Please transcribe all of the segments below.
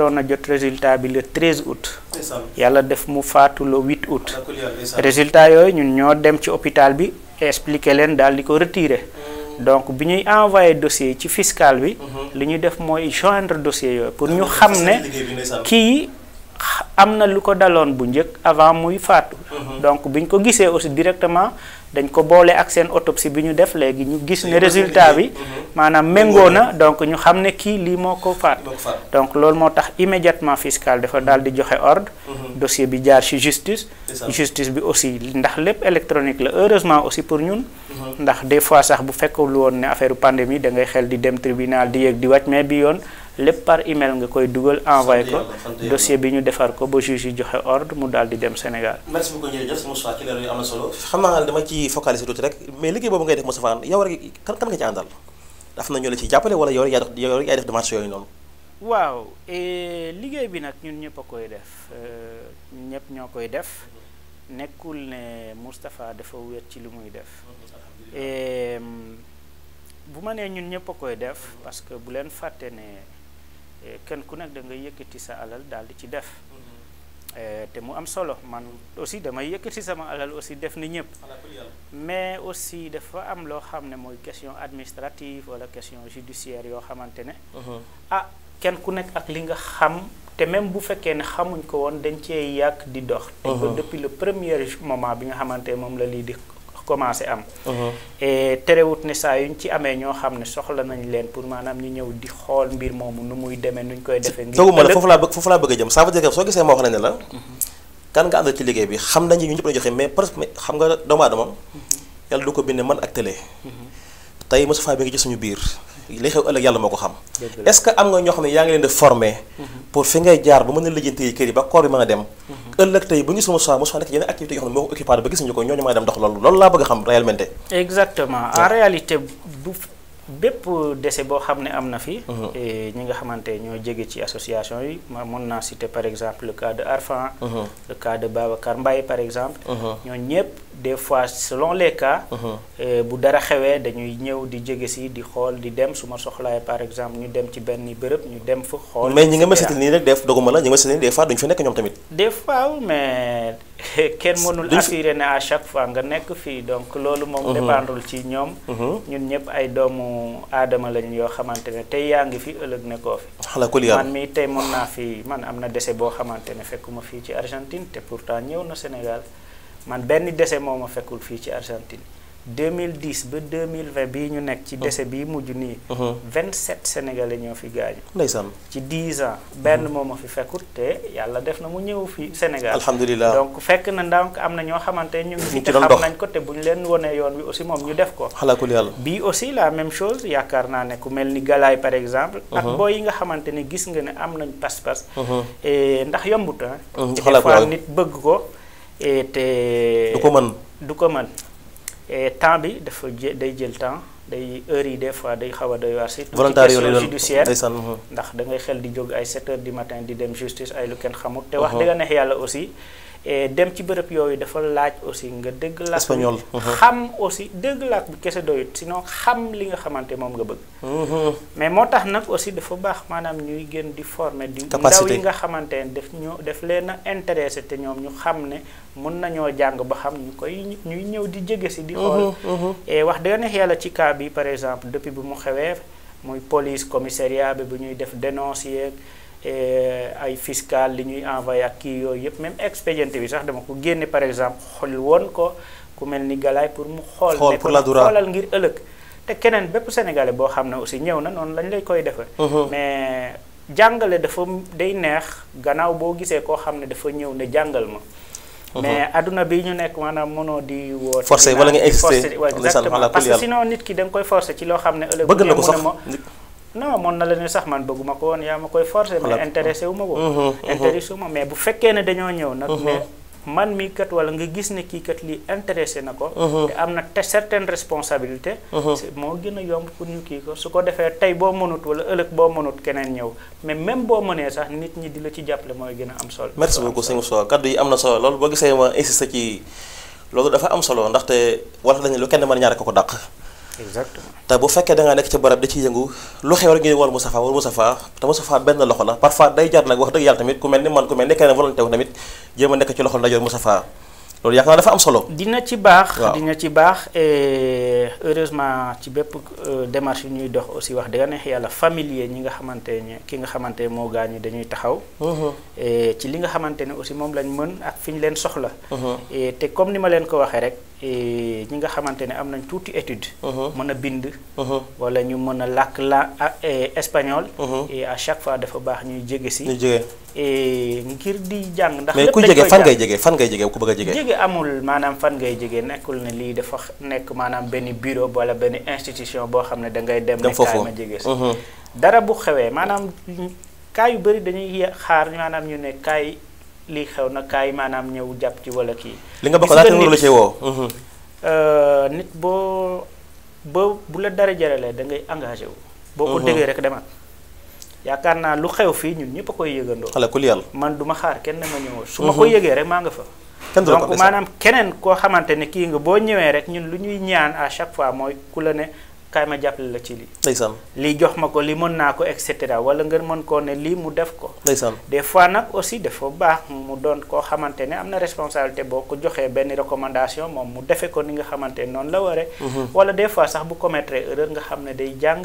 waroon a bi le 13 août. yàlla def mu faatu le 8 août. résultat yooyu ñun ñoo dem ci hôpital bi expliqué leen dal di ko retiré. Mm. donc bi ñuy envoyé dossier ci fiscal bi. Mm-hmm. li ñuy def mooy joindre dossier yooyu pour ñu xam ne kii. am na lu ko daloon bu njëkk avant muy faatu. Mhm. donc bi ñu ko gisee aussi directement dañ ko boole ak seen autopsie bi ñu def léegi ñu gis ne résultat bi. Mhm. maanaam méngoo na donc ñu xam ne kii lii moo ko faat. donc loolu moo tax immédiatement fiscal dafa daal di joxe ordre. Mhm. dossier bi jaar ci justice. justice bi aussi ndax lépp électronique la heureusement aussi pour ñun. ndax des fois sax bu fekkul woon ne affaire pandémie da ngay xel di dem tribunal di yéeg di mais bi yoon. lépp par email nga koy dugal envoyé ko dossier bi ñu defar ko ba juge yi joxe ordre mu daal di dem Sénégal. merci beaucoup jërëjëf sama Moustapha ci leer yu am na solo. xam naa dama ci focaliser tuuti rek mais liggéey boobu ngay def Moustapha yow rek kan kan nga ci àndal daf na ñoo ci jàppale wala yow rek yaa dox yow rek yaa def démarche yooyu e, ñëpp a koy def e, ñëpp ñoo koy def nekkul ne Moustapha dafa wéet ci li muy def bu ma nee ñun ñëpp a koy def parce que bu leen fàtte ne Eh, kenn ku nekk da nga yëkkati sa alal daal di ci def eh, te mu am solo man aussi damay yëkkati sama alal aussi def ni ñëpp mais aussi dafa am loo xam ne mooy question administrative wala question judiciaire yoo xamante ne uh-huh. ah kenn ku nekk ak li nga xam te même bu fekkee ne xamuñ ko woon dañ cee yàgg di dox uh-huh. te ba depuis le premier moment bi nga xamante moom la lii di commencé am. Uh-huh. et terewut ne saa yuñ ci amee ñoo xam ne soxla nañ leen pour maanaam ñu ñëw di xool mbir moomu nu muy demee nuñ koy defee. ngir dëgg ma la foofu laa bëgg foofu laa bëgg a jëm ça veut dire que soo gisee moo xam ne la. Mm-hmm. kan nga àndal ci liggéey bi xam nañ ñu ñëpp la joxe mais presque xam nga doomu aadama. Mm-hmm. yàlla du ko bindee man ak télé. Mm-hmm. tey Moustapha bi ngi ci suñu biir. li xew ëllëg yàlla moo ko xam. est-ce que am nga ñoo xam ne yaa ngi leen di pour fi ngay jaar ba mën a lijjanti kër yi ba koor bi mën a dem. ëllëg tey ba ñu sama soxla mos a nekk yenn activité yoo xam ne moo ko occupé ba gis ñu ko ñooñu may dem dox loolu loolu laa bëgg a xam réellement. exactement en réalité bu bépp décès boo xam ne am na fi. ñi nga xamante ñoo jege ci association yi ma mun naa citer par exemple le cas de Arfan. le cas de Babacar Mbaye par exemple. ñoo ñëpp de fois selon le cas. Euh, bu dara xewee dañuy ñëw di jege si di xool di dem su ma soxlaay par exemple ñu dem ci benn bërëb ñu dem fa. xool mais ñi nga ma citer nii rek def doguma la ñu nga ma citer nii des fois duñu fa nekk ñoom tamit. des fois mais. kenn mënul assurer ne à chaque fois nga nekk fii donc loolu moom. dépendul ci doomu aadama lañ yoo xamante ne tey yaa ngi fi ëllëg nekkoo fi man mii tey mën naa fi man am na dese boo xamante ne fekkuma fii ci Argentine te pourtant ñëw na Sénégal man benn dese moo ma fekkul fii ci Argentine 2010 ba 2020 bii ñu nekk ci décès bii mujj nii. 27 uh-huh. sénégalais ñoo fi gaañu. ndeysaan ci 10 ans. Uh-huh. benn moom ma fi fekkut te yàlla def na mu ñëw fi Sénégal. alhamdulilah donc fekk na donc am na ñoo xamante ñu ngi fi te xam nañ ko te bu ñu leen wonee yoon wi aussi moom ñu def ko. xalaakul yàlla bii aussi la même chose yaakaar naa ne ku mel ni Galaay par exemple. Uh-huh. ak booy yi nga xamante ne gis nga ne am nañ pas-pas. ndax yombut ah. xalaakul yàlla nit bëgg ko. te du ko mën. du ko mën. temps bi dafa jé day jël temps day heures yi des fois day xaw a doy waar si question judiciaire uh-huh. ndax da ngay xel di jóg ay 7 heures du matin di dem justice ay lu kenn xamul te wax uh-huh. dëgg neex yàlla aussi Eh, dem ci bërëb yooyu dafa laaj aussi nga dégg làkk espagnol uh-huh. xam aussi dégg làkk bi kese doyut sinon xam li nga xamante moom nga bëgg uh-huh. mais moo tax nag aussi dafa baax maanaam ñuy gën di former di ndaw yi nga xamante ne daf ñoo def leen a te ñoom ñu xam ne mun nañoo jàng ba xam ñu koy ñuy ñëw di jege si di xool uh-huh, wax dëgg yàlla ci cas bi par exemple depuis bi mu xewee muy police commissariat bi bu ñuy def dénonce Eh, ay fiscal li ñuy envoyé ak kii yooyu yëpp même expédiente bi sax dama ko génne par exemple xool woon ko ku mel ni galaay pour mu xool ne xoolal ngir ëllëg te keneen bépp sénégalais boo xam ne aussi ñëw na noonu lañ lay koy defee mhm. mais jàngale dafa day neex gannaaw boo gisee koo xam ne dafa ñëw ne jàngal ma mhm. mais adduna bi ñu nekk maanaam mënoo di woo forcé wala nga existé exactement parce que sinon nit ki da nga koy forcé ci loo xam ne ëllëg bëgg na ko non mën na la sax man bëgguma ko woon yaa ma koy forcer. mais intéressé wu ma ko. Mhm, mhm. intéressé wu ma mais bu fekkee ne dañoo ñëw nag. Mhm. man mii kat wala nga gis ne kii kat lii intéressé na ko. te am na te certaine responsabilité. moo gën a yomb pour ñu kii ko su ko defee tey boo mënut wala ëllëg boo mënut keneen ñëw mais même boo mënee sax nit ñi di la ci jàppale mooy gën a am solo. merci beaucoup sëñ Sow kaddu yi am na solo loolu boo gisee ma insisté ci loolu dafa am solo ndaxte wala dañu lu kenn mën ñaare ko ko dàq. exactement te bu fekkee da ngaa nekk ci barab da ciy yëngu lu xew rek ngeen war Moustapha war Moustapha te Moustapha benn loxo la parfois day jar nag wax dëgg yàlla tamit ku mel ni man ku mel ni keneen volonté tamit jéem a nekk ci baax heureusement ci bépp euh, démarche yi ñuy dox aussi wax dëgg neex yàlla familier ñi nga xamante ne ki nga xamante moo gaañu dañuy taxaw. Mhm. ci li nga xamante ne aussi moom lañ mën ak fi ñu leen soxla. Mhm. te comme ni ma leen ko waxee rek. ñi nga xamante ne am nañ tuuti étude uh-huh. mën a bind uh-huh. wala ñu mën a làkk la eh, espagnol uh-huh. et à chaque fois dafa baax ñuy jege si ngir di jàng ndax mais ko jege fan ngay jege fan ngay jege ku bëgg a jege jege amul maanaam fan ngay jege nekkul ne lii dafa nekk maanaam benn bureau wala benn institution boo xam ne da ngay dem ne kaay ma jege si dara bu xewee maanaam kaa yu bëri dañuy xaar maanaam ñu ne kaay lii xew na kaay maanaam ñëw jàpp ci walla kii. li nga bokk laata nga la cee woo. Euh, nit boo ba bu la dara jaralee da ngay engagé wu. boo ko mhm. déggee rek demaat. yaakaar naa lu xew fii ñun ñëpp a koy yëgandoo. xale ku yàlla man du ma xaar kenn ma ñëw su ma mhm. ko yëgee rek maa nga fa. donc maanaam keneen koo xamante ne kii nga boo ñëwee rek ñun lu ñuy ñaan à chaque fois mooy ku la ne. kaay ma jàppale la ci lii. ndeysaan lii jox ma ko lii mën naa ko et cetera wala nga mën koo ne lii mu def ko. ndeysaan des fois nag aussi dafa baax mu doon koo xamante ne am na responsabilité boo ko joxee benn recommandation moom mu defee ko ni nga xamante noonu la waree. Mhm. wala des fois sax bu commettre erreur nga xam ne day jàng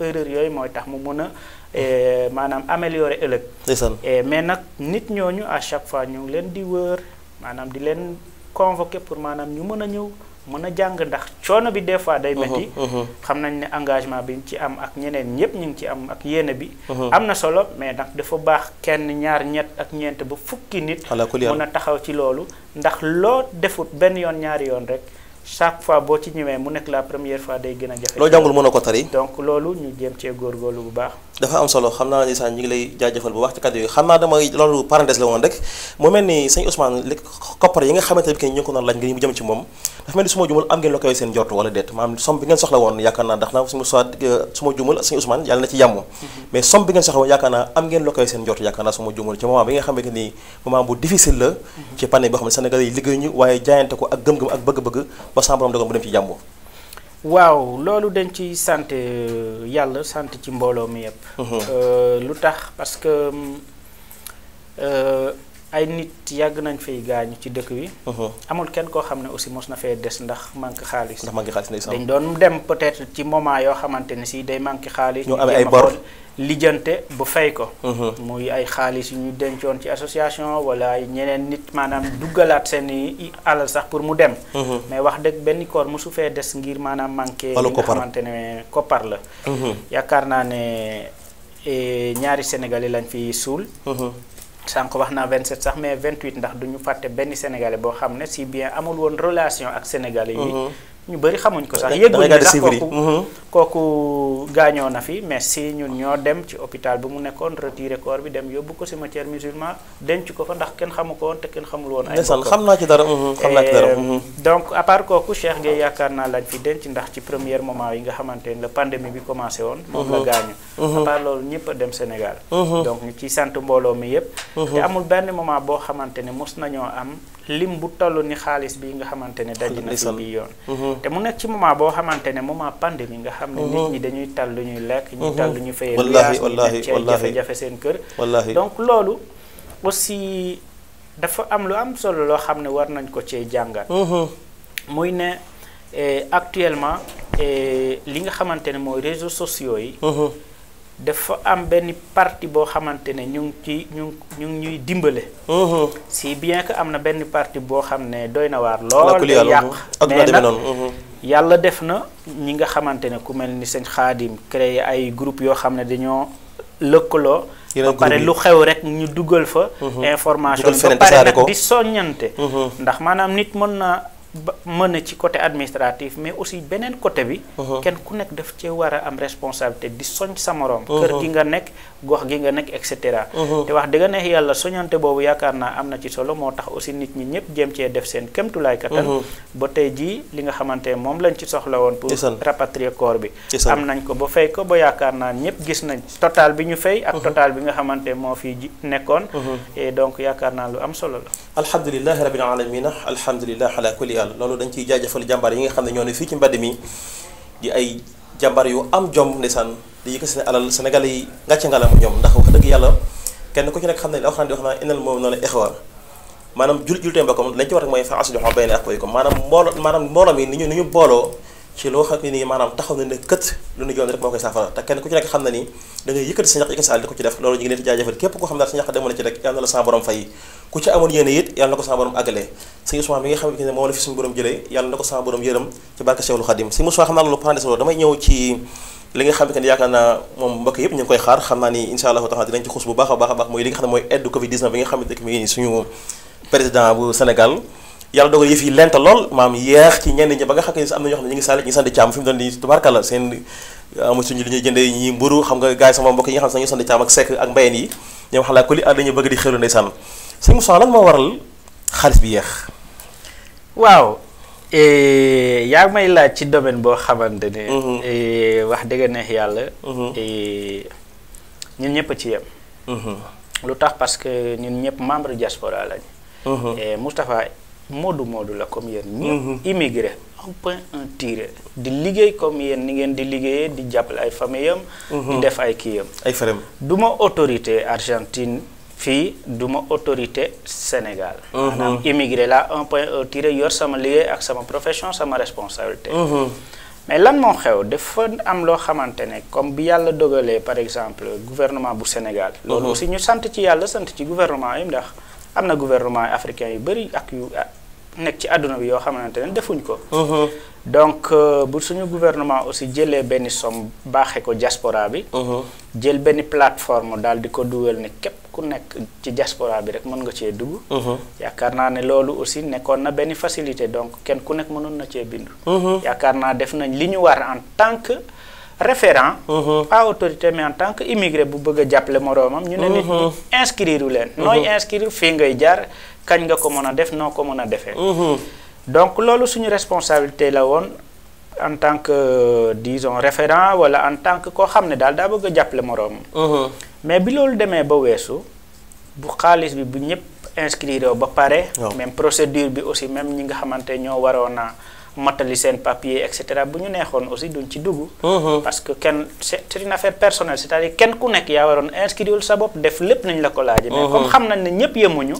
erreur yooyu mooy tax mu mën a. Eh, maanaam améliorer ëllëg. ndeysaan eh, mais nag nit ñooñu à chaque fois ñu leen di wër maanaam di leen convoquer pour maanaam mën a ñëw. mën a jàng ndax coono bi des fois day metti uh-huh, uh-huh. xam nañ ne engagement bi ci am ak ñeneen ñëpp ñu ngi ci am ak yéene bi uh-huh. am na solo mais ndax dafa baax kenn ñaar ñett ak ñeent ba fukki nit mën a taxaw ci loolu ndax loo defut benn yoon ñaari yoon rek chaque fois boo ci ñëwee mu nekk la première fois day gën a jafe loo jàngul mën a ko tari donc loolu ñu jéem cee góorlu bu baax dafa am solo xam naa ni sax ñu ngi lay jaajëfal bu baax ci kàddu yi xam naa damay loolu parenthèse la woon rek mu mel ni sëñ Ousmane li yi nga xamante ne ko seen jortu wala déet maanaam somme euh, mhm. bi ngeen soxla woon yaakaar naa am ngeen la koy seen jortu yaakaar naa su ma jumul ci moment bi nga xamante ni moment bu difficile la mhm. ci panne boo xam ne Sénégalais yi liggéeyuñu waaye jaayante ko ak gëm-gëm ak bëgg-bëgg ba sa borom dogal dem ci jàmm waaw loolu dañ ci sant euh, yàlla sant ci mbooloo mi yëpp. Mhm. Euh, lu tax parce que euh, ay nit yàgg nañ fay gaañu ci dëkk bi. Mhm. amul kenn koo xam ne aussi mos na fee des ndax manque xaalis. ndax manque xaalis dañ doon dem peut-être ci moment yoo xamante ne si day manque xaalis. ñoo amee ay bor lijjante bu fay ko. Mhm. muy ay xaalis yu ñu dencoon ci association wala ñeneen nit maanaam duggalaat seen i alal sax pour mu dem. Mhm. mais wax dëgg benn koor mosu fee des ngir maanaam manqué. wala koppar ne koppar la. Mhm. yaakaar naa ne e, ñaari sénégalais lañ fi suul. sànq wax naa 27 sax mais 28 ndax duñu fàtte benn sénégalais boo xam ne si bien amul woon relation ak sénégalais yi. ñu bëri xamuñ ko sax yëgguñu sax kooku mhm. kooku gaañoo na fi mais si ñun ñoo dem ci hôpital bi mu nekkoon retiré corps bi dem yóbbu ko cimetière musulman denc ko fa ndax kenn xamu ko woon te kenn xamul woon ay xam naa ci dara xamante ne la pandémie bi commencé woon moom la mhm. gaañu mhm. à loolu ñëpp a dem Sénégal donc ñu sant mbooloo mi yëpp te amul benn moment boo xamante ne mos nañoo am lim bu toll ni xaalis bi nga xamante ne daj na fi bi yoon mhm. te mu nekk ci moment boo xamante ne moment pandémie nga xam ne nit mhm. ñi dañuy tal lu ñuy lekk ñuy mhm. tal lu ñu fayee luyaas ñi dem ci ay jafe-jafe seen kër donc loolu aussi dafa am lu am solo loo xam ne war nañ ko cee jàngat muy ne eh, actuellement eh, li nga xamante ne mooy réseaux sociaux yi dafa am benn parti boo xamante ne ñu ngi ci ñu ngi ñuy dimbale. Uh-huh. si bien que am na benn parti boo xam ne doy na waar. lool day yàq uh-huh. mais nag uh-huh. yàlla def na ñi nga xamante ne ku mel ni sëñ Xaadim créé ay groupe yoo xam ne dañoo lëkkaloo. ba pare lu xew rek ñu dugal fa. information ba pare nag di soññante. ndax maanaam nit mën na. ba mën a ci côté administratif mais aussi beneen côté bi. Uh-huh. kenn ku nekk daf cee war a am responsabilité di soñ sa morom. Uh-huh. kër gi nga nekk gox gi nga nekk et uh-huh. te wax dëgg yàlla soñante boobu yaakaar naa am na ci solo moo tax aussi nit ñi ñëpp jéem cee def seen kéemtulaay kattan. ba tey jii li nga xamante ne moom lañ ci soxla woon. pour rapatrier corps ba fay ko ba yaakaar naa ñëpp gis bi ñu fay. ak bi nga xamante ne moo fi nekkoon. et donc yaakaar naa lu am solo la. alhamdulilah Sénégal loolu dañ ciy jaajëfal jàmbaar yi nga xam ne ñoo ne fii ci mbedd mi di ay jàmbaar yu am jom ndeysaan di yëkkati seen alal Sénégal yi ngàcce ngalam ñoom ku ci nekk xam di wax naa alal di ko ci def loolu ñu ngi leen di jaajëfal képp ko xam ne sa ñaq demoon na ci rek yàlla la sa borom fay ku ci amoon yéene it yàlla na ko sama borom àggalee sëñ na ko ñu ngi koy xaar xam naa ni insha allahu taala dinañ ci xus bu a baax a baax ah, ak sekk ak mbayeen yi ñoom xalaa kuli ah dañu bëgg di xéru ndeysaan sëñ Moussa lan moo waral xaalis bi yeex. waaw eh, yaa may laaj ci domaine boo xamante ne. Mm-hmm. Eh, wax dëgg neex yàlla. Mm-hmm. Eh, ñun ñëpp a ci yem. Mm-hmm. lu tax parce que ñun ñëpp membre diaspora lañ. Moustapha moodu moodu la comme yéen ñëpp immigré un point un tiré di liggéey comme yéen ni ngeen di liggéeyee di jàppale ay famille am di def ay kii am autorité Argentine fii du ma autorité Sénégal. Mhm. maanaam immigré la un point au e tiré yor sama liggéey ak sama profession sama responsabilité. Mhm. mais lan moo xew dafa am loo xamante ne comme bi yàlla dogalee par exemple gouvernement bu Sénégal. loolu mhm. aussi ñu sant ci yàlla sant ci gouvernement yi ndax am na gouvernement africain yu bëri ak yu. nekk ci àdduna bi yoo xamante ne defuñ ko. Uh-huh. donc euh, bu suñu gouvernement aussi jëlee benn somme baaxee ko diaspora bi. Uh-huh. jël benn plateforme daal di ko dugal ne képp ku nekk ci diaspora bi rek mën nga cee dugg. Uh-huh. yaakaar naa ne loolu aussi nekkoon na benn facilité donc kenn ku nekk mënoon na cee bindu. yaakaar naa def nañ li ñu war en tant que. référent mhm. pas autorité mais en tant que immigré bu bëgg a jàppale moroomam ñu ne nit ñi mhm. inscrire leen mhm. nooy inscrire fii ngay jaar kañ nga ko mën a def noo ko mën a defee donc loolu suñu responsabilité la woon en tant que disons référent wala en tant que koo xam ne daal daa bëgg jàppale moroomam mais bi loolu demee ba weesu bu xaalis bi bu ñëpp inscrire ba pare même procédure bi aussi même ñi nga xamante ñoo waroon matali seen papier et cetera bu ñu neexoon aussi duñ ci dugg. Mhm. parce que kenn c'est une affaire personnelle c'est-à-dire kenn ku nekk yaa waroon inscrire sa bopp def lépp nañ la ko laajee. mais mhm. comme xam nañ ne ñëpp yemuñu.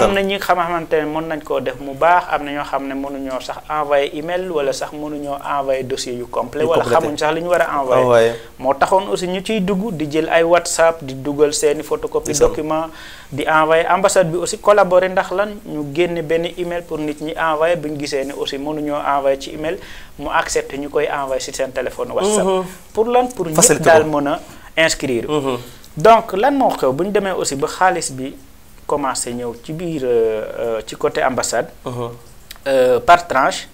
am na ñi xamante ne mën nañ koo def mu baax am na ñoo xam ne mënuñoo sax envoyer email wala sax mënuñoo envoyer dossier yu complet wala xamuñ sax li ñu war a envoyer. moo taxoon aussi ñu ciy dugg di jël ay WhatsApp di dugal seeni photocopie document. di envoyé ambassade bi aussi collaborer ndax lan ñu génne benn email pour nit ñi envoyé bu ñu gisee ne aussi mënuñoo envoyé ci email mu accepté ñu koy envoyé ci seen téléphone whatsapp mhm. pour lan pour ñëpp daal mën a inscrire mhm. donc lan moo xew bu ñu demee aussi ba xaalis bi commencé ñëw ci biir euh, euh, ci côté ambassade mhm. euh, par tranche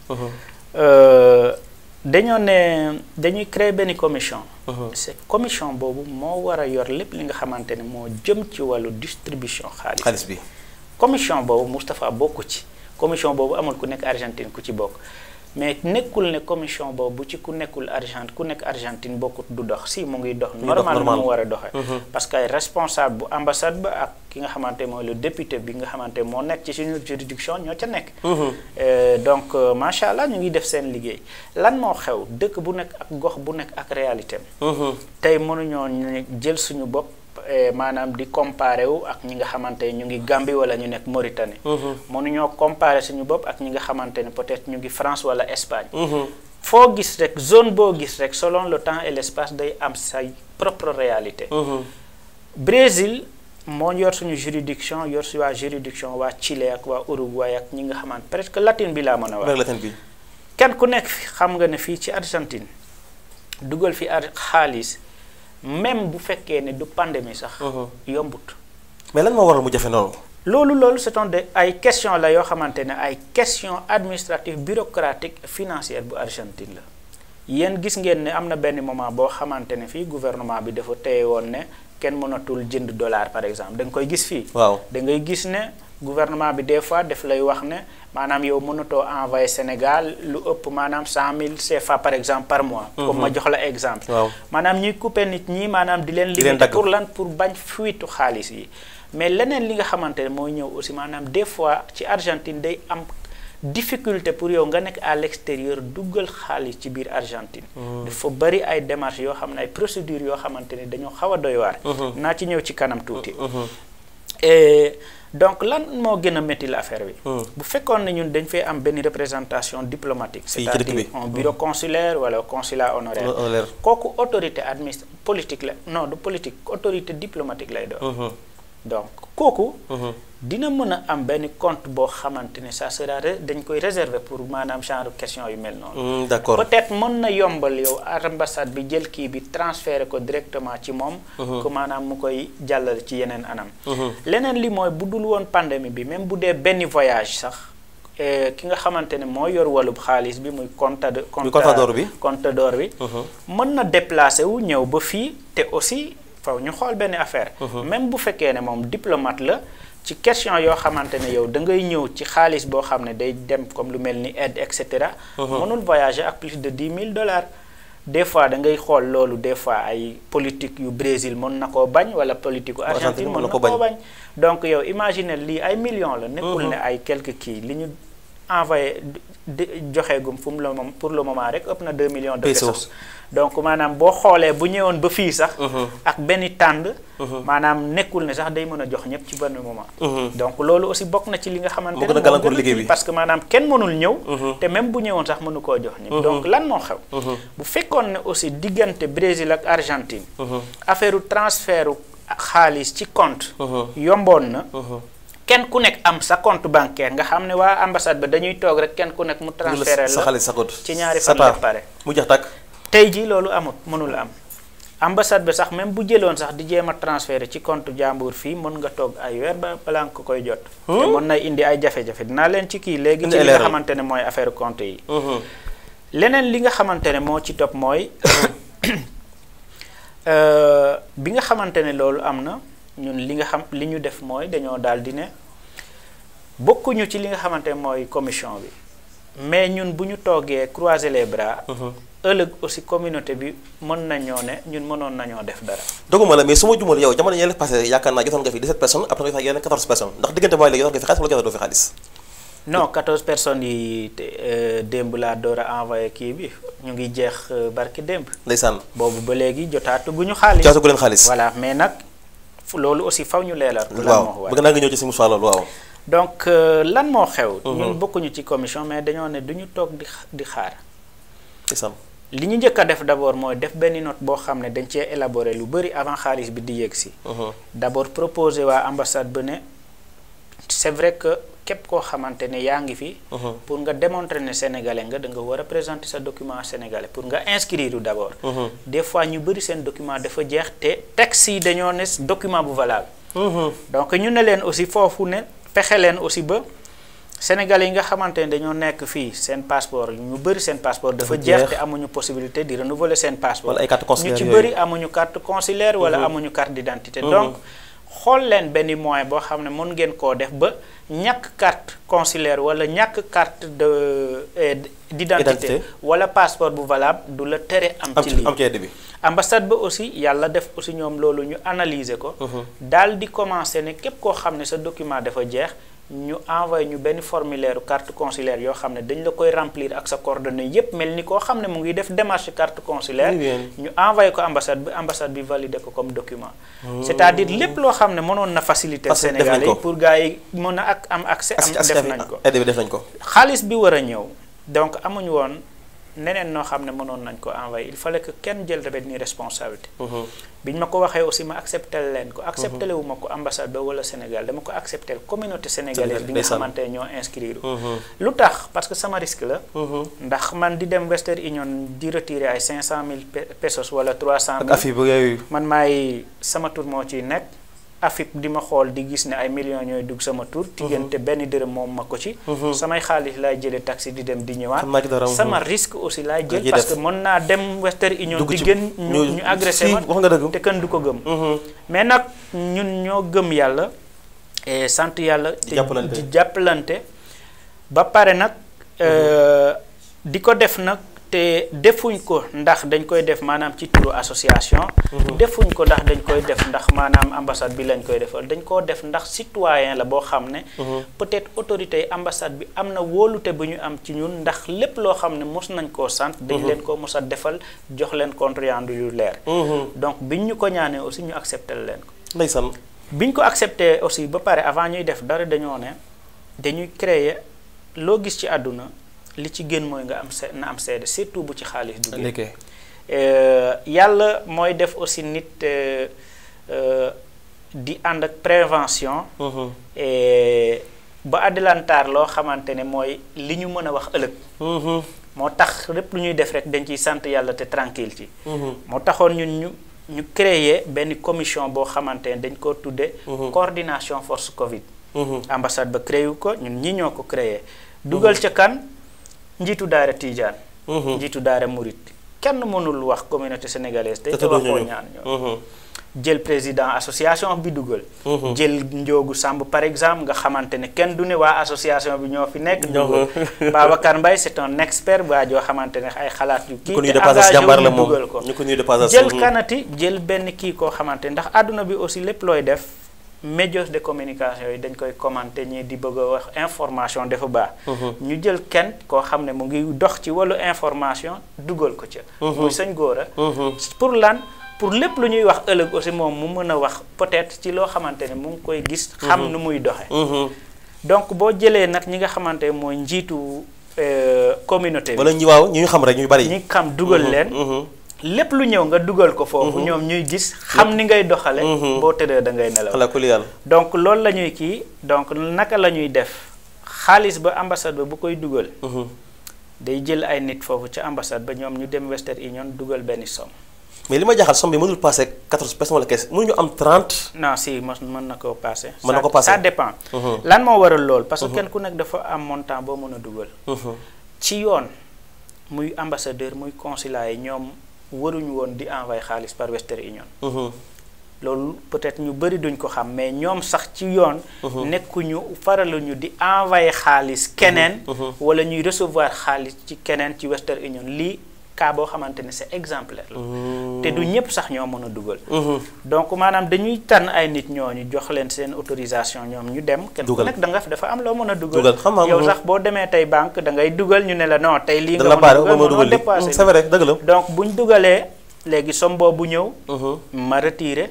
dañoo ne dañuy créer benn commission. Uh-huh. c'est commission boobu moo war a yor lépp li nga xamante ne moo jëm ci wàllu distribution. xaalis xaalis bi commission boobu Moustapha bokk ci. commission boobu amul ku nekk Argentine ku ci bokk. mais nekkul ne commission boobu ci ku nekkul argent ku nekk Argentine bokkut du dox si mu ngi dox normal mu war a doxee mm-hmm. parce que responsable bu ambassade ba ak ki nga xamante mooy le député bi nga xamante moo nekk ci suñu juridiction ñoo ca nekk mm-hmm. euh, donc euh, macha allah ñu ngi def seen liggéey lan moo xew dëkk bu nekk ak gox bu nekk ak réalité mm-hmm. tey mënuñoo jël suñu bopp Eh, maanaam di comparé wu ak ñi nga xamante ñu ngi Gambie wala ñu nekk Mauritanie. Mhm. mënuñoo comparé suñu bopp ak ñi nga xamante ne peut-être ñu ngi France wala Espagne. Mhm. foo gis rek zone boo gis rek solon le temps et l'espace day am say propre réalité. Mhm. Brésil moo yor suñu juridiction yor si waa juridiction waa Chili ak waa Uruguay ak ñi nga xamante presque latin bi laa mën a wax. latine bi kenn ku nekk xam nga ne fii ci Argentine dugal fi xaalis. même bu fekkee ne du pandémie sax. Mhm. yombut. mais lan moo waral mu jafe noonu. loolu loolu c'est de ay question la yoo xamante ne ay question administrative bureaucratique financière bu Argentine la yéen gis ngeen ne am na benn moment boo xamante ne fii gouvernement bi dafa téye woon ne kenn mënatul jënd dollar par exemple da koy gis fii. waaw da gis ne. gouvernement bi des fois def lay wax ne maanaam yow mënatoo envoyé Sénégal lu ëpp maanaam cent mille fa par exemple par mois. Mhm. comme ma jox la exemple. maanaam ñuy couper nit ñi maanaam di leen. limité pour lan pour bañ fuitu xaalis yi. mais leneen li nga xamante ne mooy ñëw aussi maanaam des fois ci Argentine day am. difficulté pour yow nga nekk à l'extérieur duggal xaalis ci biir Argentine. Mhm. dafa bari ay démarches yoo xam ne ay procédures yoo xamante ne dañoo xaw a mhm. ñëw ci kanam tuuti. donc lan moo gën a métti la affaire bi. Hmm. bu fekkoon ne ñun dañ fay am benn représentation diplomatique. c'est-à-dire hmm. bureau consulaire wala consulat honoraire. kooku autorité administ politique la non du politique autorité diplomatique lay doon. Hmm. donc kooku. dina mën a am benn compte boo xamante ne ça sera dañ koy réservé pour maanaam genre question yu mel noonu. Mm, d'accord mën na yombal yow ambassade bi jël kii bi transférer ko directement ci moom. Mm-hmm. que maanaam mu koy jàllal ci yeneen anam. Mm-hmm. leneen li mooy bu dul woon pandémie bi même bu dee benn voyage sax. Eh, ki nga xamante ne moo yor walub xaalis bi muy comptador comptador bi comptador bi mm-hmm. mën na déplacé wu ñëw ba fii te aussi faw ñu xool benn affaire même bu fekkee ne moom diplomate la ci question yoo xamante ne yow da ngay ñëw ci xaalis boo xam ne day dem comme lu mel ni aide et cetera. Uh-huh. mënul voyager ak plus de dix mille dollars. des fois da xool loolu des fois ay politique yu Brésil mën na ko bañ wala politique u Argentine mën na ko bañ donc yow imagine lii ay millions la. nekkul uh-huh. ne ay quelque kii li ñu. envoyé de joxee gum fu mu la moom pour le moment rek ëpp na 2 millions de pesos donc maanaam boo xoolee bu ñëwoon ba fii sax uh-huh. ak benn tànd uh-huh. maanaam nekkul ne sax day mën a jox ñëpp ci benn moment uh-huh. donc loolu aussi bokk na ci li nga xamante ne gàllankoor liggéey bi parce que maanaam kenn mënul ñëw te même bu ñëwoon sax mënu koo jox ñëpp donc lan moo xew bu fekkoon ne aussi diggante Brésil ak Argentine affaire transfert xaalis ci compte yomboon na kenn ku nekk am sa compte bancaire nga xam ne waa ambassade ba dañuy toog rek kenn ku nekk mu transféré la ci ñaari fan la pare mu jox takk tey jii loolu amut mënul am ambassade bi sax même bu jëloon sax di jéem a transféré ci compte jàmbur fii mën nga toog ay weer ba balaa nga koy jot. Hmm? te mën na indi ay jafe-jafe dinaa leen ci kii léegi. ci li nga xamante ne mooy affaire compte yi. Hmm. leneen li nga xamante ne moo ci topp mooy euh, bi nga xamante ne loolu am na. ñun li nga xam li ñu def mooy dañoo daal di ne bokkuñu ci li nga xamante mooy commission bi mais ñun bu ñu toogee croiser les bras. Mhm. ëllëg aussi communauté bi mën nañoo ne ñun mënoon nañoo def dara. doguma la mais su ma jumal yow jamono yële passé yaakaar naa jotoon nga fi 17 personnes après nga fi nga fi xaalis wala jotoo fi yi euh, démb laa door a envoyé kii bi ñu ngi jeex euh, barki démb. ndeysaan boobu ba léegi jotaatu gu ñu xaalis. jotaatu gu leen xaalis voilà mais nag. loolu aussi faw ñu leeral. waaw bëgg naa nga ñëw ci si Moussa waaw. donc euh, lan moo xew. Mhm. ñun bokkuñu ci commission mais dañoo ne du ñu toog di xaar. li ñu njëkk a def d'abord mooy def benn note boo xam ne dañ cee élaborer lu bëri avant xaalis bi di yegg si. Mhm. d'abord proposé waa ambassade ba ne c'est vrai que. képp koo xamante ne yaa ngi fi. Uh-huh. pour nga démontrer ne sénégalais nga da nga war a présenter sa document sénégalais pour nga inscrire d' abord. Uh-huh. fois ñu bëri seen document dafa jeex te texte yi dañoo ne document bu valable. Uh-huh. donc ñu ne leen aussi foofu ne pexe leen aussi ba. Sénégalais yi nga xamante ne dañoo nekk fii seen passeport ñu bëri seen passeport dafa jeex te amuñu possibilité di renouveler seen passeport ñu ci bëri amuñu carte consulaire wala amuñu carte d'identité donc xool leen benn moyen boo xam ne mën ngeen koo def ba ñàkk carte consulaire wala ñàkk carte de euh, d'identité wala passeport bu valable du la tere am ci lii bi ambassade ba aussi yàlla def aussi ñoom loolu ñu analyser ko mhm. daal di commencer ne képp koo xam ne sa document dafa jeex ñu envoyé ñu benn formulaire carte consulaire yoo xam ne dañ la koy remplir ak sa coordonnée yépp mel ni koo xam ne mu ngi def démarche carte consulaire ñu envoyé ko ambassade bi ambassade bi validé ko comme document oh. c'est-à-dire lépp loo xam ne mënoon na faciliter Sénégalais yi pour gars yi mën a ak am accès am def nañ ko xaalis bi war a ñëw donc amuñu woon neneen noo xam ne mënoon nañ ko envoyé il fallait que kenn jël tamit ni responsabilité mhm. biñ ma ko waxee aussi ma accepté leen ko accepté mhm. ma ko ambassade ba wala Sénégal dama ko accepté communauté sénégalaise bi nga xamante ne ñoo inscrire mhm. lu tax parce que sama risque la ndax man di dem Western Union di retirer ay cinq cent mille pesos wala trois cent mille man maay sama tour moo ciy nekk afib di ma xool di gis ne ay millions ñooy dugg sama tur mhm. diggante benn dërëm moom ma ko ci mhm. samay xaalis laay jëlee taxi di dem di ñëwaat sama risque aussi laay jël parce que mën naa dem Western Union di gën ñu ñu agressé ma te kenn du ko gëm mhm. mais nag ñun ñoo gëm yàlla sant yàlla te di jàppalante ba pare nag euh, di ko def nag te defuñ ko ndax dañ koy def maanaam ci turu association. Mhm. defuñ ko ndax dañ koy def ndax maanaam ambassade bi lañ koy defal dañ koo def ndax citoyen la boo xam ne. Mhm. peut-être autorité yi ambassade bi am na wóolute bu ñu am ci ñun ndax lépp loo xam ne mos nañ koo sant. dañ mhm. leen ko mos a defal jox leen compte rendu yu leer. donc biñ ñu ko ñaanee aussi ñu accepté leen ko. ndeysaan biñ ko accepté aussi ba pare avant ñuy def dara dañoo ne dañuy créer loo gis ci àdduna. li ci gën mooy nga am see na am seede surtout bu ci xaalis duggee euh, yàlla mooy def aussi nit euh, euh, di ànd ak prévention mhm. ba adelantaar loo xamante ne mooy li ñu mën a wax ëllëg mhm. moo tax lépp lu ñuy def rek dañ ciy sant yàlla te tranquille ci mhm. moo taxoon ñun ñu ñu créer benn commission boo xamante ne dañ ko tuddee coordination force Covid ambassade ba créé ko ñun ñi ñoo ko créé dugal ca kan njiitu daara Tijaan. Mhm. njiitu daara Murit kenn mënul wax communauté sénégalaise. te te waxoo ñaan mhm. jël président association bi dugal. Mhm. jël njoogu Samb par exemple nga xamante ne kenn du ne waa association bi ñoo fi nekk. dugal Babacar Mbaye c' est un expert waa joo xamante ne ay xalaat yu. kii te engagé wu dugal ko ñu ko ñuy jël kanati jël benn kii koo xamante ndax àdduna bi aussi lépp looy def. médias de communication yi dañ koy commenter ñii di bëgg a wax information dafa baax. Mhm. ñu jël kenn koo xam ne mu ngi dox ci wàllu information dugal ko ca. Mhm. muy sëñ Gora. Mhm. pour lan pour lépp lu ñuy wax ëllëg aussi moom mu mën a wax peut-être ci loo xamante ne mu ngi koy gis. xam nu muy doxee. donc boo jëlee nag ñi nga xamante mooy njiitu euh, communauté bi. wala ñi waaw ñu xam rek ñu bari. ñi xam dugal leen. lépp lu ñëw nga dugal ko foofu. Mhm. ñoom ñuy gis xam ni ngay doxale mhm. boo tëddee da ngay nelaw. donc loolu la ñuy kii donc naka la ñuy def xaalis ba ambassade ba bu koy dugal. Mhm. day jël ay nit foofu ca ambassade ba ñoom ñu dem Western Union dugal benn somme. mais li ma jaaxal somme bi mënul passé quatorze personnes wala quinze mënuñu am trente. non na koo passé. mun na ko passé ça dépend. lan moo waral lool. parce que kenn ku nekk dafa am montant boo mën a dugal. ci yoon muy ambassadeur muy consulat yi ñoom. waruñu woon di envoyer xaalis par Western Union. Mm-hmm. loolu peut-être ñu bëri duñ ko xam mais ñoom sax ci yoon. Mm-hmm. nekkuñu faraluñu di envoyer xaalis keneen. Mm-hmm. wala ñuy recevoir xaalis ci keneen ci Western Union lii. cas boo xamante ne c'est exemplaire la. Mmh. te du ñëpp sax ñoo mën a dugal. Mmh. donc maanaam dañuy tànn ay nit ñooñu jox leen seen autorisation ñoom ñu dem. kenn ku nekk da nga dafa am loo mën a dugal. yow sax boo demee tey banque da ngay dugal ñu ne la non tey lii. nga mën a dugal mënoo dépassé mmh, c'est vrai dëgg la. donc buñ dugalee léegi somme boobu ñëw. ma retiré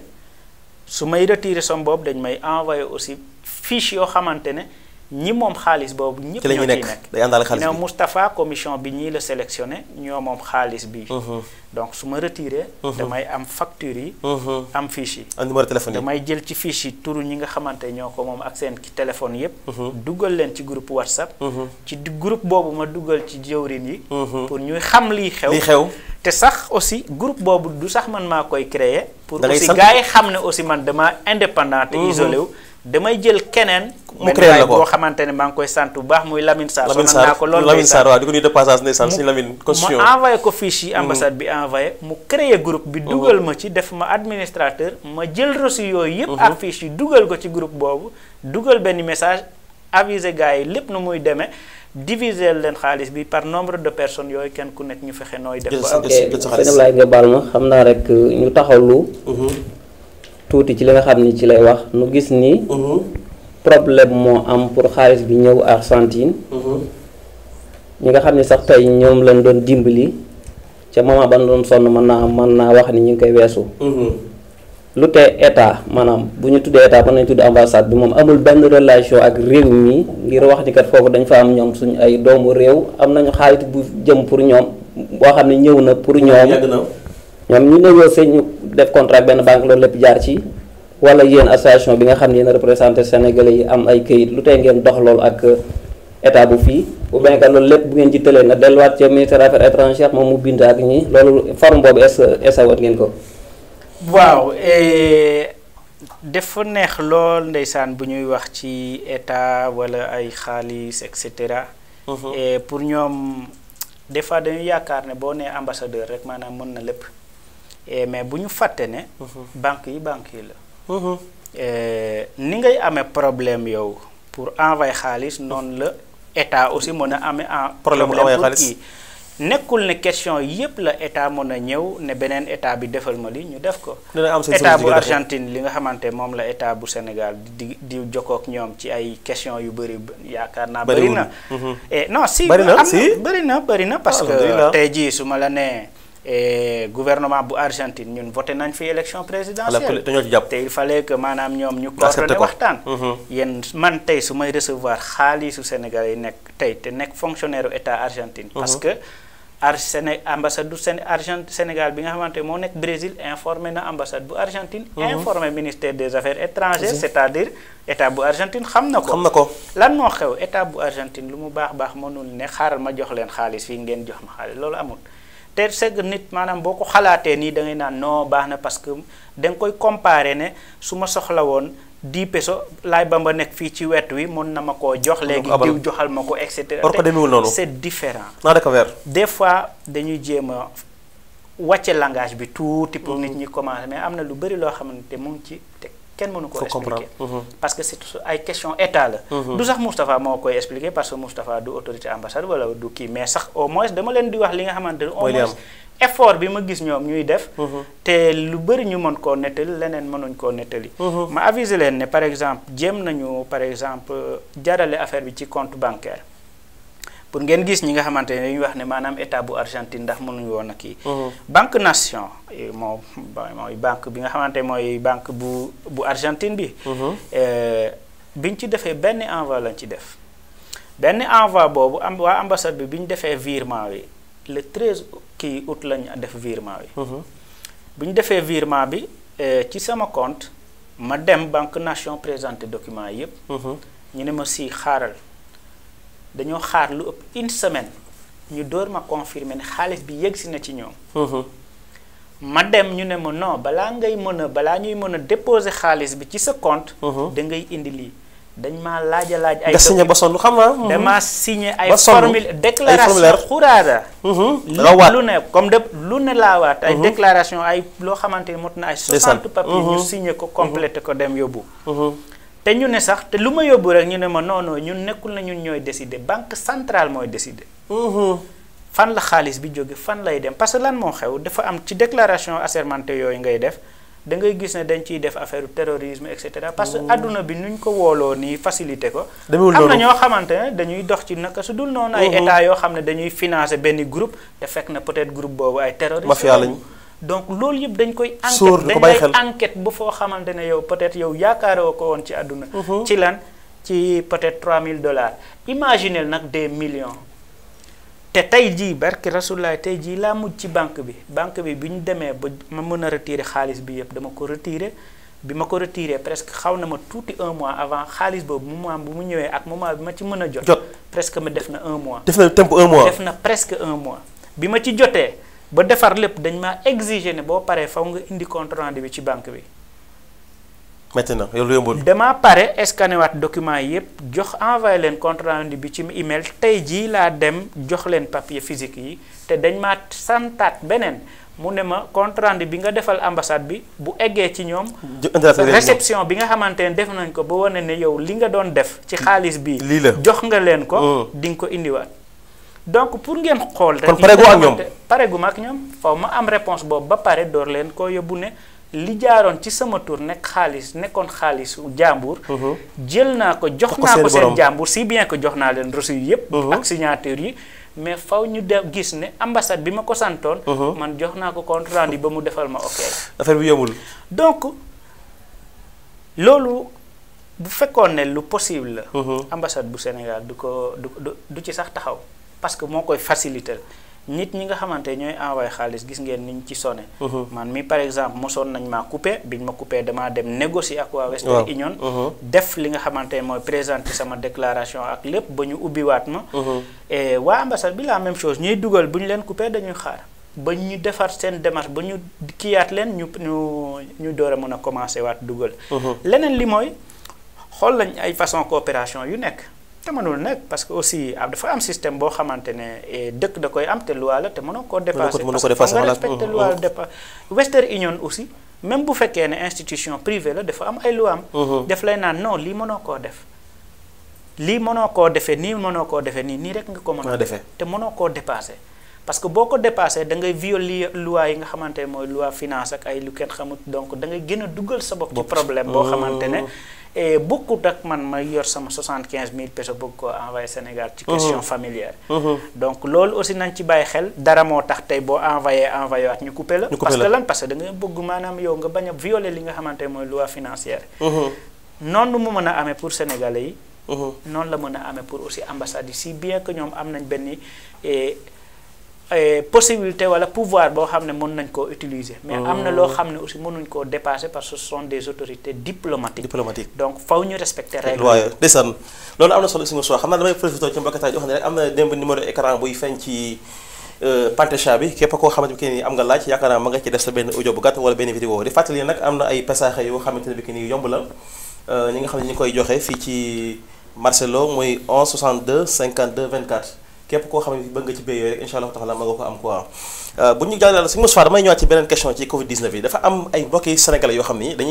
su may retiré somme boobu dañ may envoyé aussi fiche yoo xamante ne. ñi moom xaalis boobu ñëpp ñoo ciy nekk day àndaale xaalis bi Moustapha commission bi ñii la sélectionné ñoo moom xaalis bi mm-hmm. donc su ma retiré mm-hmm. damay am facture yi mm-hmm. am fiche yi am numéro téléphone yi jël ci fiche yi ñi nga xamante ñoo ko moom ak seen téléphone yépp dugal leen ci groupe whatsapp ci groupe boobu ma dugal ci jëwrin yi pour ñuy xam lii xew xew te sax aussi groupe boobu du sax man maa koy créer pour aussi gars xam ne aussi man dama indépendant te isolé wu damay jël keneen. mu créé la ko boo xamante ne maa ngi koy sant bu baax muy Lamine Sarr. Lamine Sarr ko loolu Lamine Sarr waaw di ko nuyu de passage ndeysaan si Lamine. constitution mu envoyé ko fiche yi ambassade mm. bi envoyé mu créé groupe bi. dugal mm. ma ci def ma administrateur ma jël reçu yooyu yëpp. Mm-hmm. ak fiche yi dugal ko ci groupe boobu. dugal benn message aviser gars yi lépp nu muy demee. diviser leen xaalis bi par nombre de personnes yooyu kenn ku nekk ñu fexe nooy. def ba ok nga baal ma xam naa rek euh, ñu taxawlu. Mm-hmm. tuuti ci li nga xam ni ci lay wax nu gis ni mhm. problème moo am pour xaalis bi ñëw Argentine mhm. ñi nga xam ni sax tey ñoom lañ doon dimbali ca moment ba doon sonn mën naa mën naa wax ni ñu ngi koy weesu mhm. lu te état maanaam bu ñu tuddee état ba nañu tudd ambassade bi moom amul benn relation ak réew mi ngir wax ni kat foofu dañ fa am ñoom suñu ay doomu réew am nañu xaalis bu jëm pour ñoom boo xam ne ñëw na pour ñoom ñoom ñu négocier ñu def contrat benn banque loolu lépp jaar ci wala yéen association bi nga xam ne yéen représenté sénégalais yi am ay këyit lu tey ngeen dox loolu ak euh, état bu fii bu bien que loolu lépp bu ngeen jiitalee na delluwaat ci ministère affaires étrangères moom mu bind ak ñi loolu forme boobu s ce est-ce wat ngeen ko. waaw dafa neex lool ndeysaan bu ñuy wax ci état wala ay xaalis et cetera. Mhm. pour ñoom des fois dañuy yaakaar ne boo nee ambassadeur rek maanaam mën na lépp. Eh, mais bu ñu fàtte ne. Mhm. banques yi banque yi la. Mhm. Eh, ni ngay amee problème yow pour envoyer xaalis noonu la état aussi mën a amee. problème mu envoyer xaalis nekkul ne question yëpp la état mën a ñëw ne beneen état bi defal ma li ñu def ko. état bu Argentine li nga xamante moom la état bu Sénégal di di jokkook ñoom ci ay question yu bëri yaakaar naa. bëri na mhm. eh, non si. bëri na si na parce ah, que tey jii su ma la nee. et gouvernement bu Argentine ñun voté nañ fi élection présidentielle te il fallait que maanaam ñoom ñu coordonné waxtaan mhm. yéen man tey su may recevoir xaalisu Sénégal yi nekk tey te nekk fonctionnaire état Argentine mhm. parce que ar Séné ambassade du Séné argent Sénégal bi nga xamante moo nekk Brésil informé na ambassade bu Argentine. Mhm. informé ministère des affaires étrangères. c'est-à-dire état bu Argentine xam na ko. xam na ko lan moo xew état bu Argentine lu mu baax baax mënul ne xaaral ma jox leen xaalis fii ngeen jox ma xaalis loolu amul. te segg nit maanaam boo ko xalaatee nii da ngay naan non baax na parce que da koy comparer ne su ma soxla woon 10 peso laay ba ma nekk fii ci wet wi mën na ma koo jox léegi diw joxal ma ko et cetera or ko demewul noonu c'est différent naa daka weer des fois dañuy jéem a wàcce langage bi tuuti pour mm-hmm. nit ñi commencer mais am na lu bëri loo xamante mu ngi ci teg kenn mënu ko expliquer mhm. parce que c'est ay question état la mhm. du sax Moustapha moo koy expliquer parce que Moustapha du autorité ambassade wala du kii mais sax au moins dama leen di wax li nga xamante ne au effort bi ma gis ñoom ñuy def mhm. te lu bari ñu mën koo nettali leneen mënuñ koo nettali ma avise leen ne par exemple jéem nañu par exemple jarale affaire bi ci compte bancaire pour ngeen gis ñi nga xamante ne dañuy wax ne maanaam état bu Argentine ndax mënuñu woon a kii. Mhm. banque nation eh, moom mooy banque bi nga xamante mooy banque bu bu Argentine bi. Mhm. Eh, biñ ci defee benn envoi lañ ci def. benn envoi boobu am waa ambassade bi bi ñu defee virement bi le 13 kii août lañ def virement bi. Mhm. bu ñu defee virement bi eh, ci sama compte ma dem banque nation présenté document yépp ñu ne ma si xaaral. dañoo xaar lu ëpp une semaine ñu dóor ma confirmer ne xaalis bi yegg si na ci ñoom. Mhm. ma dem ñu ne ma non balaa ngay mën a balaa ñuy mën a déposer xaalis bi ci sa compte. Mhm. da ngay indi lii. dañ maa laaj a laaj ay. nga signé ba sonn xam nga. Mhm. damaa signé ay formule déclaration xuraada. la waat lu ne comme de lu ne laa waat. ay déclaration ay loo xamante ni mot na ay. 60 papiers ñu signé ko complété ko dem yóbbu. te ñu ne sax te lu ma yóbbu rek ñu ne ma non non ñun nekkul nañu ñun ñooy décider banque centrale mooy décider. Mhm. fan la xaalis bi jóge fan lay dem parce que lan moo xew dafa am ci déclaration assermentée yooyu ngay def dangay gis ne dañ ciy def affaire terrorisme et cetera. parce que mhm. adduna bi nuñ ko wooloo nii facilité ko. am na ñoo xamante ne dañuy dox ci naka su dul noonu. ay mhm. état yoo xam ne dañuy finance benn groupe te fekk na peut-être groupe boobu ay terroristes. mafia lañ donc loolu yëpp dañ koy. enquête dañ koy enquête bu foo xamante ne yow peut-être yow yaakaaroo ko woon ci àdduna. Mhm. ci lan ci peut-être 3000 dollars. imaginez nag des million te tey jii barki rasulaay tey jii laa mujj ci banque bi banque bi bi ñu demee ba ma mën a retirer xaalis bi yëpp dama ko retirer. bi ma ko retiré presque xaw na ma tuuti un mois avant xaalis boobu moment bu mu ñëwee ak moment bi ma ci mën a jot. jot presque ma def na un mois. def na temp un mois def na un mois bi ma ci jotee. ba defar lépp dañ maa exiger ne boo paree faw nga indi compte bi ci banque bi. maintenant loolu yombul. damaa pare scanné document yëpp jox envoyé leen compte bi ci email tey jii laa dem jox leen papier physique yi te dañ ma santaat beneen mu ne ma compte bi nga defal ambassade bi bu eggee ci ñoom. réception bi nga xamante ne def nañ ko ba wane ne yow li nga doon def. ci xaalis bi lii la jox nga leen ko. Mm. di nga ko indiwaat. donc pour ngeen xool rek. kon ak ñoom paregu ma ak ñoom faw ma am réponse boobu ba pare door leen koo yóbbu ne li jaaroon ci sama tur nekk xaalis nekkoon xaalisu jàmbur. Mhm. jël naa ko jox naa ko seen si bien que jox naa leen reçu yëpp. Mhm. ak signature yi. mais faw ñu gis ne ambassade bi ma ko santoon. Mhm. man jox naa ko compte rendu ba mu defal ma ok. affaire bi yombul. donc loolu bu fekkoon ne lu possible la. ambassade bu Sénégal du ko du du ci sax taxaw. parce que moo koy faciliter nit ñi nga xamante ñooy envoyé xaalis gis ngeen niñ ci sonné. Mhm. man mi par exemple mosoon nañ maa coupé biñ ma coupé damaa dem négocier ak waa Western Union. Mhm. def li nga xamante ne mooy présenter sama déclaration ak lépp ba ñu ubbiwaat ma. Mhm. et waa ambassade bi la même chose ñuy dugal bu ñu leen coupé dañuy xaar. ba ñu defar seen démarche ba ñu kiiyaat leen ñu ñu ñu door a mën a commencé waat dugal. leneen li mooy xool nañ ay façon coopération yu nekk. te mënul nekk parce que aussi dafa am système boo xamante ne eh, dëkk da koy am te loi la te mënoo koo dépasser parce que nga respecté mm-hmm. loi la dépasse Western Union aussi même bu fekkee ne institution privée la dafa am ay loi am mm-hmm. naan non lii mënoo koo def lii mënoo koo defee nii mënoo koo defee nii nii rek nga ko mën a defee te mënoo koo dépassé parce que boo ko dépassé da ngay violer loi yi nga xamante ne mooy loi finance ak ay lu kenn xamut donc da ngay gën a dugal sa bopp ci problème boo xamante ne mm-hmm. et eh, bokkut ak man ma yor sama 75000 pesos bëgg ko envoyé Sénégal. ci mhm. question familiale. Mhm. donc loolu aussi nañ ci bàyyi xel. dara moo tax tey boo envoyé envoyé waat ñu coupé la. parce que lan parce da nga bëgg maanaam yow nga bañ a violer li nga xamante mooy loi financière. Mhm. noonu mu mën a amee pour sénégalais yi. noonu la mën a amee pour aussi ambassades yi si bien que ñoom am nañ benn. Eh, Eh, possibilité wala pouvoir boo xam ne mën nañ koo utiliser. mais am na loo oh. xam ne aussi mënuñ koo dépasser parce que ce sont des autorités diplomatiques. diplomatiques donc faw ñu respecter règle. waaw loolu am na solo si nga soo xam naa damay profité ci yoo xam ne rek am na démb numéro écran buy feeñ ci. Euh, pantecha bi képp koo xamante bi que ni am nga laaj yaakaar naa ma ci def sa benn audio bu gàtt wala benn vidéo di yomb la euh, ñi nga xam ne ñu koy joxe fii ci Marcelo mooy 11 62 52 24. képp koo xam ne bëgg nga ci béy yooyu rek incha allah taala ma nga ko am quoi euh, bu ñu jàll suñu Moustapha damay ay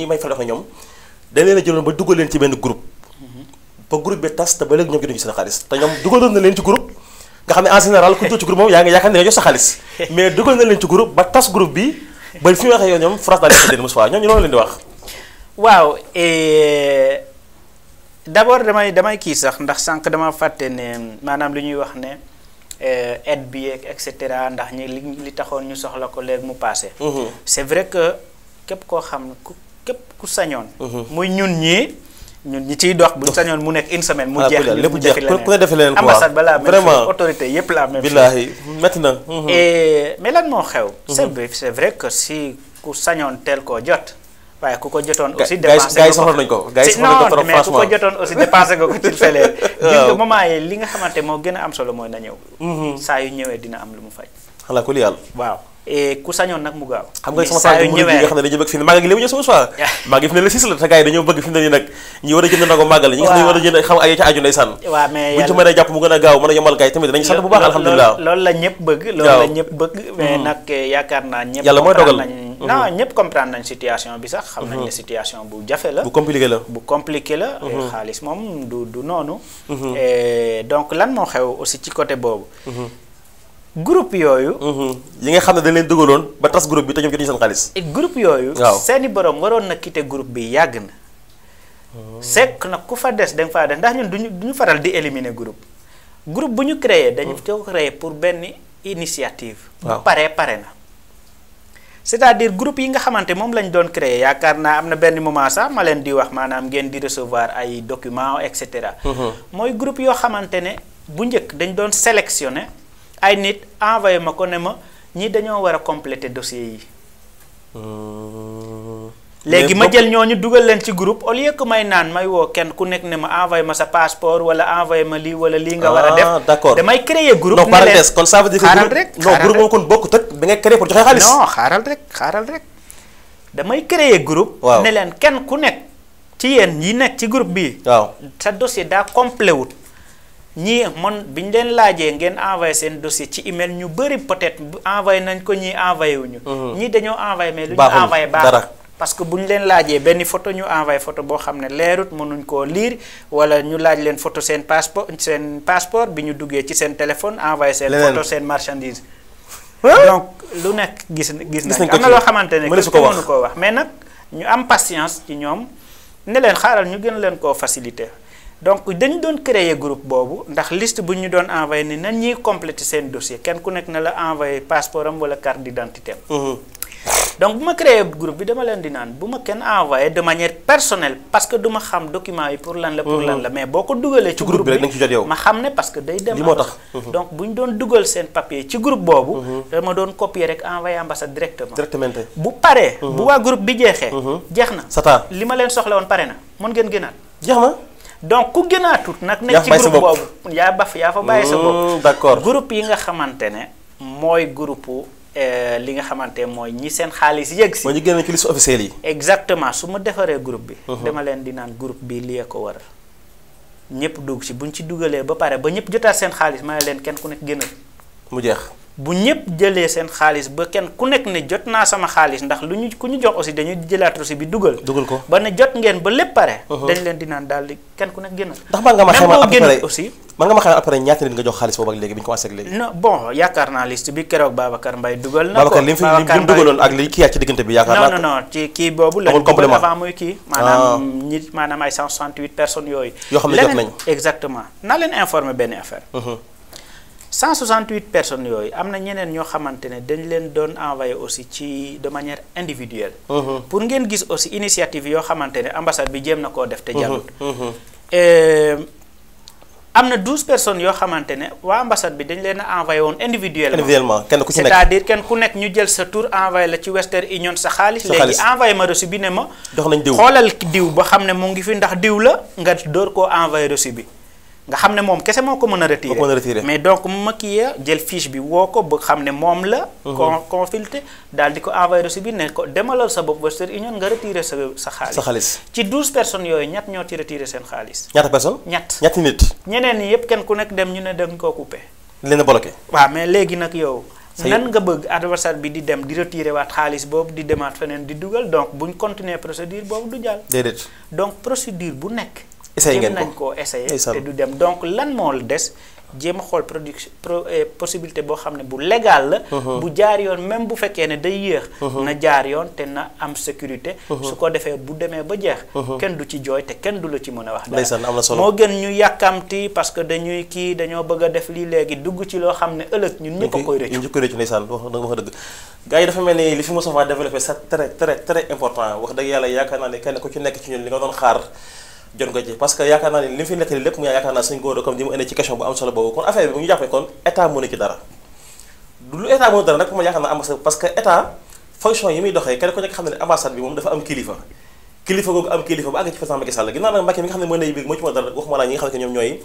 may faral wax ñoom a jëloon leen ci benn groupe ba groupe ba léegi ñoom jotuñu seen xaalis te ñoom dugaloon na leen ci groupe nga xam ne en général ku dugg ci groupe moom yaa ngi yaakaar ne nga jox sa xaalis mais dugal na leen ci groupe ba tas groupe bi ba fi mu waxee yow ñoom France daal di leen Moustapha ñoom ñu loolu leen di wax waaw d'abord damay damay kii sax ndax sànq dama fàtte ne maanaam li ñuy wax ne Euh, aide bi yeeg et cetera ndax ñi li li taxoon ñu soxla ko léegi mu passé. Mhm. c'est vrai que képp koo xam ku képp ku sañoon. Mhm. muy ñun ñii. ñun ñi ciy dox bu sañoon mu nekk une semaine. mu jeex ah, lépp jeex ku ne defee leneen quoi ambassade balaa vraiment autorité yëpp la amee. billaahi métti na. Mhm. mais lan moo xew. c'est vrai que si ku sañoon teel koo jot. waaye ku ko jotoon aussi dépensé nga ko soxla nañ ko gars yi soxla nañ ko ci feleer gis nga li nga xamante moo gën a am solo mooy na ñëw mm-hmm. saa yu ñëwee dina am lu mu faj xanaa ku li yàlla waaw ku sañoon nag mu gaaw xam nga xam ne dañu bëgg fi ne màggal gi a a mais bu a a la mooy dogal Mhm. non ñëpp comprendre nañ situation bi sax. xam nañ mhm. ne situation bu jafe la. bu compliqué la bu compliqué la. Mhm. xaalis moom du du noonu. donc lan moo xew aussi ci côté boobu. groupe yooyu. li nga xam ne dañ leen dugaloon ba tas groupe bi te ñoom jotuñu seen xaalis. groupe yooyu. waaw seeni borom waroon na quitter groupe bi yàgg na. Oh. sekk nag ku fa des da nga faa des ndax ñun duñu duñu faral di éliminer groupe. groupe bu ñu créé. dañu ko créé pour benn initiative. pare pare na. c'est-à-dire groupe yi nga xamante moom lañ doon créer yaakaar naa am na benn moment sax ma leen di wax maanaam ngeen di recevoir ay documents et cetera. Mhm. mooy groupe yoo xamante ne bu njëkk dañ doon sélectionner ay nit envoyé ma ko ne ma ñi dañoo war a compléter dossier yi. Hmm. léegi ma jël ñoo ñu dugal leen ci groupe au lieu que may naan may woo kenn ku nekk ne ma envoyé ma sa passeport wala envoyé ma lii wala lii nga war a def. Ah, d'accord damay créer groupe. non kon ça veut dire que xaaral rek non groupe moom nga créer pour joxe xaalis. non xaaral rek xaaral rek damay créer group waaw ne leen kenn ku nekk ci yéen yi nekk ci groupe bii. waaw sa dossier daa complet wut. ñii man bi ñu leen laajee ngeen envoyé seen dossier ci email ñu bëri peut-être envoyé nañ ko ñii envoyé wuñu mhm. ñii dañoo envoyé mais lu ñu envoyé baax parce que bu ñu leen laajee benn photo ñu envoyé photo boo xam ne leerut mënuñ ko liir wala ñu laaj leen photo seen passeport seen passeport bi ñu duggee ci seen téléphone envoyé seen photo seen marchandise donc lu nekk gis gis na am na loo xamante ne mënu koo wax mais nag ñu am patience ci ñoom ne leen xaaral ñu gën leen koo faciliter donc dañu doon créer groupe boobu ndax liste bu ñu doon envoyé ni nan ñuy compléter seen dossier kenn ku nekk na la envoyé passeport am wala carte d'identité am donc bu ma créé groupe bi dama leen di naan bu ma kenn envoyé de manière personnelle parce que du ma xam document yi pour lan la. pour lan la mhm. mais boo ko dugalee. ci groupe bi rek nañ ci jot yow ma xam ne parce que day dem. li moo donc bu ñu doon dugal seen papier ci groupe boobu. Mhm. dama doon copier rek envoyé ambassade directement. directement bu paree. Mhm. bu waa groupe bi jeexee. jeex na sata li ma leen soxla woon pare na mën ngeen gënaat. jeex na. donc ku gënaatut nag. nekk ci groupe boobu yaa baf yaa fa mm, nga xamante ne mooy groupe. Euh, li nga xamante mooy ñi seen xaalis yëg si. mooy ñu génne ci liste officielle yi. exactement su ma defaree groupe bi. Uh-huh. dama leen di naan groupe bi lii ko war ñëpp dugg si buñ ci dugalee ba pare ba ñëpp jotaat seen xaalis ma leen kenn ku nekk génn. mu jeex. bu ñëpp jëlee seen xaalis ba kenn ku nekk ne jot naa sama xaalis ndax lu ñu ku ñu jox aussi dañuy jëlaat aussi bi dugal. dugal ko ba ne jot ngeen ba lépp pare. Uh-huh. dañ leen di naan daal di kenn ku nekk génnal. ndax man nga ma xayma après ñaata nit nga jox xaalis boobu ak léegi bi ñu commencé ak léegi. non bon yaakaar naa liste bi keroog Babacar Mbaye dugal. na ko Babacar li mu fi li mu dugaloon ak li kii yaa ci diggante bi. yaakaar naa non non non ci kii boobu. amul complément la avant muy kii. maanaam ñi ah. maanaam ay 168 personnes yooyu. yoo xam ne jot nañ exactement naa leen informer benn cent 168 personnes yooyu am na ñeneen ñoo xamante ne dañ leen doon envoyé aussi ci de manière individuelle. Mhm. pour ngeen gis aussi initiative yoo xamante ne ambassade bi jéem na koo def. te jàllul. Mhm. Mhm. Euh, am na 12 personnes yoo xamante ne waa ambassade bi dañ leen a envoyé woon individuellement. individuellement kenn ku ci nekk c'est-à-dire ku nekk ñu jël sa tour envoyé la ci Western Union sa xaalis. sa xaalis envoyé ma reçu bi ne ma. dox nañ diw xoolal diw boo xam ne mu ngi fi ndax diw la nga door koo envoyé reçu bi. nga xam ne moom kese moo ko mën a retiré mais donc Makiya jël fiche bi woo ko ba xam ne moom la kon mhm. consulté daal di ko envoyé reçu bi ne ko demalal sa bopp Western Union nga retiré sa sa xaalis sa xaalis ci douze personnes yooyu ñett ñoo ci retiré seen xaalis ñaata personne ñett ñetti nit ñeneen ñi yépp kenn ku nekk dem ñu ne dañ koo coupé leen bloqué waaw mais léegi nag yow nan nga bëgg adversaire bi di dem di retirer waat xaalis boobu di demaat feneen di dugal donc buñ continuer procédure boobu du jàll déedéet donc procédure bu nekk essayé ngeen ko nañ koo essayé te du dem donc lan moo des jéem a xool production euh, possibilité boo xam ne bu légal la. Uh-huh. bu jaar yoon même bu fekkee ne day yéex. Uh-huh. na jaar yoon te na am sécurité. Uh-huh. su ko defee bu demee ba jeex. kenn du ci jooy te kenn du la ci mën a wax. ndeysaan solo gën ñu yàkkamti parce que dañuy kii dañoo bëgg def lii léegi dugg ci loo xam ne ëllëg ñun ñëpp a koy rëccu. ñun ñëpp koy wax dëgg wax dëgg. gars yi dafa mel ni li fi Moustapha développé c'est très très yàlla yaakaar naa ne kenn ku ci nekk ci ñun li nga doon xaar jot nga ci parce que yaakaar naa ne li mu fi nettali lépp mu yaakaar naa suñ góor comme ni mu indee ci question bu am solo boobu kon affaire bi bu ñu jàppee kon état mënu ci dara lu état mënu dara na yëg moo ci mën dara waxuma laa ñi nga xam ne ñoom ñooy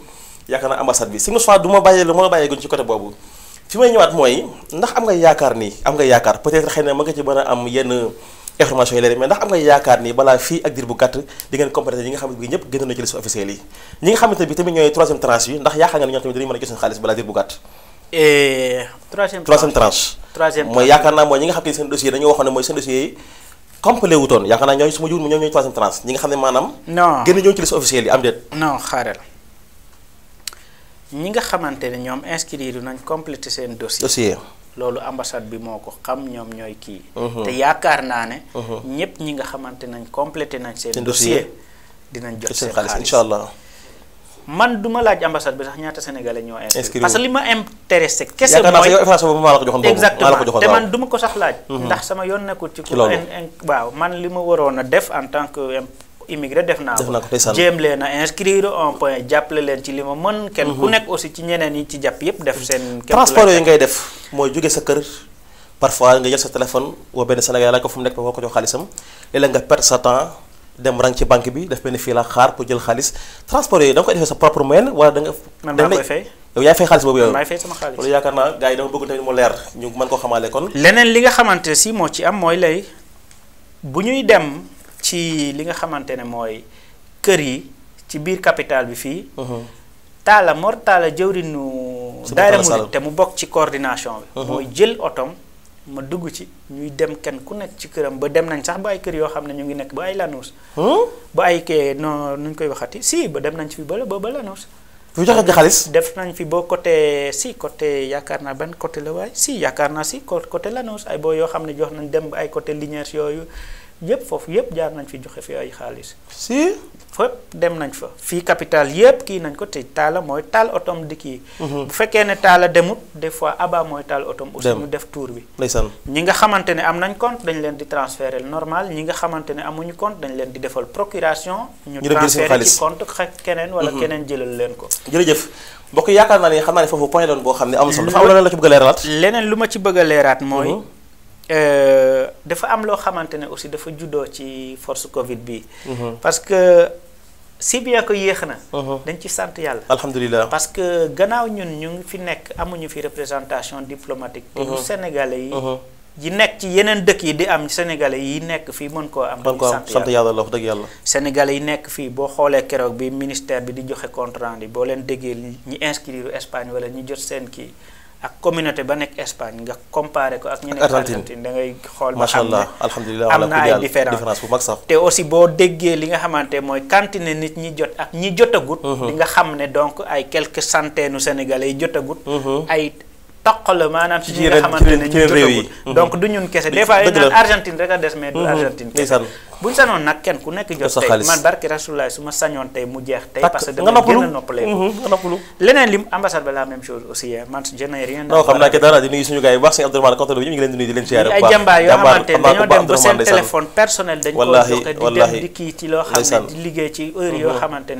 mooy ndax am nga yaakaar nii am nga yaakaar peut-être xëy na ci mën a am yenn information yi leer mais ndax am nga yaakaar ni balaa fii ak diir bu gàtt di ngeen complété nga na ci liste officielle ñi nga xamante ne bi tamit ñooy troisième tranche yi seen xam ne maanaam génn ñoo ci liste officielle yi am déet non xaaral ñi nga xamante ne ñoom inscrire nañ complété seen dossier loolu ambassade bi moo ko xam ñoom ñooy kii. Uh-huh. te yaakaar naa ne. Uh-huh. ñëpp ñi nga xamante nañ complété nañ seen. dossier dinañ jot seen xaalis incha allah. man du ma laaj ambassade bi sax ñaata sénégalais ñoo inscrit parce que li ma intéressé. kese mooy yaakaar naa sax yow maa la ko joxoon exactement te man du ma ko sax laaj. Uh-huh. ndax sama yoon nekkul ci. ci waaw man li ma waroon a def en tant que immigré def naa ko jéem leen a inscrire un point jàppale leen ci li ma mën mhm. kenn ku nekk aussi ci ñeneen yi ci jàpp yépp def seen mhm. transport yooyu ngay def mooy jóge sa kër parfois nga jël sa téléphone woo benn Sénégal la ko fu mu nekk ba woo ko jox xaalisam léeg-léeg nga perte sa temps dem rang ci banque bi def benn fii la xaar pour jël xaalis transport yooyu da koy defee sa propre moyen wala da yaay fay xaalis boobu yaakaar naa gars yi ci li nga xamante ne mooy kër yi ci biir capital bi fii. Uh-huh. taala Mor taala jëwrinu daayira murid te mu bokk ci coordination bi. Uh-huh. mooy jël otom ma dugg ci ñuy dem kenn ku nekk ci këram ba dem nañ sax ba ay kër yoo xam ne ñu ngi nekk ba ay Lanus. Hmm? ba ay kee nu ñu koy waxati si ba dem nañ fi ba ba Lanus. bu joxe ci xaalis. def nañ fi boo côté si coté yaakaar naa ban côté la waay si yaakaar naa si côté Lanus ay boo yoo xam ne jox nañ dem ba ay côté Liniers yooyu. yëpp foofu yëpp jaar nañ fi joxe fi ay xaalis. si. fépp dem nañ fa. fii capital yëpp kii nañ ko te taala mooy taal otom di kii. Mhm. bu fekkee ne taala demut des fois aba mooy taal otom. aussi def tour bi. ndeysaan ñi nga xamante ne am nañ compte dañ leen di transférer normal ñi nga xamante ne amuñu compte dañ leen di defal procuration. ñu transférer ci compte keneen wala mhm. keneen jëlal leen ko. jërëjëf mbokk yaakaar naa ne xam naa ne foofu point la boo xam ne am leneen lu ma ci bëgg leeraat mooy. Mhm. Euh, dafa am loo xamante ne aussi dafa juddoo ci force Covid bi. Mhm. parce que si bien que yéex na. Mhm. dañ ci sant yàlla. alhamdulilah parce que gannaaw ñun ñu ngi fi nekk amuñu fi représentation diplomatique. te du mhm. sénégalais yi. yi nekk ci yeneen dëkk yi di am sénégalais yi nekk fii mën koo am. mën koo am sant yàlla la wax dëgg yàlla. sénégalais yi nekk fii boo xoolee keroog bi ministère bi di joxe contrant yi boo leen déggee ñi inscrire Espagne wala ñu jot seen kii. ak communauté ba nekk Espagne nga comparé ko ak ñu nekk Argentine da xool ba xam ne alhamdulilah am na ay différence bu mag sax te aussi boo déggee li nga xamante mooy quantité nit ñi jot ak ñi jotagut. Mhm. di nga xam ne donc ay quelques centaines nu Sénégalais yi jotagut. Mhm. ay toqal maanaam ci ñi nga xamante ne ñu jotagul donc du ñun kese des fois yi naan Argentine rek a des mais du mhm. Argentine kese buñ sanoon nag kenn ku nekk jot tey man barki rasulullah su ma sañoon tey mu jeex tey parce que dama gën a noppalee mhm, leneen lim ambassade ba la même chose aussi man je n'ai rien ngi ay jàmbaar yoo xamante dañoo dem ba seen téléphone personnel dañ ko joxe di dem di kii ci loo xam ne di liggéey ci heure mhm. yoo xamante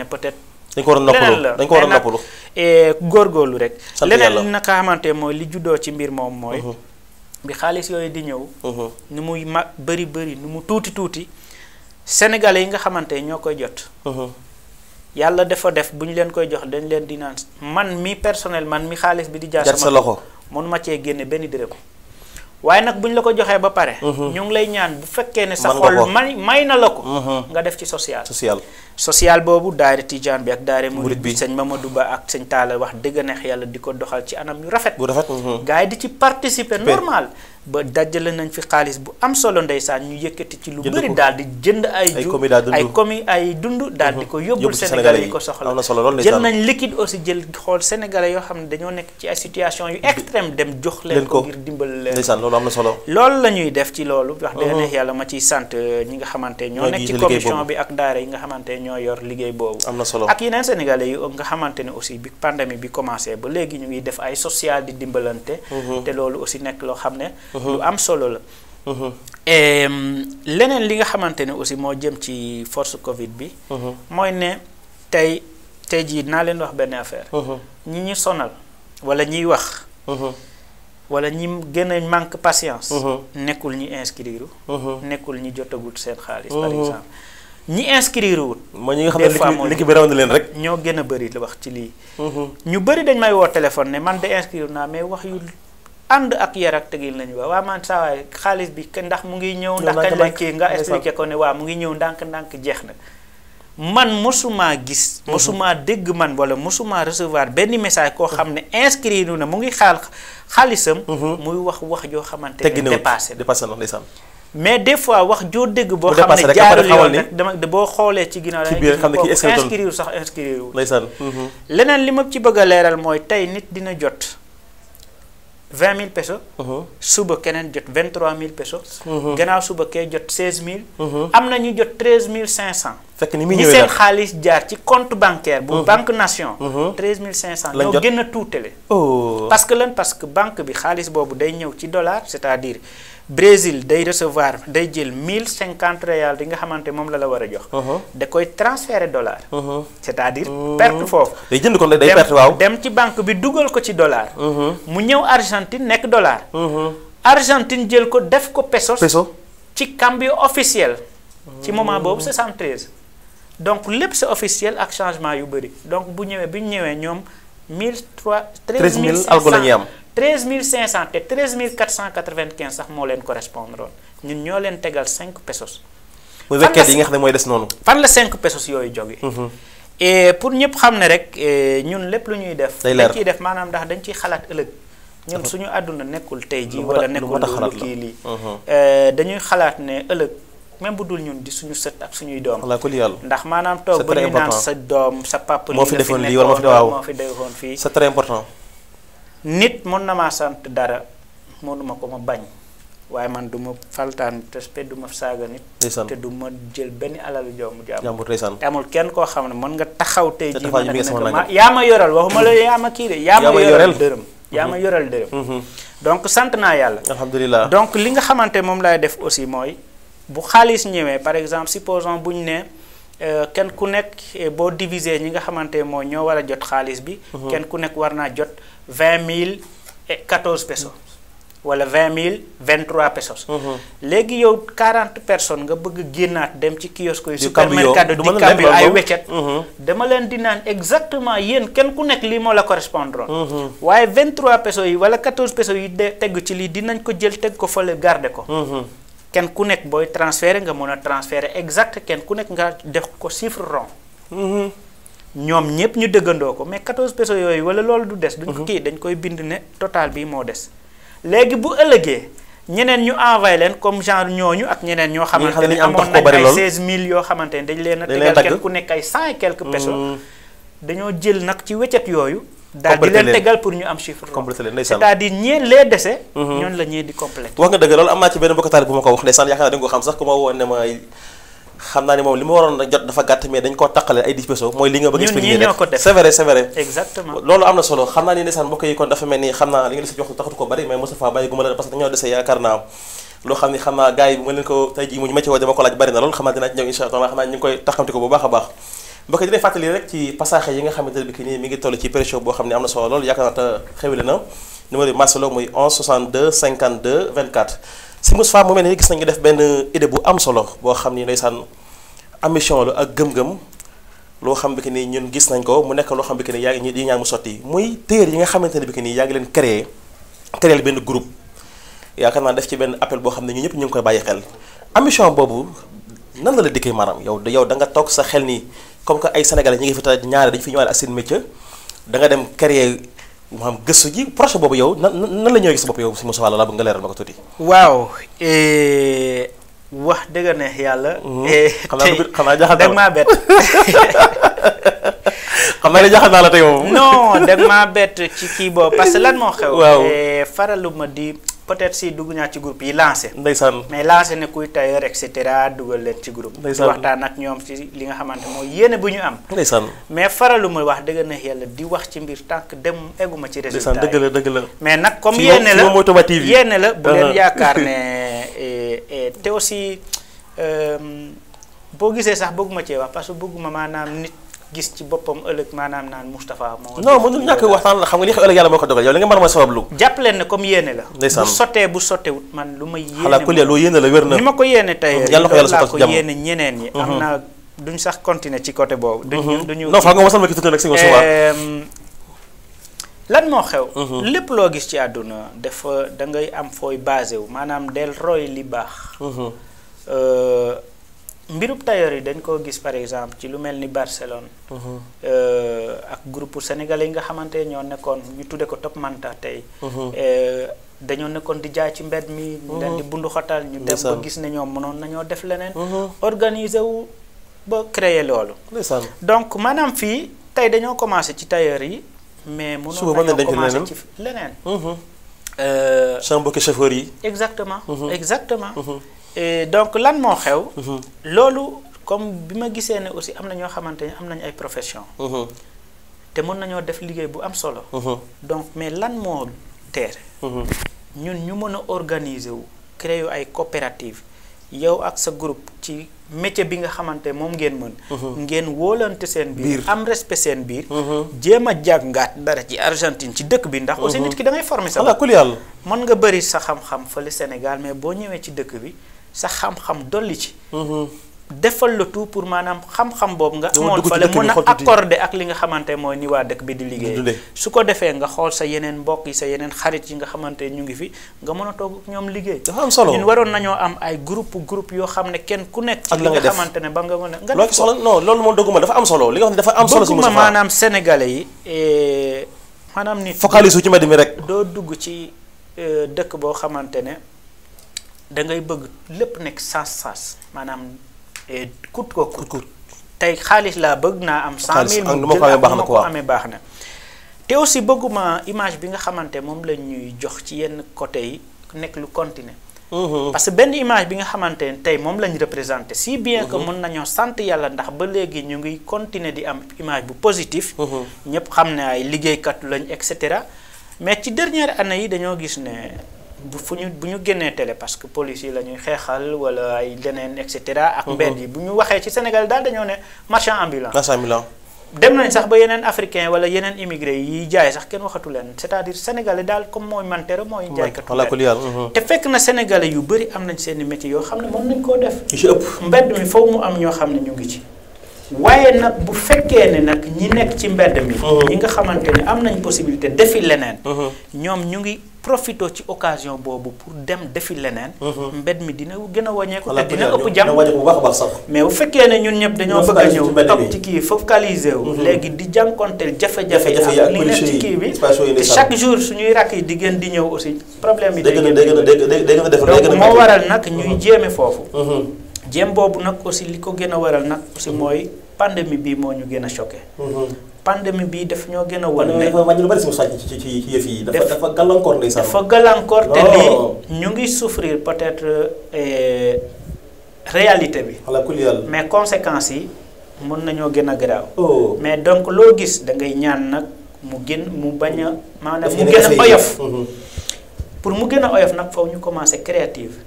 dañ ko war dañ ko war a noppalu eh, góorgóorlu rek leneen naka xamante mooy li juddoo ci mbir moom mooy mhm. bi xaalis yooyu di ñëw mhm. nu muy mag bëri bëri nu mu tuuti tuuti sénégalais yi nga xamante ñoo koy jot mhm. yàlla dafa def bu ñu leen koy jox dañ leen di naan man mi personnel man mi xaalis bi di jaar sama loxo mënuma cee génne benn dërëm waaye nag bu ñu la ko joxee ba pare. Mhm. ñu ngi lay ñaan bu fekkee ne. sa xol may may na la ko. Mhm. nga def ci social. social social boobu daayira tijaan bi ak daayira murid bi sëñ Mamadou Ba ak sëñ Talla wax dëgg neex yàlla di ko doxal ci anam yu rafet. bu rafet. Mhm. gars yi di ci participer normal. ba dajale nañ fi xaalis bu am solo ndeysaan ñu yëkkati ci lu bëri daal di jënd ay ju ay commis ay dund daal di mhm. ko yóbbul sénégalais yi ko soxla jël nañ liquide aussi jël xool sénégalais yoo xam ne dañoo nekk ci ay situation yu extrême dem jox leen ko ngir dimbal leen ndeysaan loolu am na solo loolu la ñuy def ci loolu wax dëgg mhm. neex yàlla ma ciy sant euh, ñi nga xamante ñoo nekk ci commission bi ak daara yi nga xamante ñoo yor liggéey boobu am na solo ak yeneen sénégalais yu nga xamante ne aussi bi pandémie bi commencé ba léegi ñu ngi def ay social di dimbalante mhm. loolu aussi nekk loo xam ne lu mhm. am solo la. Mhm. leneen li nga xamante ne aussi moo jëm ci force Covid bi. Mhm. mooy ne tey tey jii naa leen wax benn affaire. ñi ñu sonal wala ñiy wax. wala ñi gën a manque patience. nekkul ñi inscrire. nekkul ñi jotagut seen xaalis. par exemple ñi inscrire wul. mooy ñi nga xam ne bi raw leen rek. ñoo gën a bëri la wax ci lii. ñu bëri dañ may woo téléphone ne man de inscrire naa mais wax yu. ànd ak yar ak tegil nañu ba waa man saa waay xaalis bi ka ndax mu ngi ñëw ndax kañ la kii nga expliqué ko ne waa mu ngi ñëw ndànk-ndànk jeex na man mosumaa gis mhm. mosumaa dégg man wala mosumaa recevoir benn message koo mhm. xam ne inscrit nu na mu ngi xaal xaalisam mhm. muy wax wax joo xamante ne dépassé dépassé na ndeysaan mais des fois wax joo dégg boo xam ne jaarul yoon rek dama boo xoolee ci ginnaaw ci biir xam ne kii sax inscrit wu ndeysaan leneen li ma ci bëgg a leeral mooy tey nit dina jot vingt mille pesos. Uh-huh. suba keneen jot vingt trois mille pesos. Uh-huh. gannaaw suba kee jot seize mille. Uh-huh. am na ñu jot treize mille cinq cent. fekk ni muy seen xaalis jaar ci compte bancaire. bu banque nation. treize mille cinq cent ñoo gën a tuutale. Oh. parce que lan parce que banque bi xaalis boobu day ñëw ci dollar c'est-à-dire. Brésil day recevoir day jël mille cinquante réal yi nga xamante moom la la war a jox. Uh-huh. da koy transférer dollar. Uh-huh. c'est-à-dire uh-huh. perte foofu. day jënd kon waaw dem ci banque bi dugal ko ci dollar. mu ñëw Argentine nekk dollar. Argentine jël ko def ko pesos. peso ci cambio officiel. ci moment boobu 73. donc lépp c'est officiel ak changement yu bëri donc bu ñëwee bi ñu ñëwee ñoom mille trois. treize mille algo la ñuy am. mille 13500 te 13495 sax moo leen correspondre ñun ñoo leen tegal 5 pesos. muy wekkeet yi nga xam ne mooy des noonu. fan la 5 pesos yooyu jógee. Mhm. et pour ñëpp xam ne rek eh, ñun lépp lu ñuy def. dañ ciy def maanaam ndax dañ ciy xalaat ëllëg. ñun suñu àdduna nekkul tey jii. wala nekkul lu kii lii. Mhm. Eh, dañuy xalaat ne ëllëg. même bu dul ñun di suñu sët ak suñuy doom. ndax maanaam toog ba ñu naan sa doom sa papa. moo fi defoon lii wala moo fi defoon fii. nit mën na maa sant dara mënuma ko ma bañ waaye man du ma faltaan te du ma saaga nit te du ma jël benn alalu joomu jàmbur te amul kenn koo xam ne mën nga taxaw tey ji ma yaa ma yoral waxuma la yaa kii de yaa ma dërëm yaa ma mhm. yoral dërëm mhm. donc sant naa yàlla alhamdulilah donc li nga xamante moom laay def aussi mooy bu xaalis ñëwee par exemple supposons bu ñu ne euh, kenn ku nekk eh, boo diviser ñi nga xamante moo ñoo war a jot xaalis bi mhm. kenn ku nekk war naa jot vingt mille et quatorze pesos wala vingt mille vingt trois pesos. Mhm. léegi yow quarante personnes nga bëgg génnaat dem ci kiosque yi. supermercado di cambio ay weccet. Mhm. dama leen di naan exactement yéen kenn ku nekk lii moo la correspondre. Mhm. waaye vingt trois pesos yi wala quatorze pesos yi de tegu ci lii dinañ ko jël teg ko fële garde ko. kenn ku nekk booy transféré nga mën a transféré exact kenn ku nekk nga def ko chiffre rond. ñoom ñëpp ñu dëggandoo ko mais 14 pesos yooyu wala loolu du des. duñ ko mhm. kii dañ koy bind ne total bi moo des. léegi bu ëllëgee ñeneen ñu envoyé leen comme genre ñooñu ak ñeneen ñoo. xamante ne amoon nañ ay 16000 yoo xamante ne dañ leen a. tegal ku nekk ay 100 et quelques mm. dañoo jël nag ci wéccet yooyu. daal di leen tegal pour ñu am chiffre complété leen ndeysaan c'est-à-dire dese mhm. ñoon la ñee di complété wax nga dëgg loolu am naa ci benn bokkataal bu ma ko wax ndeysaan yaakaar naa da nga ko xam sax ku woon ne ma xam naa ne moom li ma waroon a jot dafa gàtt mais dañ koo taqale ay dix pesos mooy li nga bëgg expliquer rek c'est vrai c'est vrai exactement loolu am na solo xam naa ni ndeysaan mbokk yi dafa mel ni xam naa na loolu xam naa dinaa ci ñëw insha xam naa ñu ngi koy taxamti ko bu baax a baax mbokk yi dinañ fàttali rek ci passage yi nga xamante ne ki nii mi ngi toll ci précio boo xam ne am na solo loolu yaakaar naa te xewle na numéro bi muy 11 si Moussa mu mel ni gis nañu def benn idée bu am solo boo xam ni ndeysaan ambition la ak gëm-gëm loo xam bi que ni ñun gis nañ ko mu nekk loo xam bi que ni yaa ngi ñi ñaa mu sotti muy téer yi nga xamante ne bi que ni yaa ngi leen créé créé benn groupe yaakaar naa def ci benn appel boo xam ne ñu ñëpp ñu ngi koy bàyyi xel ambition boobu nan la la dikkee maanaam yow yow da nga toog sa xel ni comme que ay sénégalais ñi ngi fi ta ñaare dañu fi ñëwaat ak seen métier danga dem créer maam gëstu ji projet boobu yow na nan la ñëwee gis bopp yow si Moussa Walla laa bëgg nga leeral ma ko tuuti. waaw eh, wax dëgg yàlla. Mm-hmm. Eh, xam naa jaaxal maa bett. xam naa ne jaaxal naa la tey moom. non dëgg maa bett ci kii boobu parce que lan moo xew. waaw eh, ma di. peut-être si dugg ñaa ci group yi lancé. ndeysaan mais lancé ne kuy tailleur et cetera dugal leen ci group ndeysaan waxtaan ak ñoom ci li nga xamante mooy yéene bu ñu am. ndeysaan mais faralu ma wax dëgg na yàlla di wax ci mbir tànk dem egguma ci. résultat yi dëgg la mais nag comme yéene la yéene la bu leen ah. yaakaar ne te aussi euh, boo gisee sax bëgguma cee wax parce que bëgguma maanaam nit. gis ci boppam ëllëg maanaam naan Moustapha moo non mënul ñàkk waxtaan la xam nga li xew ëllëg yàlla moo ko dogal yow li nga mën mooy sabab lu jàpp leen ne comme yéene la bu ma yéene loo yéene la wér na ni ma ko yéene tey yàlla ko yàlla sotal ko yéene ñeneen ñi am mhm. naa duñ sax continuer ci côté boobu mhm. duñu duñu non fa nga wasal lan moo xew mhm. lépp loo gis ci àdduna dafa da ngay am fooy basé wu maanaam del roy li baax euh, mbirub tailleur yi dañ koo gis par exemple ci lu mel ni Barcelone. Mhm. Euh, ak group sénégal yi nga xamante ñoo nekkoon ñu tuddee ko Top Manta tey. Mhm. Euh, dañoo nekkoon di jaay ci mbed mi. ñu mhm. leen di bundu xotal ñu dem ba gis ne ñoom mënoon nañoo def leneen. organiser wu ba créer loolu. donc maanaam fii tey dañoo commencé ci tailleur yi. mais mënoon nañoo commencé ci leneen. Euh, chambre que chauffeur yi. exactement exactement. Euh, donc lan moo xew. Mhm. loolu comme bi ma gisee ne aussi am na ñoo xamante ne am nañu ay profession mhm. te mën nañoo def liggéey bu am solo. Mhm. donc mais lan moo teer. ñun ñu mën a organiser wu créer ay coopérative yow ak sa groupe ci métier bi nga xamante moom ngeen mën. ngeen wóolante seen biir. am respect seen biir. jéem a jàngaat dara ci Argentine ci dëkk bi. ndax aussi nit ki da ngay former sa nga bëri sa xam-xam fële Sénégal mais boo ñëwee ci dëkk bi. sa xam-xam dolli ci. Mm-hmm. defal la tout pour maanaam xam-xam boobu nga amoon fale mun a accordé ak li nga xamante mooy ni waa dëkk bi di liggéey su ko defee nga xool sa yeneen mbokk yi sa yeneen xarit yi nga xamante ñu ngi fi nga mën a toog ñoom liggéey dafa am solo ñun waroon nañoo am ay groupe groupe yoo xam ne kenn ku nekk ci li nga xamante ne ba nga mën a nga def soxla non loolu moom dëgguma dafa am solo li nga xam ne dafa am solo si ma maanaam sénégalais yi eh, maanaam ni focalisu ci mbedd mi rek doo dugg ci eh, dëkk boo xamante ne da ngay bëgg lépp nekk saas saas maanaam kut ko kut tey xaalis laa bëgg naa am cent mille mu jël ma ko amee baax na te aussi bëgguma image bi nga xamante moom la ñuy jox ci yenn côté yi nekk lu continuer mm-hmm. parce que benn image bi nga xamante ne tey moom lañ représenté si bien que mm-hmm. mën nañoo sant yàlla ndax ba léegi ñu ngi continuer di am image bu positif mm-hmm. ñëpp xam ne ay liggéeykat lañ et cetera mais ci dernière année yi dañoo gis ne bu fu ñu bu ñu génnee télé parce que police yi la ñuy xeexal wala ay leneen et cetera. ak mhm. mbedd yi bu ñu waxee ci Sénégal daal dañoo ne marchand ambulant. marchand ambulant. dem nañ sax ba yeneen africain wala yeneen immigré yi jaay sax kenn waxatu leen c'est-à-dire sénégalais daal comme mooy mantere mooy jaaykatu mhm. te fekk na sénégalais yu bëri am nañ seen i métier yoo xam ne mën nañ koo def ci ëpp mbedd mi foofu mu am ñoo xam ne ñu ngi ci waaye nag bu fekkee ne nag ñi nekk ci mbedd mi mhm. ñi nga xamante ne am nañ possibilité defi leneen profito ci occasion boobu pour dem defi leneen. Mhm. mbed mi dina gën a wàññeeku. te dina ëpp jàmm mais bu fekkee ne ñun ñëpp dañoo bëgg a ñëw topp ci kii focaliser wu. Mhm. léegi di jànkonteel jafe-jafe yi ak li nekk ci kii bi te chaque jour suñuy rakk yi di gën di ñëw aussi problème yi. day gën a donc moo waral nag ñuy mhm. jéeme foofu. jéem boobu nag aussi li ko gën a waral nag aussi mooy pandémie bi moo ñu gën a choqué. pandémie bi daf ñoo gën a wan ne dafa gàllankoor lay dafa gàllankoor te lii oh. ñu ngi souffrir peut-être eh, réalité bi mais conséquences yi mën nañoo gën a garaaw oh. mais donc loo gis da ngay ñaan nag mu gën mu bañ a maanaam mu gën a oyof mm-hmm. pour mu gën a oyof nag foofu ñu commencé créative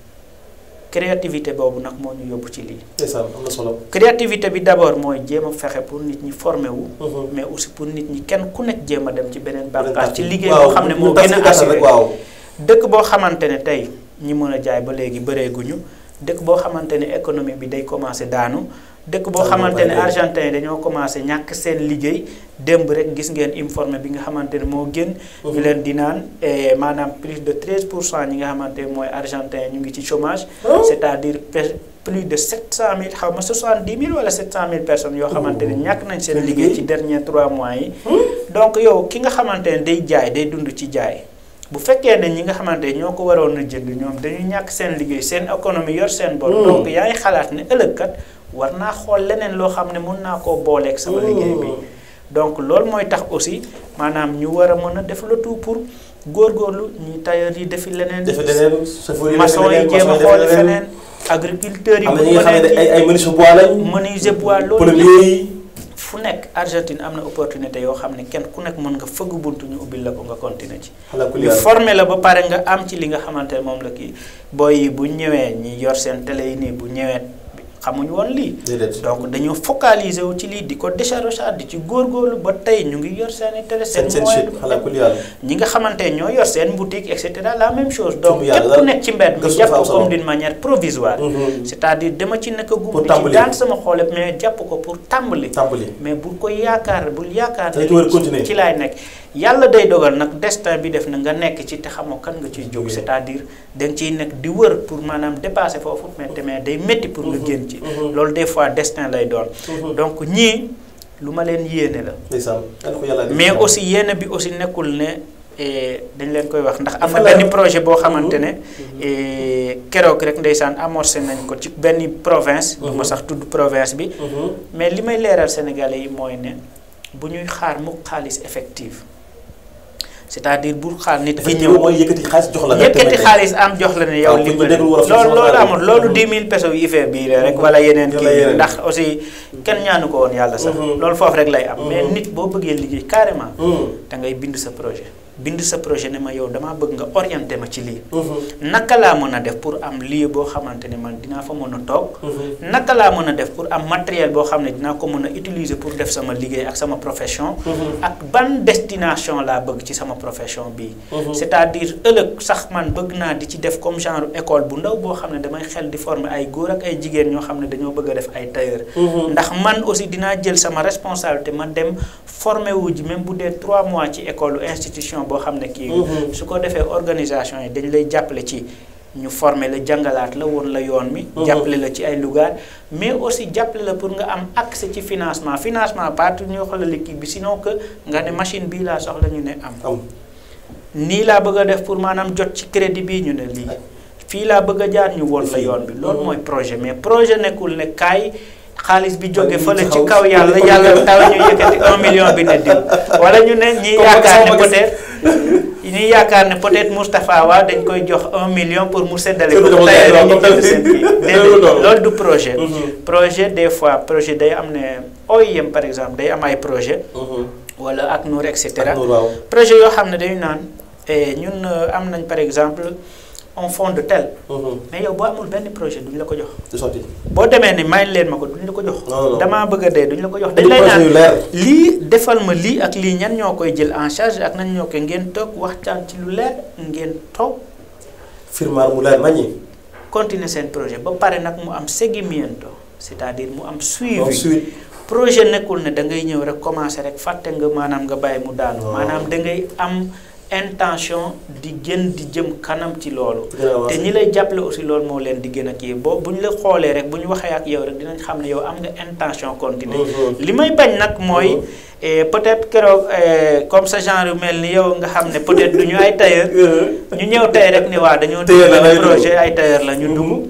créativité boobu nag moo ñu yóbbu ci lii. am na solo. bi d' abord mooy jéem fexe pour nit ñi former wu. Mhm. mais aussi pour nit ñi kenn ku nekk jéema dem ci beneen bànqaas ci liggéey boo xam ne moo gën a assuré dëkk boo xamante ne tey ñi mën a jaay ba léegi bëreeguñu dëkk boo xamante ne économie bi day commencé daanu. dëkk boo xamante ne argentin yi dañoo commencé ñàkk seen liggéey démb rek gis ngeen informé bi nga xamante ne moo génn ñu leen di naan eh, maanaam plus de 13 pour cent ñi nga xamante ne mooy argentin ñu ngi ci chômage oh. c'est-à-dire plus de 700000 xaw ma 70000 wala 700000 personnes yoo xamante ne oh. ñàkk nañ seen liggéey ci dernier 3 mois yi oh. donc yow ki nga xamante ne day jaay day dund ci jaay bu fekkee ne ñi nga xamante ñoo ko waroon a jënd ñoom dañuy ñàkk seen liggéey seen économie yor seen bor yaay xalaat ne ëllëg war naa xool leneen loo xam ne mën naa koo booleek sama liggéey bi donc loolu mooy tax aussi maanaam ñu war a mën a def le tout pour góorgóorlu ñuy tailleur yi defi leneen. defi leneen maçon yi jéem a xool feneen. agriculteurs yi am na ñi nga xam ne ay ay menuisier bois lañ. menuisier bois loolu yi. fu nekk Argentine am na opportunité yoo xam ne kenn ku nekk mën nga fëgg buntu ñu ubbil la ko nga continuer ci ñu formé la ba pare nga am ci li nga xamante ne moom la kii booy yi bu ñëwee ñi yor seen télé yi bu ñëwee xamuñ woon lii donc dañoo focaliser wu ci lii di ko décharger di ci góorgóorlu ba tey ñu ngi yor seen télé seen moyen ñi nga xamante ñoo yor seen boutique et cetera la même chose donc képp nekk ci mbedd mi jàpp comme d'une manière provisoire mm-hmm. c'est-à-dire dama ci nekk gum di ci daan sama xoole mais jàpp ko pour tàmbali mais bu ko yaakaar bul yaakaar ne ci laay nekk yàlla day dogal nag destin bi def na nga nekk ci te xamoo kan nga ciy jóg c'est-à-dire danga ciy nekk di wër pour maanaam dépasser foofu mais tamit day métti pour nga mm-hmm. génn ci mm-hmm. loolu des fois destin lay doon mm-hmm. donc ñii lu ma leen yéene la mais aussi yéene bi aussi nekkul ne eh, dañ leen koy wax ndax am na benn projet boo xamante ne eh, keroog rek ndeysaan amorcé nañ ko ci benn province du ma sax tudd province bi mais li may leeral Sénégalais yi mooy ne bu ñuy xaar mukk xaalis effective c'est-à-dire bu xaar nit dafa ñëw yëkkati xaalis jox la yëkkati xaalis am jox la ne yow li loolu loolu amul loolu 10 000 pesos yu IFE bii la rek wala yeneen kii ndax aussi kenn ñaanu ko woon yàlla sax loolu foofu rek lay am mais nit boo bëggee liggéey carrément da bind sa projet bind sa projet ne ma yow damaa bëgg nga orienté ma ci lii. Mhm. naka laa mën a def pour am lieu boo xamante ne man dinaa fa mën a toog. Mhm. naka laa mën a def pour am matériel boo xam ne dinaa ko mën a utiliser pour def sama liggéey ak sama profession. Mhm. ak ban destination laa bëgg ci sama profession bii. cest sax man bëgg naa di ci def comme genre école bu ndaw boo xam ne damay xel di former ay góor ak ay jigéen ñoo xam ne dañoo bëgg a def ay tailleur. ndax man aussi dinaa jël sama responsabilité ma dem former wu ji même bu dee 3 mois ci école institution. boo xam ne kii. Mhm. su ko defee organisation yi dañ lay jàppale ci. ñu formé la jàngalaat la woon la yoon mi mhm. jàppale la ci ay lugaar mais aussi jàppale la pour nga am accès ci financement financement partout ñoo xoolal kii bi sinon que nga ne machine bii laa soxla ñu ne am nii laa bëgg def pour maanaam jot ci crédit bii ñu ne lii fii laa bëgg a jaar ñu woon la yoon bi loolu mhm. mooy projet mais projet nekkul ne kaay xaalis bi jóge fële ci kaw yàlla yàlla taw ñu yëkkati un million bi ne diw wala ñu ne ñi yaakaar ne peut-être yaakaar ne peut-être Moustapha Wa dañ koy jox un million pour mu séddale ko tey du projet mm-hmm. projet des fois projet day am ne OIM par exemple day am ay projet mm-hmm. wala ak Nour et cetera projet yoo xam ne dañu naan eh, ñun euh, am nañ par exemple on fond de tel. Mhm. mais yow boo amul benn projet duñ la ko jox. du sotti boo demee ni may leen ma ko duñ la ko jox. damaa bëgg dee duñ la ko jox. dañ lay naan lii defal ma lii ak lii ñan ñoo koy jël en charge ak nan ñoo koy ngeen toog waxtaan ci lu leer ngeen toog. firmaar mu leer nañi. seen projet ba pare nag mu am seguimiento c'est-à-dire mu am suivi. projet nekkul ne da ngay ñëw rek commencer rek fàtte nga maanaam nga bàyyi mu daanu. maanaam da am. intention di gën di jëm kanam ci loolu. te ñi lay jàppale aussi loolu moo leen di gën a kii bo bu ñu la xoolee rek bu ñu waxee ak yow rek dinañ xam ne yow am nga intention continuer mmh, mmh. li may bañ nag mooy. Mmh. Eh, peut-être keroog eh, comme sa genre yu mel ni yow nga xam ne peut-être du ñu ay tailleur. ñu ñëw tey rek ne waa dañoo. tey projet ay tailleur la ñu dugg.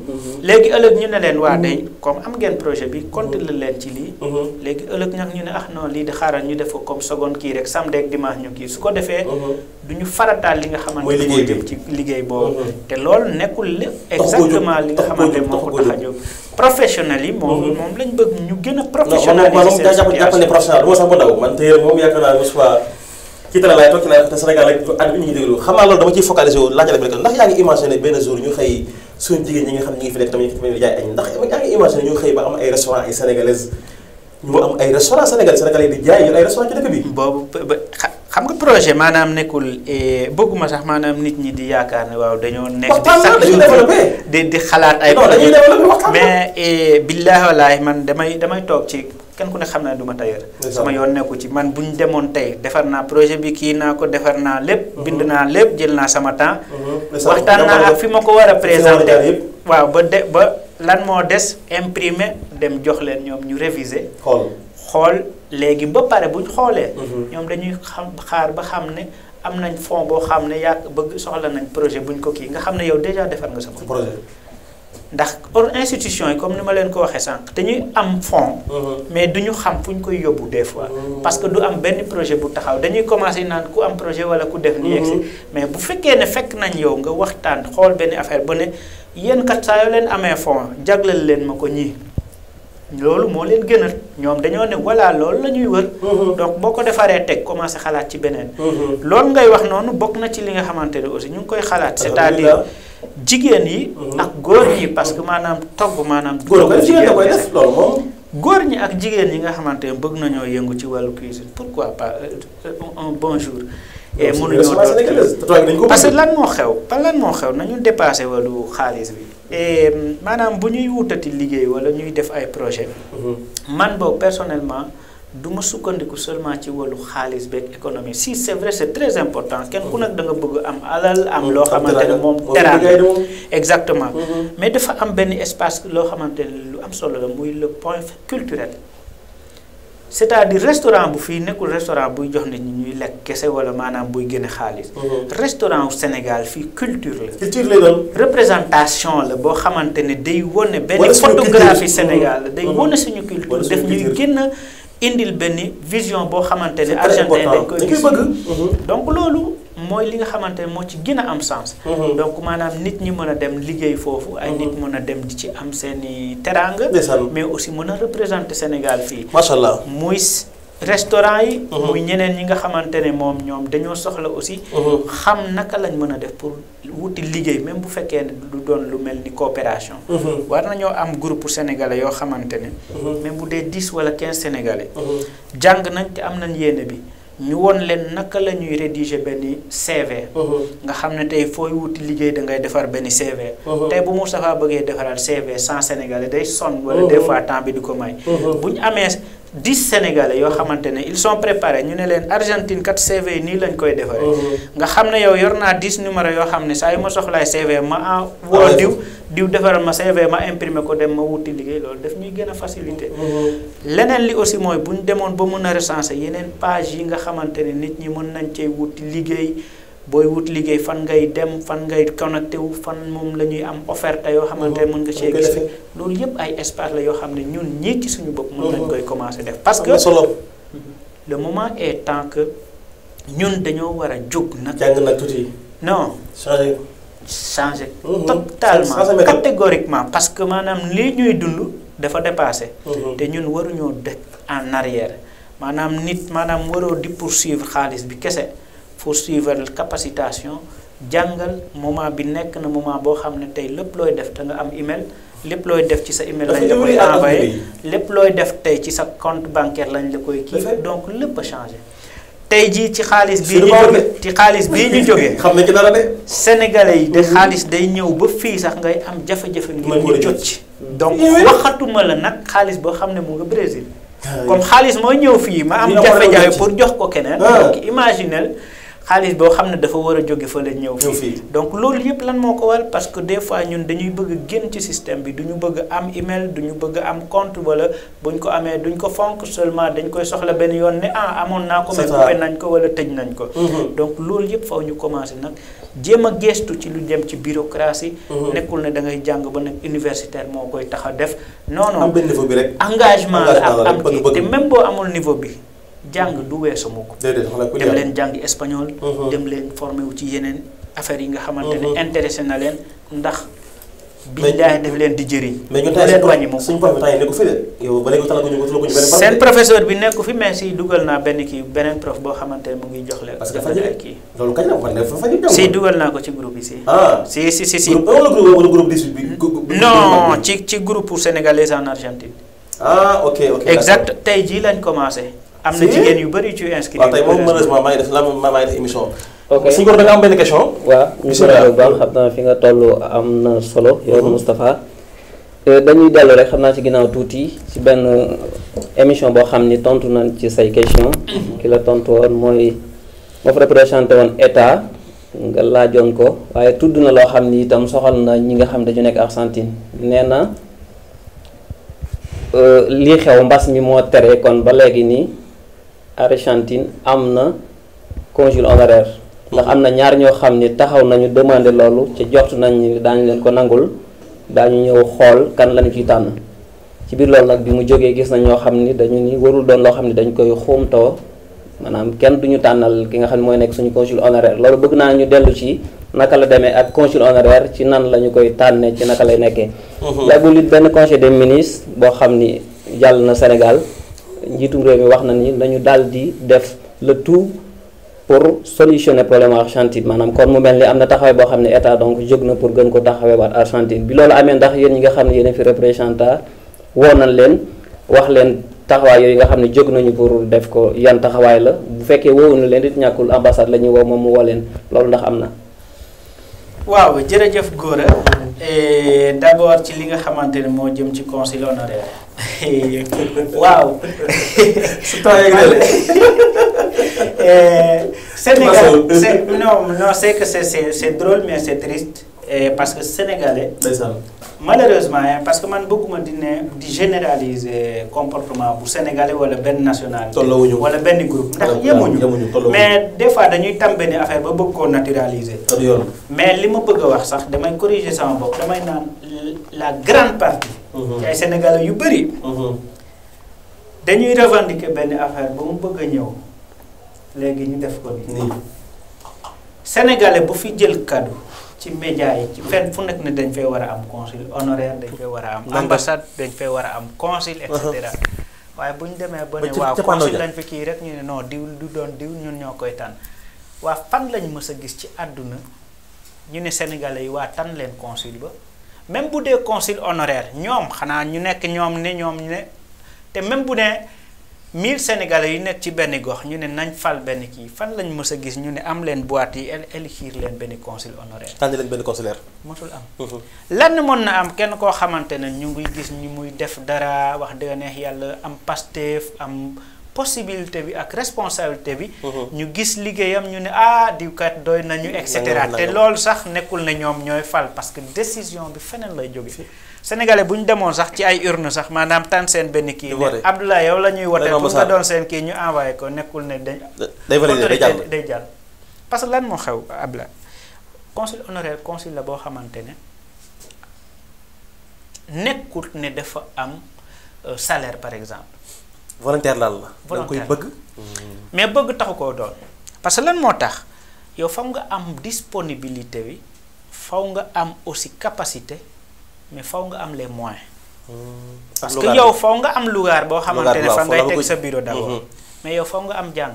léegi ëllëg ñu ne leen waa mm-hmm. day comme am ngeen projet bi continuer mm-hmm. leen ci lii mm-hmm. léegi ëllëg nag ñu ne ah non lii di xaaral ñu def ko comme seconde kii rek samedi ak dimanche ñu su ko defee du ñu farataal li nga xamante ne moo jëm ci liggéey boobu te loolu nekkul lépp exactement li nga xamante moo ko tax a jóg professionnel yi moom moom bëgg ñu gën a professionnaliser jàpp ne professionnel du ma sax ba daw man tey moom yaakaar naa mos fa ci tala ñu ngi focaliser wu laajal bi rek ndax yaa ngi imaginer benn jour ñu xëy suñu jigéen ñi nga xam ne ñu ngi fi nekk tamit ñu jaay añ ndax yaa ngi imaginer ñu xëy ba am ay restaurant ay sénégalaises ñu am ay restaurant sénégalais sénégalais di ñu ay restaurant ci bi xam nga projet maanaam nekkul eh, bëgguma sax maanaam nit ñi di yaakaar ne waaw dañoo nekk di sax di di xalaat ay mais eh, billaahi wallaahi man damay damay toog ci kenn ku ne xam na du ma tailleur sama yoon nekku ci man bu ñu demoon tey defar naa projet bi kii naa ko defar naa lépp mhm. bind naa lépp jël naa sama temps mhm. waxtaan naa ak fi ma ko war a présenté waaw ba de ba lan moo des imprimer dem jox leen ñoom ñu réviser xool léegi ba pare buñ xoolee. Mhm. ñoom dañuy xam xaar ba xam ne am nañ fond boo xam ne yaa bëgg soxla nañ projet buñ ko kii nga xam ne yow déjà defar nga sa projet. ndax or institution yi comme ni ma leen ko waxee sànq dañuy am fond. Mhm. mais du ñu xam fu ñu koy yóbbu des fois. Mhm. parce que du am benn projet bu taxaw dañuy commencé naan ku am projet wala ku def. ni yegsi mais bu fekkee ne fekk nañ yow nga waxtaan xool benn affaire ba ne yéen kat saa yoo leen amee fond jagleel leen ma ko ñii. loolu moo leen gënal ñoom dañoo ne voilà loolu la ñuy wër. Uh-huh. donc boo ko defaree teg commencé xalaat ci beneen. Uh-huh. loolu ngay wax noonu bokk na ci li nga xamante ne aussi ñu ngi koy xalaat. cest à jigéen yi. Uh-huh. ak góor ñi parce que maanaam togg maanaam. góor ak jigéen koy def loolu moom. góor ñi ak jigéen ñi nga xamante ne bëgg nañoo yëngu ci wàllu cuisine pourquoi pas euh, euh, un bon jour. et mënuñoo doon parce que lan moo xew pa lan moo xew nañu dépassé wàllu xaalis bi et maanaam bu ñuy wutati liggéey wala ñuy def ay projet mm-hmm. man boobu personnellement du ma sukkandiku seulement ci wàllu xaalis beeg économie si c' est vrai c' très important kenn ku mm-hmm. nekk da nga bëgg am alal am mm-hmm. loo xamante ne moom teraanga exactement mais dafa am benn espace loo xamante ne lu am solo la muy le point culturel c'est-à-dire restaurant bu fii nekkul restaurant buy jox nit ñi ñuy lekk kese wala maanaam buy génne xaalis. Mm-hmm. restaurant wu Sénégal fii culture la. représentation la boo xamante ne day wane benn photographie Sénégal la day mm-hmm. wane suñu culture def ñuy gën a indil benn vision boo xamante ne. argentin dañ koy gis mm-hmm. donc loolu. mooy li nga xamante ne moo ci gën a am sens. Mhm. donc maanaam nit ñi mën a dem liggéey foofu. ay nit mhm. mën a dem di ci am seen i teraanga. mais aussi mën a représenter Sénégal fii. macha allah muy yi. Mhm. ñeneen ñi nga xamante ne moom ñoom dañoo soxla aussi. xam naka lañ mën a def pour wuti liggéey même bu fekkee ne du doon lu mel ni coopération. war nañoo am groupe sénégalais yoo xamante ne. même bu dee dix wala quinze sénégalais. jàng nañ te am nañ yéene bi. ñu won leen naka la ñuy rédiger benn CV. Uh-huh. nga xam ne tey fooy wuti liggéey da ngay defar benn CV. Uh-huh. tey bu Moustapha bëggee defaral CV sans Sénégalais day sonn. wala uh-huh. des fois temps bi du ko may. bu ñu amee dix sénégalais yoo xamante ne ils sont préparés ñu ne leen Argentine kat CV yi nii lañ koy defaree. Uh-huh. nga xam ne yow yor naa dix numéro yoo xam ne saa yu ma soxlaay CV ma en woo ah, diw diw defaral ma CV ma imprimer ko dem ma wuti liggéey loolu daf ñuy gën a facilité. Uh-huh. leneen li aussi mooy bu ñu demoon ba mun a recenser yeneen page yi nga xamante ne nit ñi mën nañ cee wuti liggéey. booy wut liggéey fan ngay dem fan ngay connecté wu fan moom la ñuy am offerte yoo xamante mën nga cee oh, loolu yëpp ay espace la yoo xam ne ñun ñii ci suñu bopp mën nañ oh. koy commencé def parce que le moment est temps que ñun dañoo war a jóg nag jàng nag tuuti non changé changé mm-hmm. totalement catégoriquement parce que maanaam lii ñuy dund dafa dépassé mm-hmm. te ñun waruñoo dëkk en arrière maanaam nit maanaam waroo di poursuivre xaalis bi kese poursuivre capacitation jàngal moment bi nekk na moment boo xam ne tey lépp looy def da nga am email lépp looy def ci sa email lañ la koy envoyé lépp looy def tey ci sa compte bancaire lañ la koy kii donc lépp a changé tey jii ci xaalis bii ñu jóge ci xaalis bii ñu jógee xam na ci dara de yi de mm-hmm. xaalis day ñëw ba fii sax ngay am jafe-jafe ngir ñu jot ci mm-hmm. donc waxatuma la nag xaalis boo xam ne mu nga Brésil ah, comme xaalis mooy ñëw fii ma am jafe-jafe pour jox ko keneen ah. donc xaalis boo xam ne dafa war a jóge fële ñëw fii donc loolu yëpp lan moo ko war parce que des fois ñun dañuy bëgg génn ci système bi duñu bëgg am email duñu bëgg am compte wala buñ ko amee duñ ko fonk seulement dañ koy soxla benn yoon ni ah amoon naa ko mais coupé nañ ko wala tëj nañ ko mm-hmm. donc loolu yëpp faw ñu commencé nag jéem a geestu ci lu jëm ci bureaucratie mm-hmm. nekkul ne da ngay jàng ba nag universitaire moo koy tax a def non non bi rek engagement la am am te même boo amul niveau bi jàng du weesu mukk dem leen jàngi espagnol mhm. dem leen formé wu ci yeneen affaires yi nga xamante ne mhm. intéressé na leen ndax billaay def leen di jëriñ du leen wàññi moom seen professeur bi nekku fi mais si dugal naa benn kii beneen prof boo xamante ne mu ngi jox leen dafa nekk kii si dugal naa ko ci groupe yi ah. si si si si si non ci ci groupe sénégalais en Argentine ah ok ok exact tey jii lañ commencé am na jigéen yu bëri ci ciy inscrire. ma maa ngi def émission. ok suñu ko da am benn question. waaw monsieur Ba xam naa fi nga toll am na solo. yow mhm. Moustapha. Eh, dañuy dellu rek xam naa ci ginnaaw tuuti ci benn émission boo xam ni tontu nañ ci say question mhm. ki la tontu woon mooy moo fa représenté woon état nga laajoon ko waaye tudd na loo xam ni itam soxal na ñi nga xam dañu nekk Argentine nee na euh, lii xew mbas mi moo tere kon ba léegi nii. Argentine am na consul honoraire ndax am na ñaar ñoo xam ni taxaw nañu demandé loolu ci jot nañ daañu leen ko nangul daañu ñëw xool kan lañu ciy tànn ci biir loolu nag bi mu jógee gis nañ ñoo xam ni dañu ni warul doon loo xam ni dañ koy xuumtoo maanaam kenn duñu tànnal ki nga xam ne mooy nekk suñu consul honoraire loolu bëgg naa ñu dellu ci naka la demee ak consul honoraire ci nan la ñu koy tànnee ci naka lay nekkee. Mhm. yàggul it benn conseil boo xam ni jàll na Sénégal. njiitum réew mi wax na ni lañu daal di def le tout pour solutionner problème Argentine maanaam kon mu mel ni am na taxawee boo xam ne état donc jóg na pour gën ko taxawe waat Argentine bi loolu amee ndax yéen ñi nga xam ne yéen fi représentant woo nañ leen wax leen taxawaay yooyu nga xam ne jóg nañu pour def ko yan taxawaay la bu fekkee woowuñu leen it ñàkkul ambassade la ñuy woo moom mu woo leen loolu ndax am na. waaw jërëjëf Gora eh, d' abord ci li nga xamante ne moo jëm ci conseil honoraire eh, waaw. su tawee eh, Sénégal non non c' est que c' est c' drôle mais c' triste. Eh, parce que sénégalais. malheureusement parce que man bëgguma di ne di généraliser comportement bu sénégalais wala benn nationalité. wala benn groupe. ndax yemuñu mais des fois dañuy tam benn affaire ba bëgg koo naturaliser. mais li ma bëgg a wax sax damay corriger sama bopp damay naan la grande partie. Mhm. ci ay sénégalais yu bëri. Mhm. dañuy revendiquer benn affaire ba mu bëgg a ñëw léegi ñu def ko nii. sénégalais bu fi jël cadeau. ci média yi ci fenn fu nekk ne dañ fay war a am consul honoraire dañ fay war a am ambassade dañ fay war a am consul et uh-huh. waaye bu ñu demee ba ne waaw consul lañ fi kii rek ñu ne non diw du doon diw ñun ñoo koy tànn waa fan lañ mës a gis ci àdduna ñu ne sénégalais yi waa tan leen consul ba même bu dee consul honoraire ñoom xanaa ñu nekk ñoom ne ñoom ne te même bu dee mille sénégalais yi nekk ci benn gox ñu ne nañ fal benn kii fan lañ mës a gis ñu ne am leen boîte yi élire leen benn consul honoraire. tànn leen benn consulaire. motul am. Mhm. lenn mën na am kenn koo xamante ne ñu ngi gis ñu muy def dara wax dëgg neex yàlla am Pastef am possibilité bi ak responsabilité bi. Mhm. ñu gis liggéeyam ñu ne ah diwkat doy nañu. et cetera te lool sax nekkul ne ñoom ñooy fal parce que décision bi feneen lay jóge sénégalais bu ñu demoon sax ci ay urne sax maanaam tànn seen benn kii ne Abdoulaye yow la ñuy wote pour nga doon seen kii ñu envoyé ko nekkul ne dañ autorité day jàll parce que lan moo xew Abdoulaye consul honoraire consul la boo xamante ne nekkul ne dafa am euh, salaire par exemple volontaire laal la da nga koy bëgg hmm. mais bëgg taxu koo doon parce que lan moo tax yow faw nga am disponibilité bi faw nga am aussi capacité mais faw nga am les moyens. Hmm. parce que yow faw nga am lugaar boo xamante ne fa ngay teg sa biro d'abord hmm. mais yow faw nga am jàng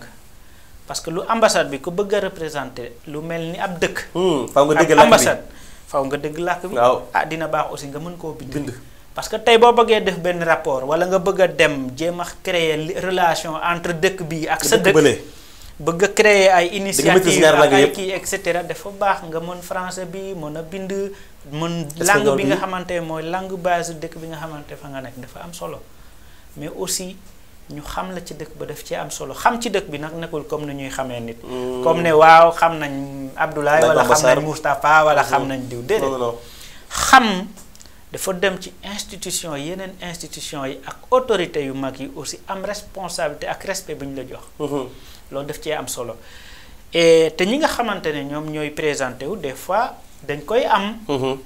parce que lu ambassade bi ku bëgg a représenter lu mel ni ab dëkk hmm. faw nga dëgg làkk ambassade faw nga dëgg làkk bi ah dina baax aussi nga mën koo bind parce que tey boo bëggee def benn rapport wala nga bëgg dem jéem a créer relation entre dëkk bi ak sa dëkk bëgg a créer ay initiative ak ay kii et cetera dafa baax nga mën français bi mën a bind mën langue bi nga xamante mooy langue base dëkk bi nga xamante fa nga nekk dafa am solo mais aussi ñu xam la ci dëkk ba def ci am solo xam ci dëkk bi nag nekkul comme ni ñuy xamee nit. Hmm. comme ne waaw xam nañ Abdoulaye wala xam nañ Moustapha wala hmm. xam nañ diw déedéet xam dafa dem ci institution yeneen institution yi ak autorité yu mag yi aussi am responsabilité ak respect bi ñu la jox. Hmm. loolu daf cee am solo te ñi nga xamante ne ñoom ñooy présenté wu des fois. dañ koy am. Mhm.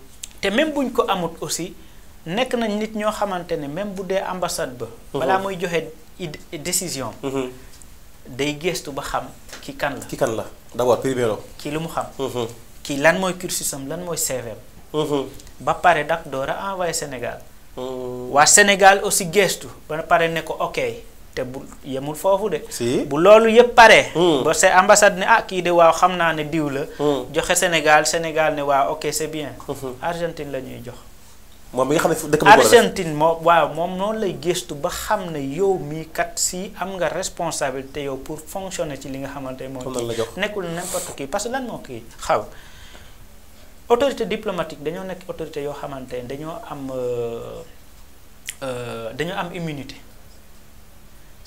te même buñ ko amut aussi nekk nañ nit ñoo xamante ne même bu dee ambassade ba. Mhm. balaa muy joxe décision. Mhm. day gestu ba xam ki kan la. ki kan la d'abord primero. kii lu mu xam. kii lan mooy cursus lan mooy CV ba pare dak door a envoyé Sénégal. waa Sénégal aussi gestu ba pare ne ko ok. te bu yemul foofu de. bu loolu yëpp pare. Hmm. ba sa ambassade ne ah kii de waaw xam naa ne diw la. Hmm. joxe Sénégal Sénégal ne waaw ok c'est bien. Hmm. Argentine la ñuy jox. moom mi nga xam ne dëkk Argentine moom waaw moom noonu lay gëstu ba xam ne yow mii kat si am nga responsabilité yow pour fonctionner ci li nga xamante ne moom. nekkul n'importe qui parce que lan moo kii xaw. autorité diplomatique dañoo nekk autorité yoo xamante ne dañoo am euh, euh, dañoo am immunité.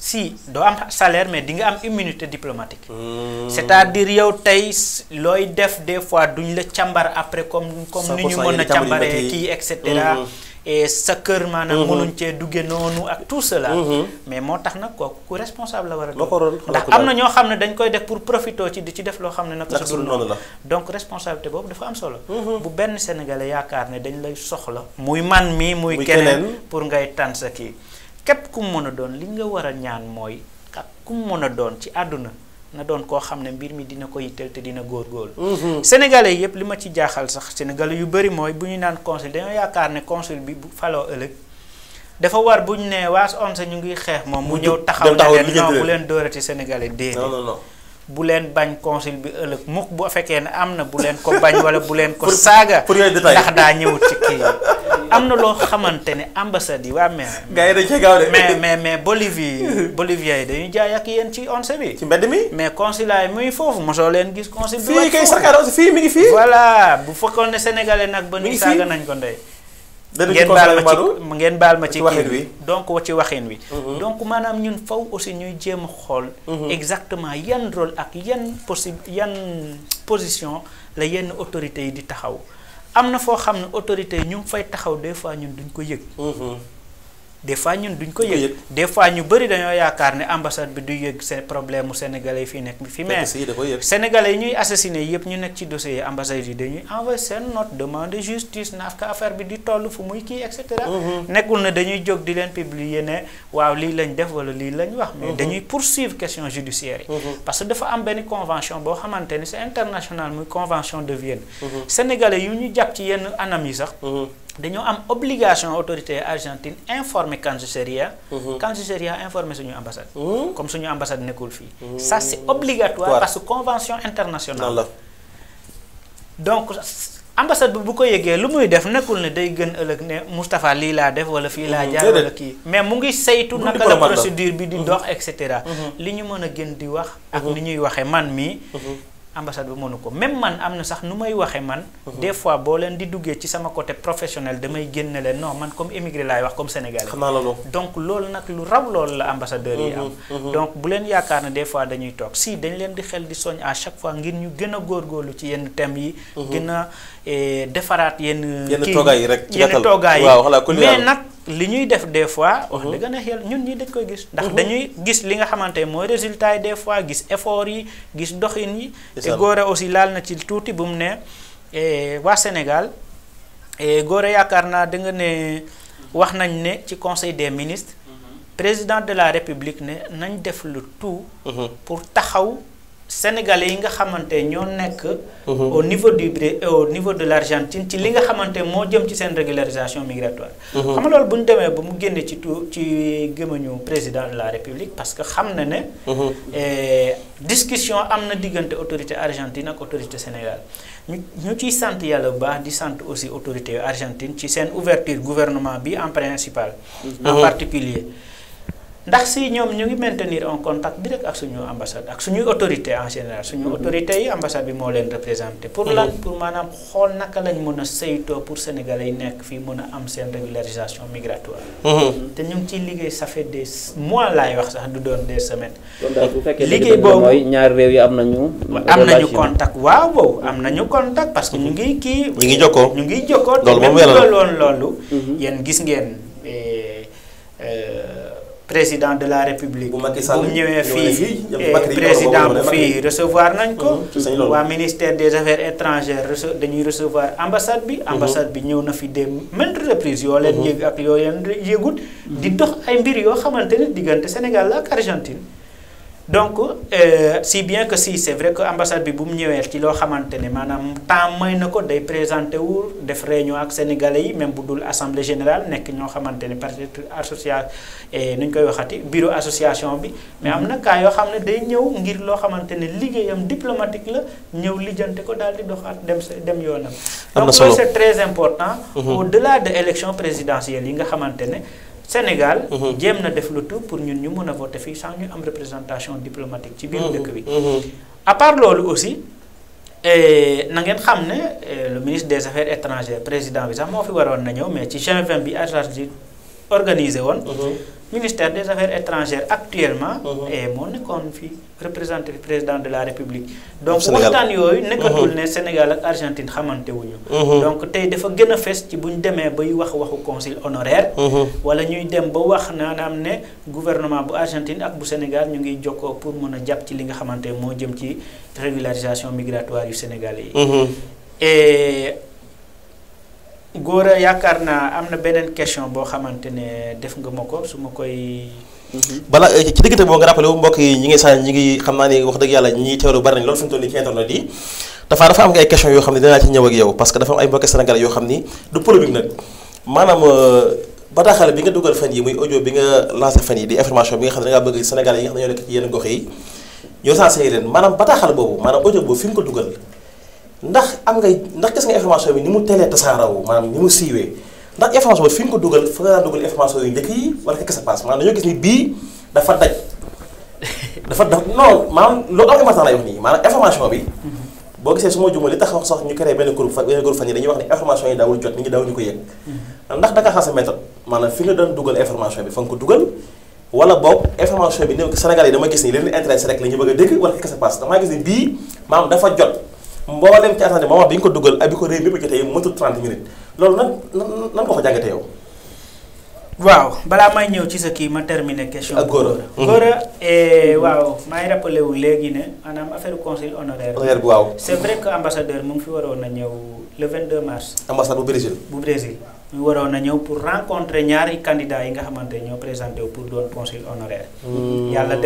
si doo am salaire mais di nga am immunité diplomatique. Hmm. c'est-à-dire yow tey looy def des fois duñ la càmbar après comme comme ni ñu mën a càmbaree kii et cetera. Hmm. sa kër maanaam hmm. mënuñ cee dugge noonu ak tout cela mais moo tax nag kooku ku responsable la war a doon ndax am na ñoo xam ne dañ koy def pour profito ci di ci def loo xam ne nag su dul noonu la donc responsabilité boobu dafa am solo bu benn sénégalais yaakaar ne dañ lay soxla muy man mii muy keneen pour ngay tànn sa kii képp ku mën a doon li nga war a ñaan mooy ak ku mën a doon ci àdduna na doon koo xam ne mbir mi dina ko yitteel te dina góorgóorlu. Mhm. sénégalais yëpp li ma ci jaaxal sax sénégalais yu bëri mooy bu ñu naan consul dañoo yaakaar ne consul bi bu faloo ëllëg. dafa war bu ñu nee waas on sa ñu ngi xeex moom. mu ñëw taxaw ne leen non bu leen dóorati sénégalais déedéet. bu leen bañ conseil bi ëllëg mukk bu fekkee ne am na bu leen ko bañ wala bu leen ko saaga ndax daa ñëwut ci kii am na loo xamante ne ambassade yi waa mais mais mais mais Bolivie Bolivie yi dañuy jaay ak yéen ci on bi ci mbedd mi mais consulat yi muy foofu mosoo leen gis consul bi fii kay Sakar mi ngi fii voilà bu fekkoon ne sénégalais nag ba nu saaga nañ ko ndey ngeen baal ma ci ngeen baal ma ci waxin wi donc ci waxin wi mm-hmm. donc maanaam ñun faw aussi ñuy jéem xool mm-hmm. exactement yan rôle ak yan possi yan position la yenn autorités yi di taxaw am na foo xam ne autorités yi ñu ngi fay taxaw des fois ñun duñ ko yëg mm-hmm. des fois ñun duñ ko yëg des fois ñu bëri dañoo yaakaar ne ambassade bi du yëg seen problème mu yi fii nekk yi yëpp ñu nekk ci dossier yi ambassade yi dañuy envoyé seen demande justice naaf ka affaire bi di toll fu muy kii et mhm. nekkul na dañuy jóg di leen publier ne waaw lii lañ def wala lii lañ wax mais mhm. dañuy poursuivre question judiciaire yi mhm. dafa am benn convention boo xamante ni c'est international muy convention de Vienne sénégalais yu ñu jàpp dañoo am obligation autorité argentine informer Cancillería. Mhm. Cancillería informer suñu ambassade. Mhm. comme suñu ambassade nekkul fii. sa mhm. c'est obligatoire parce que convention internationale donc ambassade bi bu ko yëgee lu muy def nekkul ne day gën ëllëg ne Moustapha lii laa def wala fii laa jaar wala mais mu ngi saytu naka la procédure bi di dox et li ñu mën a gën di wax. ak ni ñuy waxee man mii. ambassade ba mënu ko même man am na sax nu may waxee man. Mhm. des fois boo leen di duggee ci sama côté professionnel damay génn leen non man comme émigré laay wax comme sénégalais. donc loolu nag lu raw lool la ambassadeur yi am. Mhm, mhm. donc bu leen yaakaar na des fois dañuy toog si dañ leen di xel di soñ à chaque fois ngir ñu gën a góorgóorlu ci yenn thèmes yi. gën a eh, defaraat yenn. kii yenn toogaay yi rek ci gàttal yenn toogaay yi mais nag. li ñuy def des fois. wax mhm. dëgg na xel ñun ñi dañ koy gis. ndax mhm. dañuy gis li nga xamante ne mooy résultat yi des fois gis effort yi gis doxin yi. te Gora aussi laal na ci tuuti bu mu ne waa Sénégal Gora yaakaar naa da nga ne wax nañ ne ci conseil des ministres. Mhm. président de la république ne nañ def le tout. pour taxaw. sénégalais yi nga xamante ñoo nekk. Mhm. au niveau du euh, au niveau de l' Argentine ci li nga xamante moo jëm ci seen régularisation migratoire. Mhm. xam nga loolu bu ñu demee ba mu génnee ci tu ci gémmañu président de la république parce que xam na ne. Mhm. Eh, discussion am na diggante autorité argentine ak autorité sénégal ñu ñu ciy sant yàlla bu baax di sant aussi autorité argentine ci seen ouverture gouvernement bi en principal. en particulier ndax si ñoom ñu ngi maintenir en contact direct ak suñu ambassade ak suñuy autorité en général suñu mhm. autorité yi ambassade bi moo leen représenté pour mhm. lan pour maanaam xool naka lañ mën a saytoo pour sénégal yi nekk fii mën a am seen régularisation migratoire mhm. te ñu ngi ciy liggéey sa fait des mois lay wax sax du doon des semaines liggéey boobu ñaari réew yi am na nañu am nañu contact waaw boobu am na nañu contact parce que ñu ngi kii ñu ngi jokkoo ñu ngi jokkoo loolu moom loolu yéen gis ngeen eh, eh, président de la république. bu ñëwee fii eh, président bu fii recevoir nañ ko. Mhm, waa ministère des affaires étrangères dañuy recevoir ambassade bi. Mhm. ambassade bi ñëw na fi des maintes reprises yoo leen mhm. yëg ak yoo leen yëgut. di dox ay mbir yoo xamante ne diggante Sénégal la ak Argentine. donc euh, si bien que si c'est vrai que ambassade bi bu mu ñëwee ci loo xamante ne maanaam temps may na ko day présenté wu def réunion ak sénégalais yi même bu dul assemblée général nekk ñoo xamante ne peut-être association eh, nu ñu koy waxati bureau association bi. mais am na cas yoo xam ne day ñëw ngir loo xamante ne liggéeyam diplomatique la ñëw lijjante ko daal di doxaat dem sa dem yoonam. donc loolu c'est très important. Mm-hmm. au delà de élection présidentielle yi nga xamante ne. Sénégal. Mm-hmm. Mm-hmm. jéem na def lu tout pour ñun ñu mën a voter fii sans ñu am représentation diplomatique. ci biir mm-hmm. dëkk bi. à part loolu aussi eh, na ngeen xam ne eh, le ministre des affaires étrangères président bi sax moo fi waroon na ñëw mais ci G20 bi Argentine organisé woon. ministère des affaires étrangères actuellement. Mhm. et moo nekkoon fi représenté président de la république. donc waxtaan yooyu. Mhm. nekkatul ne Sénégal ak Argentine xamante mhm. donc tey dafa gën a fes ci bu ñu demee bay wax waxu consul honoraire. wala ñuy dem ba wax am ne gouvernement bu Argentine ak bu Sénégal ñu ngiy jokkoo pour mën a jàpp ci li nga xamante moo jëm ci régularisation migratoire yu sénégal yi. Gora yaakaar naa am na beneen question boo xamante ne def nga ma ko su ma koy. Mhm. bala eh, ci diggante boobu nga rappelé wu mbokk yi ñi ngi saa ñi ngi xam naa ni wax dëgg yàlla ñi teewlu bari nañ loolu fi mu toll nii yoo xam ne dinaa ci ñëw ak yow parce que dafa am ay mbokki Sénégal yoo xam ni du polémique nag maanaam euh, bataaxal bi nga dugal fan yi muy audio bi nga lancé fan yi di bi nga xam ne dangaa bëgg Sénégal yi nga xam ne ñoo nekk ci yenn gox yi ñoo boobu maanaam audio boobu fi nga ko dugal ndax am nga ndax gis nga information bi ni mu teelee tasaaraawu maanaam ni mu siiwee ndax information bi fi ñu ko dugal fa nga daan dugal information yu gis bii dafa daj dafa daf non maanaam loolu am information bi mhm. boo gisee su ma jumalee tax wax sax ñu yi mhm. maanaam fi doon dugal information bi fa nga ko dugal wala boog information bi néew Sénégal yi dama gis ni leen intéressé rek la ñu bëgg a dégg wala que ça passe damaa gis ni bii maanaam dafa jot mboolem ci assemblée ba wax dañu ko dugal ak bi ko réew mi ba jotee mënut 30 minutes loolu nan nan ko fa yow. waaw balaa may ñëw ci sa kii ma terminer question. ak Gora Gora. Mhm. Eh, waaw maay rappelé wu léegi ne maanaam affaire consul honoraire. honoraire bi waaw. c' est vrai que ambassadeur mu ngi fi waroon na ñëw le 22 mars. ambassade bu Brésil. bu Brésil mu waroon ñëw pour rencontrer ñaari candidats yi nga xamante ñoo présenté wu pour doon consul honoraire. Hmm. yàlla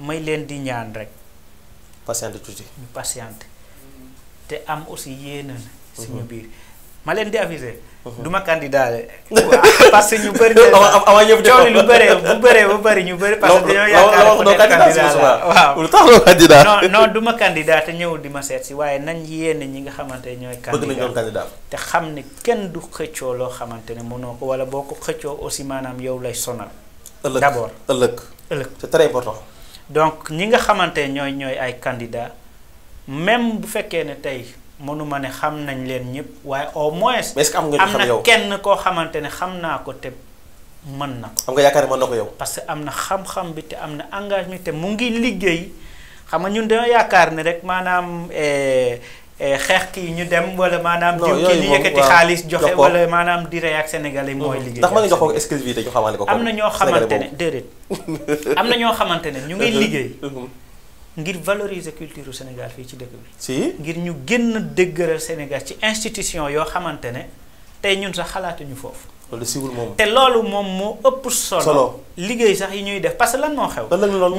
may leen di ñaan rek. patiente tuuti. ñu patiente te am aussi yéena na. suñu mhm. biir ma leen di aviser. Mhm. du ma candidat parce que ñu bëri. awa ñëpp de coono lu bëree bu bëree ba bëri ñu bëri. parce que dañoo yaakaar peut être candidat la waaw lu tax candidat. non non du ma te ñëw di ma seet si waaye nañ yéen ñi nga xamante ne ñooy. candidat bëgg nañ candidat te xam ne kenn du xëccoo loo xamante ne mënoo ko wala boo ko xëccoo aussi maanaam yow lay sonal. ëllëg d' abord ëllëg. ëllëg c'est donc ñi nga xamante ñooy ñooy ay candidat même bu fekkee ne tey mënuma ne xam nañ leen ñëpp waaye au moins. est-ce que am yow am na kenn koo xamante ne xam naa ko te mën na ko. am nga yaakaar mën na ko yow. parce que am na xam-xam bi te am na engagement te mu ngi liggéey xam nga ñun dañoo yaakaar ne rek maanaam. Eh, Eh, xeex kii ñu dem wala maanaam. non yooyu ñu yëkkati xaalis joxe wala maanaam di rey ak sénégalais mooy. Mm-hmm. liggéey ndax mën nga ko exclusivité ñu xamante ko. am na ñoo xamante ne déedéet am na ñoo xamante ne ñu ngi mm-hmm. liggéey. Mm-hmm. ngir valoriser culture Sénégal fii ci dëkk bi. si ngir ñu gën a dëggëral Sénégal ci institution yoo xamante ne tey ñun sax xalaatuñu foofu. loolu siwul moom te loolu moom moo ëpp solo liggéey sax yi ñuy def parce que lan moo xew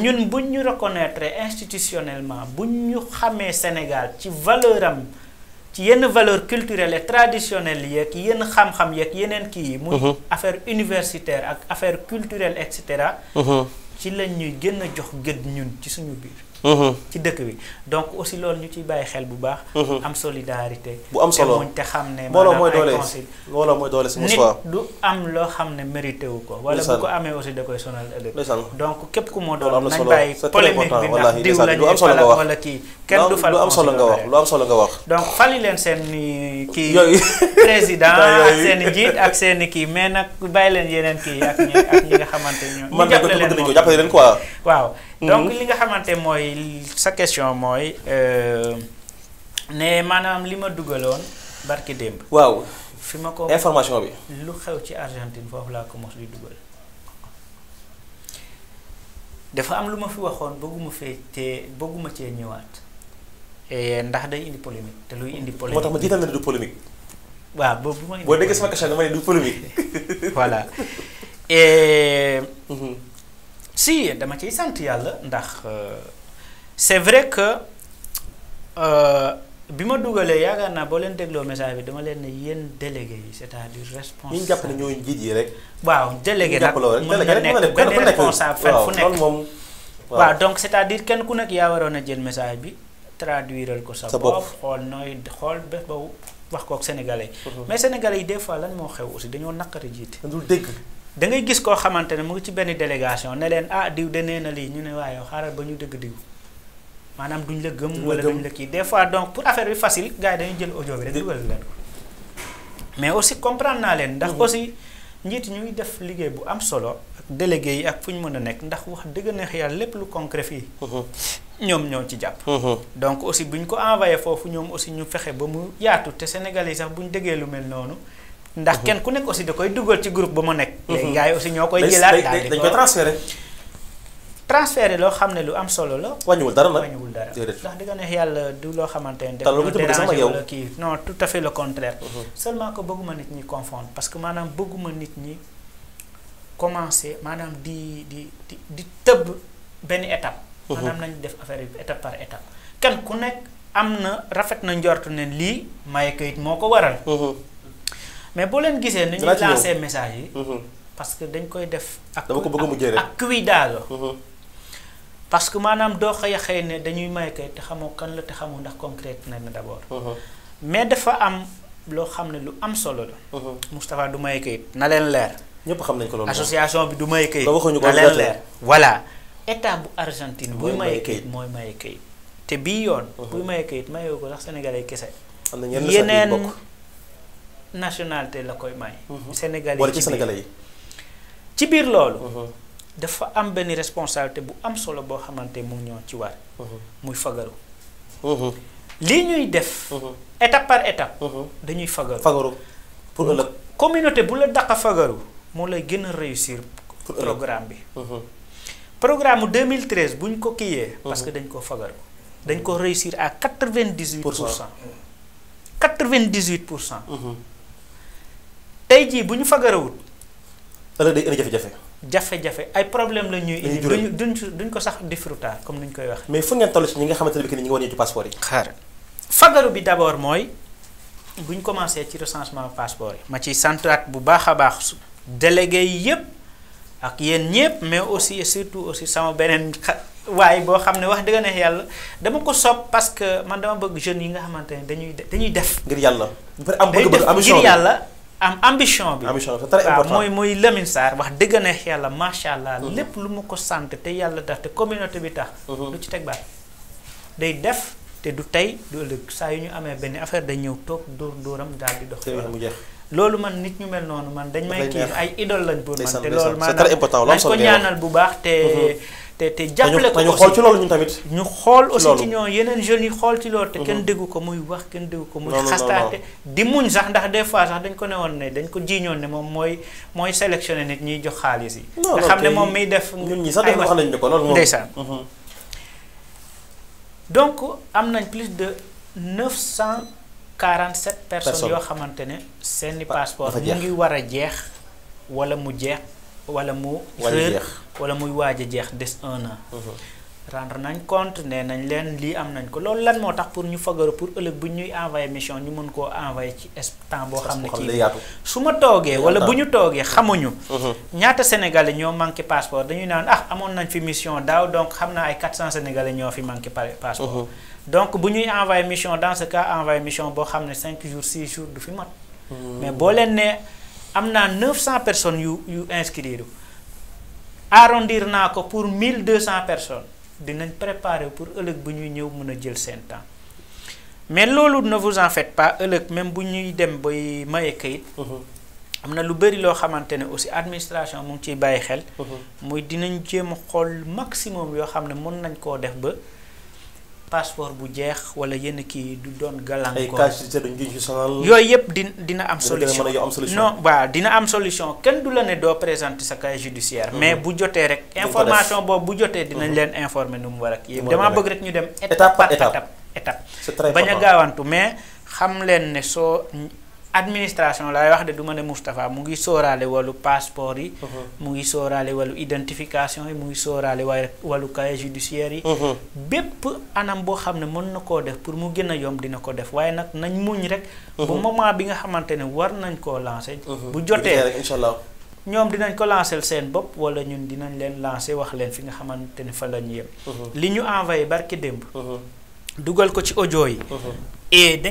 ñun buñ ñu reconnaître institutionnellement buñ ñu xamee Sénégal ci valeur ci yenn valeur culturelle et traditionnelle yeeg yenn xam-xam yeeg yeneen kii yi muy mhm. affaire universitaire ak affaire culturelle et cetera mhm. ci lañ ñuy gën a jox gëdd ñun ci suñu biir Mm-hmm. ci dëkk bi donc aussi loolu ñu ciy bàyyi xel bu baax. Mm-hmm. am solidarité. bu am solo te muñ te xam ne. maanaam ay conseils mbooloo mooy doole si nit du am loo xam ne mérité wu ko. wala bu ko amee aussi da koy sonal ëllëg. donc képp ku moo doon nañ bàyyi polémique bi ndax diw la am solo nga wax solo nga wax. donc fali leen seen kii. yooyu président seen i jiit ak seen kii mais nag bàyyi leen yeneen kii ak ñi nga xamante ne ñoom. ñu leen man nag bëgg nañu ko jàppale leen quoi. waaw Mm-hmm. donc li nga xamante mooy sa question mooy euh, ne maanaam li ma dugaloon barki démb. waaw fi ma ko information bi. lu xew ci Argentine foofu laa ko mos di dugal. dafa am lu ma fi waxoon bëgguma fee te bëgguma cee ñëwaat. ndax day indi polémique te luy indi. polémique moo tax ma jiital na du polémique. waaw boobu bu ma indi. boo déggee sama question dama ne du polémique. voilà. si dama ciy sant yàlla ndax euh, c'est vrai que euh, bi ma dugalee yaakaar naa boo leen dégloo message bi dama leen ne yéen délégué yi c'est-à-dire responsable. ñu jàpp ne ñooy njiit yi rek. waaw délégué nag mën na nekk benn responsable fenn fu nekk waaw donc c'est-à-dire kenn ku nekk yaa waroon a jël message bi traduire ko sa bopp xool nooy xool ba ba wax kook sénégalais. mais sénégalais yi des fois lan moo xew aussi dañoo naqari jiite. dégg. da ngay gis koo xamante ne mu ngi ci benn délégation ne leen ah diw de nee na lii ñu ne waaye yow ba ñu dëgg diw maanaam duñ la gëm. wala duñ la kii des fois donc pour affaire bi facile gars yi dañuy jël audio bi rek dugal leen ko mais aussi comprendre naa leen. ndax mhm. aussi njiit ñuy def liggéey bu am solo. ak délégué yi ak fu ñu mën a nekk ndax wax dëgg neex yàlla lépp lu concret fii. Mhm. ñoom ñoo ci jàpp. Mhm. donc aussi bu ñu ko envoyé foofu ñoom aussi ñu fexe ba mu yaatu te sénégalais sax bu ñu déggee lu mel noonu. ndax mhm. kenn ku nekk aussi da koy dugal ci groupe ba mu nekk. Mhm. léegi gars aussi ñoo koy. jëlaat daal di ko dañ koy transféré. transféré loo xam ne lu am solo la. wàññiwul dara nag wàññiwul dara ndax di nga neex yàlla du loo xamante ne. daf ñu déranger wala kii non tout à fait le contraire. Mhm. seulement que bëgguma nit ñi confondre parce que maanaam bëgguma nit ñi commencer maanaam di di di di tëbb benn étape. maanaam nañu def affaire bi étape par étape. kenn ku nekk am na rafet na njort ne lii maye kayit moo ko waral. mais boo leen gisee ni ñuy lancé message yi. Mm-hmm. parce que dañ koy def. ak dama ko bëgg mujjee rek ak cuidado mm-hmm. parce que maanaam doo xëy a xëy ne dañuy may kay te xamoo kan la te xamoo ndax concrète na na d' abord. Mm-hmm. mais dafa am loo xam ne lu am solo la. Moustapha du may kayit na leen leer. ñëpp xam nañ ko loolu association bi du may kayit. na leen leer voilà. état bu Argentine. buy maye kayit mooy maye kayit. te bii yoon. buy maye kayit mayoo ko sax sénégalais kese. am yeneen nationalité la koy may. Mhm. Sénégalais yi Sénégalais yi. ci biir loolu. Mhm. dafa am benn responsabilité bu am solo boo xamante mu ñoo ci war. Mhm. muy fagaru. lii ñuy def. étape par étape. dañuy fagaru fagaru pour ëllëg. communauté bu la daq a fagaru moo lay gën a réussir. programme bi. programme mu 2013 bu ñu ko kiiyee. parce que dañ ko fagaru. dañ ko réussir à 98 pour cent. 98 pour cent. tey jii bu ñu fagarawut ëllëg day indi jafe-jafe. jafe-jafe ay problème la ñuy indi. duñ duñ ko sax disfrutar comme ni ñu koy wax mais fu ngeen toll si ñi nga xamante ne bii ñu ngi wane ci passeport yi. xaar fagaru bi d' abord mooy bu ñu commencé ci recensement passeport yi. ma ciy santaat bu baax a baax. délégué yi yëpp ak yéen ñëpp mais aussi surtout aussi sama beneen waaye boo xam ne wax dëgg yàlla dama ko sopp parce que man dama bëgg jeunes yi nga xamante ne dañuy dañuy def. ngir yàlla. am bëgg-bëgg yàlla. am ambition bi ambition c'est très important waaw mooy mooy Lamine Sarr wax dëgg neex yàlla macha allah. Mhm. lépp lu mu ko sant te yàlla tax te communauté bi tax. lu mhm. ci teg baat day def te du tey du ëllëg saa yu ñu amee benn affaire day ñëw toog dóor dóoram daal di dox. loolu man nit ñu mel noonu man dañ may kii ay idole lañ pour man te loolu man nañ ko ñaanal bu baax te mm-hmm. te te jàppale ko aussi xool ci loolu ñun tamit ñu xool aussi ci ñoo yeneen jeunes yi xool ci loolu te kenn mm-hmm. déggu ko muy wax kenn déggu ko muy xastaate di muñ sax ndax des fois sax dañ ko ne woon ne dañ ko jiiñoon ne moom mooy mooy sélectionné nit ñuy jox xaalis yi nga xam ne moom miy def ñun ñi sax def wax nañ ko loolu ndeysaan mm-hmm. donc am nañ plus de neuf cent 47 personnes yoo xamante ne seeni passeport mu ngi war a jeex wala mu jeex wala mu réer wala muy waaj a jeex des un an mhm. rendre nañ compte ne nañ leen lii am nañ ko loolu lan moo tax pour ñu fagaru pour ëllëg bu ñuy envoyé mission ñu mën koo envoyé ci temps boo xam ne kii su ma toogee wala bu ñu toogee xamuñu mhm. ñaata sénégalais ñoo manqué passeport dañuy naan ah amoon nañ fi mission daaw donc xam naa ay 400 sénégalais ñoo fi manqué passeport mhm. donc bu ñuy envoyé mission dans ce cas envoyé mission boo xam ne cinq jours 6 jours du fi mat. Hmm. mais boo leen ne am naa 900 personnes yu yu inscrire arrondir naa ko pour deux 1200 personnes dinañ préparer pour ëllëg bu ñuy ñëw mën a jël seen temps mais loolu ne en faites pas ëllëg même bu ñuy dem bay maye kayit. Hmm. am na lu bëri loo xamante ne aussi administration mu ngi ciy bàyyi xel. Hmm. muy dinañ jéem a xool maximum yoo xam ne mun nañ koo def ba. passeport bu jeex wala yenn kii du doon gàllankoor yooyu yëpp dina am solution non waaw dina am solution kenn du la ne doo présenter sa casier judiciaire mm-hmm. mais bu jotee rek information boobu bu jotee dinañ mm-hmm. leen informer nu mu war damaa bëgg rek ñu dem étape par étape étape bañ a mais xam leen ne soo administration laay wax de du ma ne Moustapha mu ngi sóoraale wallu passeport yi. Mhm. mu ngi sóoraale wàllu identification yi mu ngi sooraale waaye wàllu casier judiciaire yi. Mhm. bépp anam boo xam ne mën na koo def pour mu gën a yomb dina ko def waaye nag nañ muñ rek. bu mhm. moment bi nga xamante ne war nañ koo lancer. bu jotee rek ñoom dinañ ko lancer seen bopp wala ñun dinañ leen lancer wax leen fi nga xamante ne fa la ñu yem. li ñu envoyé barki démb. dugal ko ci ojo yi. et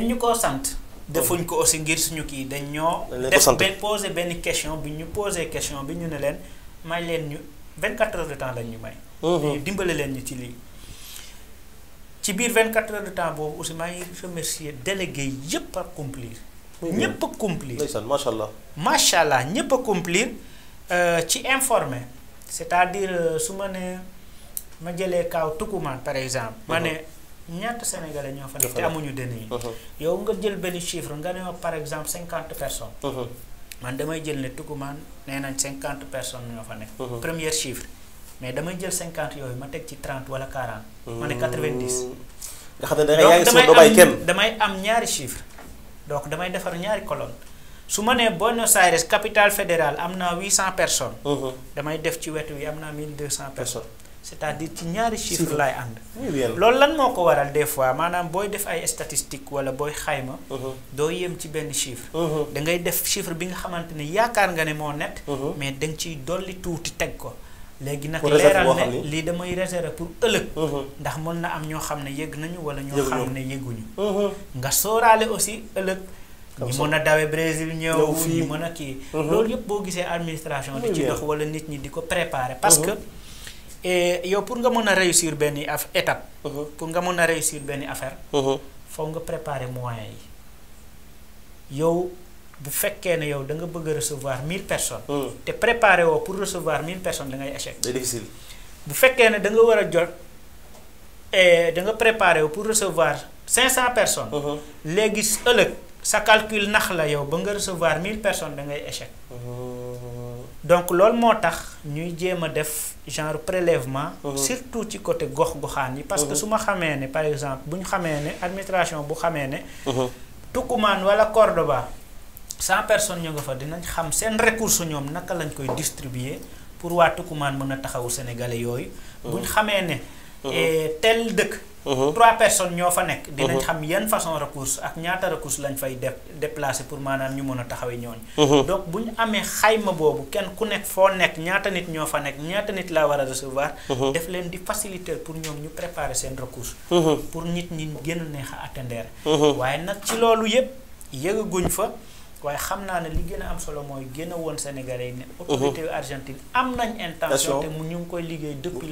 defuñ ko aussi ngir suñu kii dañ ñoo. def benn posé benn question bi ñu posé question bi ñu ne leen may leen ñu 24 heures de temps lañ ñu may. ñu mhm. dimbale leen ñu ci lii. ci biir 24 heures de temps boobu aussi maa ngi remercier délégué yëpp accomplir. ñëpp accomplir. complir macha allah. macha allah ñëpp accomplir euh, ci informé c' à dire euh, su ma ne ma jëlee kaaw Tukumaan par exemple. ma mhm. ne. ñaata sénégalais ñoo fa nekk te amuñu dënn yi uh-huh. yow nga jël benn chiffre nga ne ma par exemple cinquante personnes uh-huh. man damay jël ne tukumaan nee nañ cinquante personnes ñoo fa nekk uh-huh. premier chiffre mais damay jël cinquante yooyu ma teg ci trente wala quarante ma ne mm. quatre-vingt-dix nga xam ne da ngay soo doo bàyyi damay am ñaari chiffre donc damay defar ñaari colonne su ma nee Buenos Aires capital fédérale am naa huit cent personnes damay def ci wetu yi am naa mille deux cent personnes cest a dire ci ñaari chiffre laay ànd loolu lan moo ko waral des fois maanaam booy def ay statistique wala booy xayma uh-huh. doo yem ci benn chiffre uh-huh. da ngay def chiffre bi nga xamante ne yaakaar nga ne moo net uh-huh. mais da ciy dolli tuuti teg ko léegi nag leeral ne lii damay réserver pour ëllëg ndax mën na am ñoo xam ne yëg nañu wala ñoo xam ne yëguñu nga sóoraale aussi ëllëg ñi mën a dawe Brésil ñëw ñi mën a kii loolu yëpp boo gisee administration di ci dox wala nit ñi di ko préparer parce que Eh, yow pour nga mën a réussir benn af étape. Mhm. pour nga mën a réussir benn affaire. Mhm. foog nga préparer moyens yi yow bu fekkee ne yow da nga bëgg a recevoir mille personnes. Mhm. te préparer woo pour recevoir mille personnes da ngay échec. c'est difficile bu fekkee ne da nga war a jot eh, da nga préparer woo pour recevoir cinq cent personnes. léegi ëllëg sa calcul nax la yow ba nga recevoir mille personnes da ngay échec. donc loolu moo tax ñuy jéem a def genre prélèvement surtout ci côté gox-goxaan yi parce que su ma xamee ne par exemple bu xamee ne administration bu xamee ne Tukumaan wala ba cent personne ñu nga fa dinañ xam seen ressource ñoom naka lañ koy distribuer pour waa Tukumaan mën a taxawu sénégalais yooyu buñ xamee ne eh, tel dëkk Uh-huh. trois personnes ñoo fa nekk. Uh-huh. dinañ xam yan façon recours ak ñaata recours lañ fay def déplacer pour maanaam ñu mën a taxawee ñooñu. Uh-huh. donc bu ñu amee xayma boobu kenn ku nekk foo nekk ñaata nit ñoo fa nekk ñaata nit laa war a recevoir. def leen di faciliter pour ñoom ñu préparer seen recours. pour nit ñi gën a neex a attendre. waaye nag ci loolu yëpp yëgaguñ fa. waaye xam naa ne li gën a am solo mooy gën a woon Sénégalais yi ne autorité Argentine am nañ intention mu ñu ngi koy liggéey depuis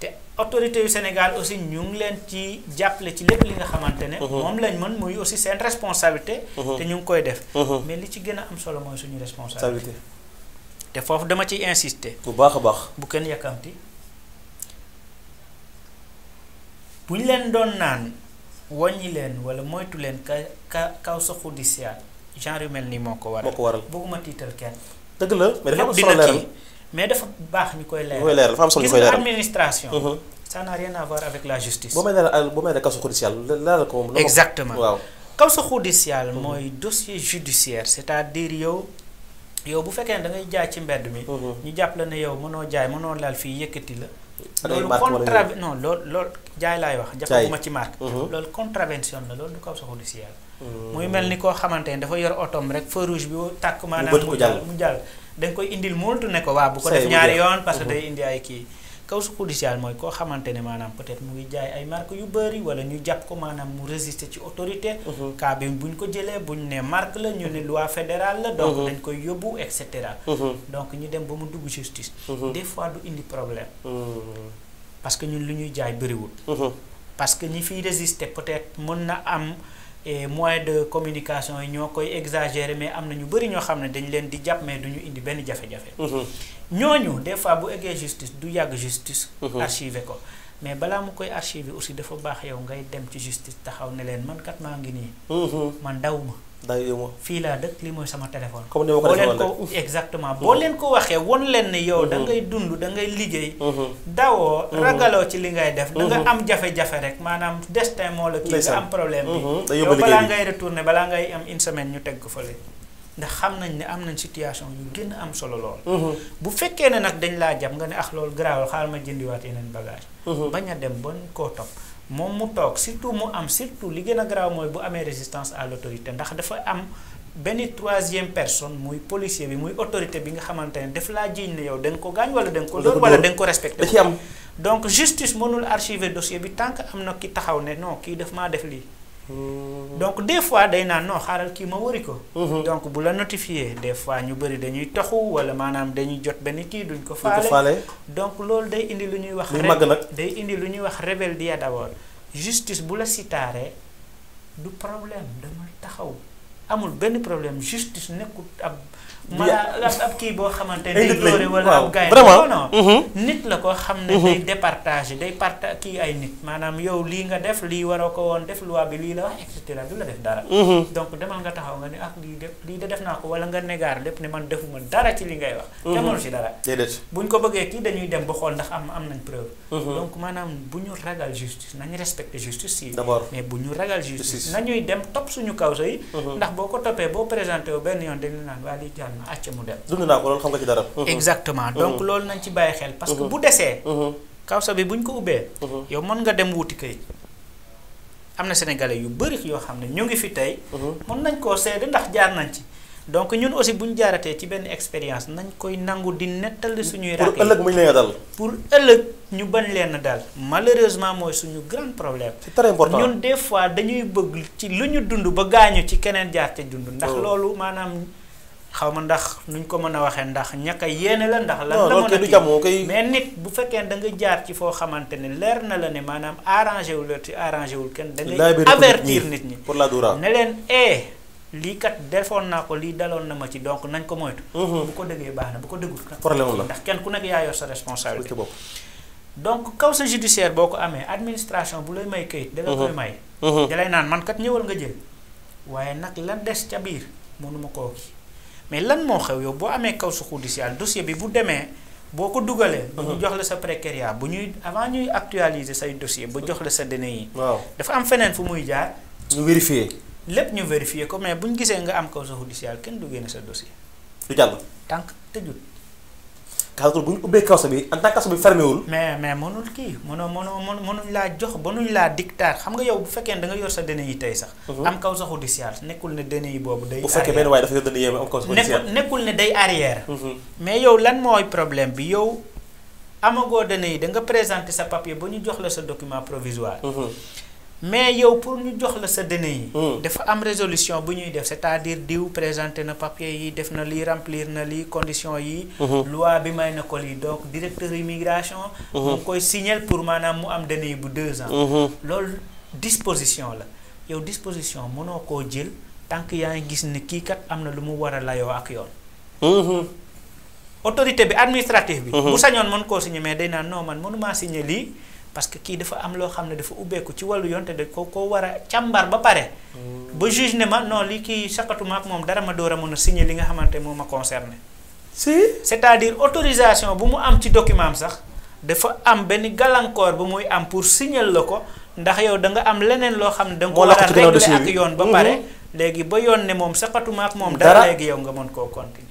te autorité yu Sénégal aussi ñu ngi leen ci jàppale ci lépp li nga xamante ne. Mhm. moom lañ mën muy aussi seen responsabilité. Mhm. te ñu ngi koy def. Mhm. mais li ci gën a am solo mooy suñu responsabilité. te foofu dama ci insisté bu baax a baax. bu kenn yàkkamti bu ñu leen doon naan wàññi leen wala moytu leen ka ka kaw sa xuddi genre yu mel nii moo ko waral. moo ko waral bëgguma tiital kenn. dëgg la mais dafa am solo mais dafa baax ñu koy leeral. ñu koy leeral dafa am solo ñu koy leeral administration. Mhm. ça n'a rien à voir avec la justice. boo may euh, mhm. à dire yow. yow bu fekkee da ngay jaay ci mbedd mi. Mhm. ñu jàpp la ne yow mënoo jaay mënoo laal fii yëkkati la. loolu contrave non loolu loolu jaay laay wax. jaay jàppuma ci marque. loolu contravention la loolu du kaw soxla si mel ni koo xamante ne dafa yor otoom rek feu rouge bi tàkk maanaam mu jàll mu jàll. da nga koy indil mooltu ne ko waa bu ko def ñaari yoon parce que uh-huh. day indi ay kii cause judiciaire mooy koo xamante ne maanaam peut-être mu ngi jaay ay marque yu bëri wala ñu jàpp ko maanaam mu résister ci autorité uh-huh. cas buñ ko jëlee buñ ne marque la ñu ne loi fédérale donc uh-huh. dañ koy yóbbu et donc ñu dem ba mu dugg justice des fois du indi problème parce que ñun lu ñuy jaay bëriwul parce ñi fiy résister peut-être na am mois de communication yi ñoo koy exagérer mais am na ñu bëri ñoo xam ne dañ leen di jàpp mais du ñu indi benn jafe-jafe. Mm-hmm. ñooñu des fois bu eggee justice du yàgg justice. Mm-hmm. archiver ko mais balaa mu koy archiver aussi dafa baax yow ngay dem ci justice taxaw ne leen man maa ngi nii. Mm-hmm. man dawuma. day fii laa dëkk lii mooy sama téléphone. comme ni ma ko exactement uhuh. boo leen ko waxee won leen ne yow. Uhuh. da ngay dund da ngay liggéey. Uhuh. dawoo ragaloo ci li ngay def. da am jafe-jafe rek maanaam destin moo la. kii nga am problème bi. yow balaa ngay retourné balaa ngay am une semaine ñu teg ko fële. ndax xam nañ ne am nañ situation yu gën a am solo lool. bu fekkee ne nag dañ laa jàpp nga ne ax ah, loolu garaawul xaaral ma jëndiwaat yeneen bagage bañ a dem ba koo topp. moom mu toog surtout mu am surtout li gën a garaaw mooy bu amee résistance à l'autorité ndax dafa am benn troisième personne muy policier bi muy autorité bi nga xamante ne daf laa jiiñ ne yow da ko gaañ wala da nga ko dóor wala da nga ko respecté donc justice mënul archiver dossier bi tant que am na ki taxaw ne non kii daf maa def lii donc des fois day naa non xaaral kii ma wari ko. Mhm. donc bu la notifié des fois ñu bëri dañuy taxu wala maanaam dañuy jot benn kii duñ ko. faale donc loolu day indi lu ñuy wax. day indi lu ñuy wax rébeldia d'abord. justice bu la sitaaree du problème dama taxaw amul benn problème justice nekkul ab. maanaam ab kii boo xamante ne day dóore wala ab gaay non mm-hmm. xam ne mm-hmm. day départage day kii ay nit maanaam yow lii nga def lii waroo ko woon def loi bi lii la wax et cetera du la def mm-hmm. donc demal nga taxaw nga ne ak ah, lii def lii de def naa ko wala nga négaar lépp ne man defuma dara ci li ngay wax te ko bëggee kii dañuy dem ba xool ndax am am nañ preuve bu ñu ragal justice nañu respecté justice yi mais bu ñu ragal justice nañuy dem topp suñu kawsa yi ndax boo ko toppee boo présenté wu benn yoon naan waa lii jàll acca mu dem. dund naa ko loolu xam nga ci dara. Mhm. exactement mhm. donc loolu nañ ci bàyyi xel. parce que mhm. bu desee. kawsa bi buñ ko ubbee. yow mën nga dem wuti kayit. am na sénégalais yu bëri yoo xam ne ñu ngi fi tey. mën nañ koo seede ndax jaar nañ ci. donc ñun aussi bu ñu jaaratee ci benn expérience nañ koy nangu di nettali suñuy. raak pour ëllëg mu leen dal. pour ëllëg ñu bañ lenn dal malheureusement mooy suñu grand problème. c'est très important ñun des fois dañuy bëgg ci lu ñu dund ba gaañu ci keneen jaar te dund. ndax oh. loolu xaw ma ndax nuñ ko mën a waxee ndax ñàkk a yéene la ndax. lan la mën a kii mais nit bu fekkee da nga jaar ci foo xamante ne leer na la ne maanaam arrangé wul la te arrangé wul kenn. da ngay avertir nit ñi pour la dura ne leen eh. lii kat defoon naa ko lii daloon na ma ci donc nañ ko moytu. Mhm. bu ko dëggee baax na bu ko dëggul. problème la ndax kenn ku nekk yaa yor sa responsabilité. donc kaw sa judiciaire boo ko amee administration bu lay may kayit. da la mhm. koy may. Mhm. da naan man kat ñëwal nga jël waaye nag la des ca biir mënuma koo kii mais lan moo xew yow boo amee cause judiciaire dossier bi bu demee boo ko dugalee. bu ñu mhm. jox la sa précaria bu ñuy avant ñuy actualiser say dossier ba jox la sa DNI. waaw dafa am feneen fu muy jaar. ñu vérifier. lépp ñu vérifier ko mais bu ñu gisee nga am cause judiciaire kenn du génne sa dossier. du jàll. tànk tëjut. kaw bu ñu ubbee kaso bi en tant que bi fermé mais mais mënul kii mënoo mënoo mënuñ laa jox mënuñ laa dictar xam nga yow bu fekkee da nga yor sa données yi tey sax. Mhm. am cause judiciaire nekkul ne données yi boobu. day arrière bu fekkee benn waaye dafa yor données yi am cause judiciaire nekkul ne day arrière. Mhm. mais yow lan mooy problème bi yow amagoo données yi da nga présenté sa papier ba ñu jox la sa document provisoire. Mhm. mais yow pour ñu jox la sa données yi. Hmm. dafa am résolution bu ñuy def c'est-à-dire diw présenté na papier yi def na lii remplir na lii conditions yi. Hmm. loi bi may na ko lii donc directeur immigration. Hmm. mu koy signaler pour maanaam mu am données yi bu deux ans. loolu disposition la yow disposition mënoo koo jël tant yaa ngi gis ni kii kat am na lu mu war a layoo ak yoon. autorité bi administrative bi. bu sañoon mën koo signer mais day naan non man mënumaa signer lii. parce que kii dafa am loo xam ne dafa ubbeeku ci wàllu yoon te da ko ko war a càmbar ba pare. ba juge ne ma non li kii sakatuma ak moom dara ma door a mën a signer li nga xamante moo ma concerné. si c'est-à-dire autorisation bu mu am ci document am sax dafa am benn gàllankoor bu muy am pour signer la ko ndax yow da nga am leneen loo xam ne. da nga ko war a régler ak yoon ba mhm. pare. léegi ba yoon ne moom sakatuma ak moom. dara léegi yow nga mën koo continuer.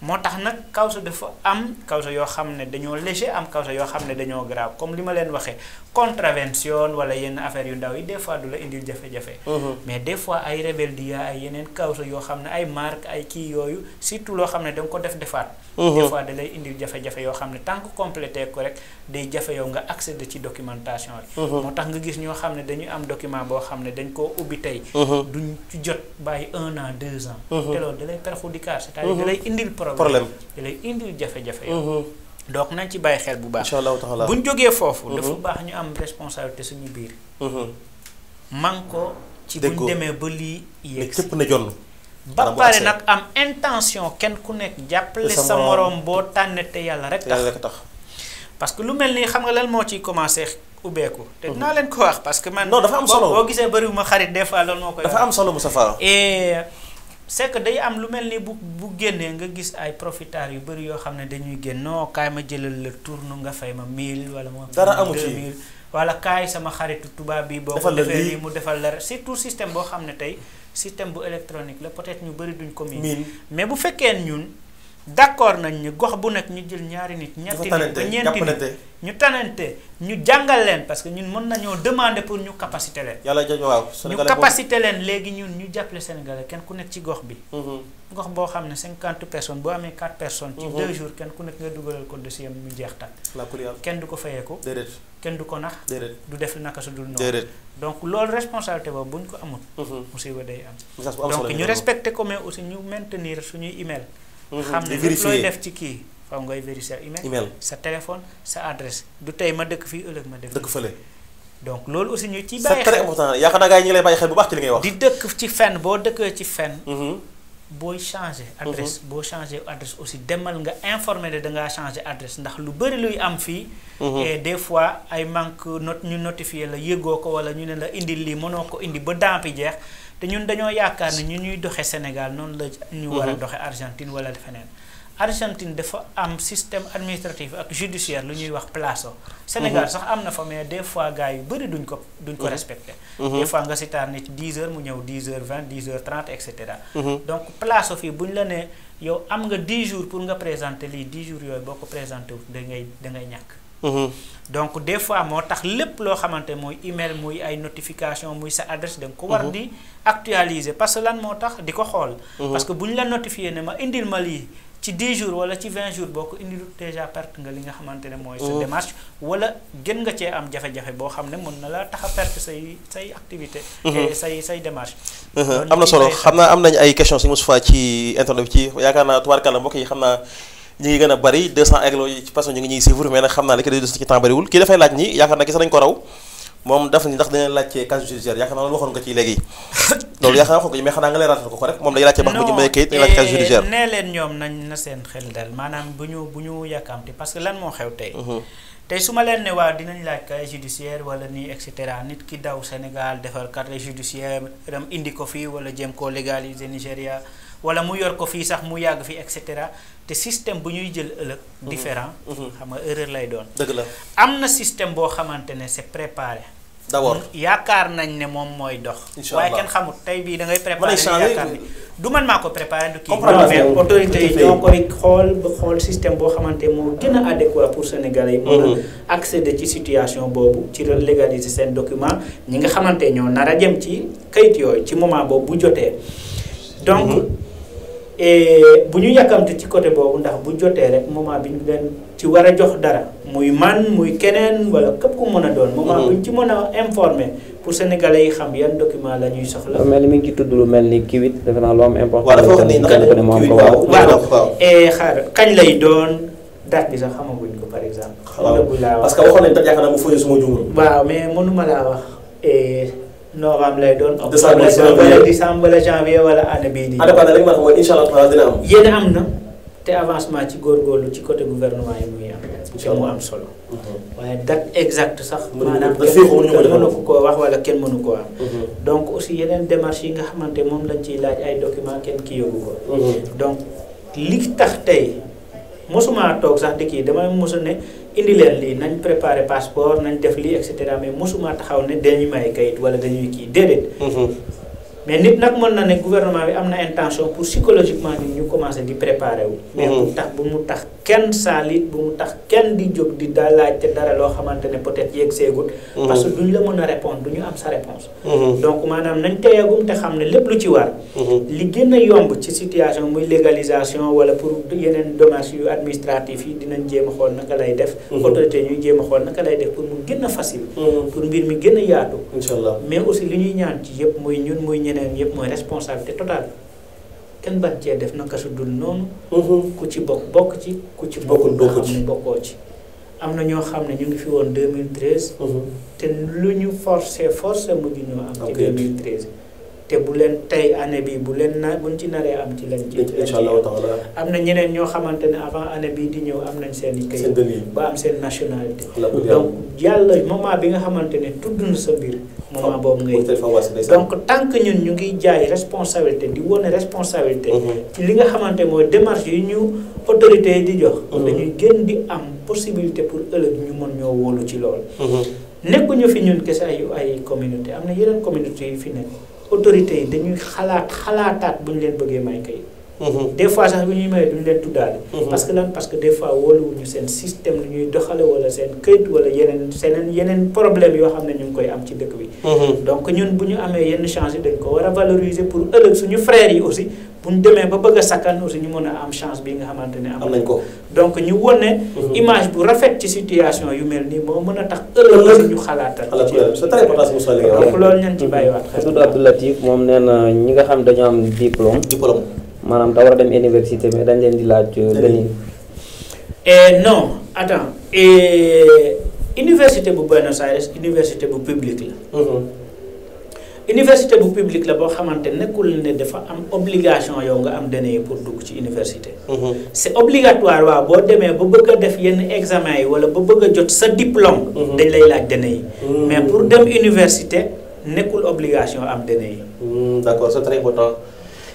moo tax nag kawsa dafa am kawsa yoo xam ne dañoo léger am kawsa yoo xam ne dañoo grave comme li ma leen waxee contravention wala yenn affaire yu ndaw yi des fois du la indil jafe-jafe mhm. mais des fois ay rébeldia ay yeneen cause yoo xam ne ay marque ay kii yooyu surtout loo xam ne da ko def defaat mhm. des fois da indil jafe-jafe yoo xam ne tant que complété ko rek day jafe yow nga accéder ci documentation yi mhm. moo tax nga gis ñoo xam ne dañuy am document boo xam ne dañ koo ubbi tey duñ jot bàyyi un an deux ans te loolu da lay perjudicar c'est-à-dire da indil problème da indil jafe-jafe yow donc nañ ci bàyyi xel bu baax. incha allahu taala bu ñu jógee foofu. Mhm. dafa baax ñu am responsabilité suñu biir. Mhm. man ko ci bu ñu demee ba lii. yéeg si na jonn ba pare nag am intention kenn ku nekk jàppale sa moroom boo tànnee te yàlla rek tax parce que lu mel nii xam nga lan moo ciy commencé ubbeeku. te mhm. dinaa leen ko wax parce que man. non dafa am solo boo gisee bëriwuma xarit des fois loolu moo koy. dafa am solo Moustapha c'est day am lu mel ni bu bu génnee nga gis ay profiteurs yu bëri yoo xam ne dañuy génnoo non kaay ma jëlal la tourne nga fay ma 1000 wala ma. dara amu ci wala kaay sama xaritu tubaab bi. boo ko defee lii mu defal la surtout système boo xam ne tey système bu électronique la peut-être ñu bëri duñ ko. miin mais bu fekkee ñun. d' accord nañ ñu gox bu nekk ñu jël ñaari nit ñetti nit ba ñeenti nit ñu tanante ñu jàngal leen parce que ñun mën nañoo demande pour ñu capacité leen yàlla waaw ñu capacité leen léegi ñun ñu jàppale sénégalais kenn ku nekk ci gox bi mhm. gox boo xam ne cinquante personnes boo amee quatre personnes ci mhm. deux jours kenn ku nekk nga dugalal ko dossier mu jeex kenn du ko fayeeku kenn du ko nax du def naka su dul noonu donc loolu responsabilité boobu bu ñu ko amul mhm. musiba day am donc ñu respecté ko mais aussi ñu maintenir suñuy email Mhm. xam ne lépp looy def ci kii faw ngay vérifier sa email sa téléphone sa adresse du tey ma dëkk fii ëllëg ma def dëkk fële donc loolu aussi ñu ci bàyyi xel c'est très important yaakaar naa bu baax ci li ngay wax di dëkk ci fenn boo dëkkee ci fen mhm. booy changé mhm. adresse boo changé adresse aussi demal nga informé ne dangaa changé adresse ndax lu bëri luy am fii et des fois ay manque not ñu notifié la yëgoo ko wala ñu ne la indi lii mënoo ko indi ba dampi jeex te ñun dañoo yaakaar ni ñu ñuy doxe Sénégal noonu la ñu war a mhm. doxe Argentine wala feneen Argentine dafa am système administratif ak judiciaire lu ñuy wax plaso Sénégal mhm. sax am na fa mais des fois gars yu bëri duñ ko duñ ko mhm. respecté des fois nga si taar nit 10 heures mu ñëw 10 heures 20 10 heures 30 et cetera donc plaso fii bu ñu la nee yow am nga 10 jours pour nga présenter lii 10 jours yooyu boo ko présenté wu da ngay da ngay ñàkk donc des fois moo tax lépp loo xamante mooy email muy ay notification muy sa adresse da nga ko war mhm. di actualiser parce que lan moo tax di ko xool mhm. parce que bu ñu la notifié ne ma indil ma lii ci 10 jours wala ci 20 jours boo ko indil déjà perte nga li nga xamante ne mooy sa mhm. démarche wala gën nga cee am jafe-jafe boo xam ne mën na la tax a perte say say activité say say démarche am na solo xam naa am nañu ay question suñu Moustapha ci internet bi ci yaakaar naa tubaarkàlla mbokk yi xam naa ñu ngi gën a bari 200 eglo ci personnes ñu ngi ñuy suivre mais nag xam naa li ko des ci temps bariwul kii dafay laaj ni yaakaar naa gis nañ ko raw moom daf ni ndax dañu laajte casier judiciaire yaakaar naa loolu waxoon nga ci léegi loolu yaakaar naa waxoon ko ci mais xanaa nga leeralal ko ko rek moom dañuy laajte eh, na seen xel dal maanaam bu ñu bu ñu yàkkamti parce que lan moo xew tey mhm. su ma leen ne waaw dinañ laaj casier judiciaire mu yor ko te système bu ñuy jël ëllëg. Mhm. différent mhm. xam nga erreur lay doon. dëgg am na système boo xamante ne c'est préparé. d'abord yaakaar nañ ne moom mooy dox. incha allah waaye kenn xamut tey bii da ngay préparé. yaakaar ni du man maa ko préparé du kii. mais autorité yi koy xool ba xool système boo xamante moo gën a adéquat pour sénégalais yi. mën a mhm. ci situation boobu ci légaliser seen document ñi nga xamante ñoo nar a jëm ci kayit yooyu ci moment boobu bu jotee donc. Eh, bu ñu yàkkamte ci côté boobu ndax bu jotee rek moment bi ñu leen ci war a jox dara muy man muy keneen wala képp ku mën a doon. Mhm. moment bu ci mën a informer pour sénégalais yi xam yan document la ñuy soxla. mel ni mi ngi ci tudd lu mel ni kiwit defe naa lu am important. waaw dafa waaw et eh, xaar kañ lay doon date bi sax xamaguñ ko par exemple. xamaguñ laa wax parce que waxoon nañu dañu yaakaar naa bu fooyee suma juumul. waaw mais mënuma laa wax. Eh, novembre lay doon. décembre wala décembre janvier wala année bii nii. adama am. na te avancement ci góor góorgóorlu ci côté gouvernement yi muy am. incha mu am solo. waaye date exacte sax. maanaam kenn mënu ko koo wax wala kenn mënu koo am. Mhm. donc aussi yeneen démarches yi nga xamante moom lañ ciy laaj ay documents kenn kii yóbbu ko. Mhm. donc li tax tey mosumaa toog sax di kii damay mosu ne. indi leen lii nañ préparé passeport nañ def lii et cetera mais mosuma taxaw ne dañuy may kayit wala dañuy kii déedéet. Mm-hmm. mais nit nag mën na ne gouvernement bi am na intention pour psychologiquement ñu ñu commencé di préparer wu. mais mhm. bu tax bu mu tax kenn saalit bu mu tax kenn di jóg di da laajte dara loo xamante ne peut-être yegg seegul. Mhm. parce que duñ la mën a répondre du ñu am sa réponse mhm. donc maanaam nañ teyeegum te xam ne lépp lu ci war. li gën a yomb ci situation muy légalisation wala pour yeneen dommages yu administratif yi dinañ jéem a xool naka lay def. autorité a xool naka lay def pour mu gën a facile. pour mbir mi gën a ñuy ñaan ci yëpp muy ñun la am yëpp mooy responsabilité totale kenn bañ cee def naka su dul noonu. Mhm. ku ci bokk bokk ci ku ci. bokk bokkul ci bokkoo ci. am na ñoo xam ne ñu ngi fi woon 2013. Mhm. te lu ñu forcé forcé mujj ñoo am. ci 2013. te bu leen tey année bi bu leen na buñ ci naree am ci leen ci incha allah am na ñeneen ñoo xamante ne avant année bi di ñëw am nañ seen i kayit ba am seen nationalité donc yàlla moment bi nga xamante ne tudd na sa mbir moment boobu ngay donc tant que ñun ñu ngi jaay responsabilité di wane responsabilité mm-hmm. ci li nga xamante mooy démarche yi ñu autorités yi di jox dañuy mm-hmm. gën di am possibilité pour ëllëg ñu mën ñoo wóolu ci loolu mm-hmm. nekkuñu fi ñun kese ay ay communauté am na yeneen communauté yi fi autorités yi dañuy xalaat xalaataat bu ñu leen bëggee may kayit Mhm. des fois sax bi ñuy maye duñu tuddaale mhm. parce que lan parce seen système lu ñuy doxale wala seen këyit wala yeneen seeneen yeneen problème yoo xam ne ñu ngi koy am ci dëkk bi mhm. donc ñu amee a valoriser pour image bu rafet ci situation yu mel nii moo mën a tax ëllëg ñu xalaatal c'est très important donc loolu ñeen ci bàyyiwaat xel Abdou Latif moom nee ñi nga xam dañu am diplôme diplôme maanaam da war a dem université mais dañ leen di laaj. Euh, dëgg eh, non attends eh, université bu Buenos Aires université bu publique la. Mhm. université bu publique la boo xamante nekkul ne dafa am obligation yow nga am données pour dugg ci université. Mhm. c'est obligatoire waaw boo demee ba bëgg a def yenn examen yi wala ba bëgg a jot sa diplôme. Mhm. dañ lay laaj données yi. mais pour dem université nekkul obligation am données yi. d'accord c'est très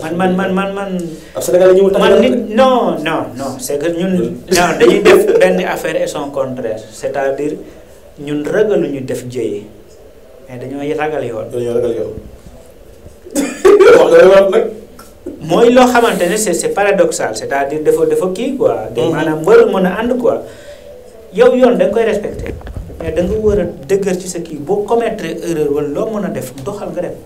man man man man man. ab Sénégal ñëwul man nit non non non c' est que ñun. non dañuy def benn affaire et son contraire c' est à dire ñun ragaluñu def jëye mais dañoo ragal yoon. dañoo ragal yoon. mooy loo xamante ne c' est c' est paradoxal c' est dire dafa dafa kii quoi. de mhm. maanaam warul mën a ànd quoi. yow yoon da koy respecté mais da nga war a dëgër ci sa kii boo commettre erreur wala loo mën a def doxal nga dem.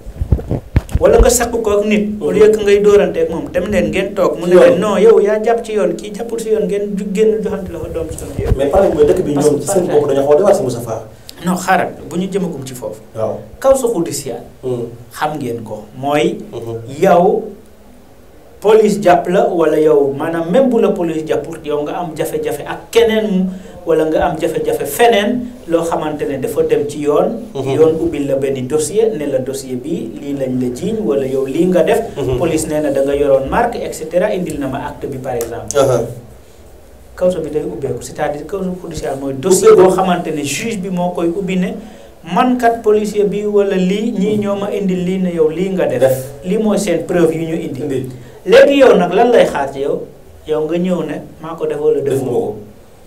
wala nga sakk ko ak nit au lieu que ngay dóoranteeg moom dem leen ngeen toog mu ne leen noo yow yaa jàpp ci yoon kii jàppul si yoon ngeen génn joxante la ko doom si doom mais par exemple dëkk bi ñoom ci seen bopp dañoo xaw a defar si Moussa Fall non xaaral bu ñu jëmagum ci foofu waaw kaw sa judiciaire hmm. xam ngeen ko mooy hmm. yow police jàpp la wala yow maanaam même bu la police jàppul yow nga am jafe-jafe ak keneen wala nga am jafe-jafe feneen loo xamante ne dafa dem ci yoon mhm. yoon ubbil la benn dossier ne la dossier bi lii lañ la jiiñ wala yow lii nga def mhm. police nee na da nga yoroon marque et cetera indil na ma acte bi par exemple cause bi day ubbeeku c'est-à-dire cause judiciaire mooy dossier boo xamante ne juge bi moo koy ubbi ne man kat policier bi wala lii ñii mhm. ñoo ma indil lii ne yow lii nga def lii mooy seen preuve yu ñu indi léegi yow nag lan lay xaar ci yow yow nga ñëw ne maa ko def wala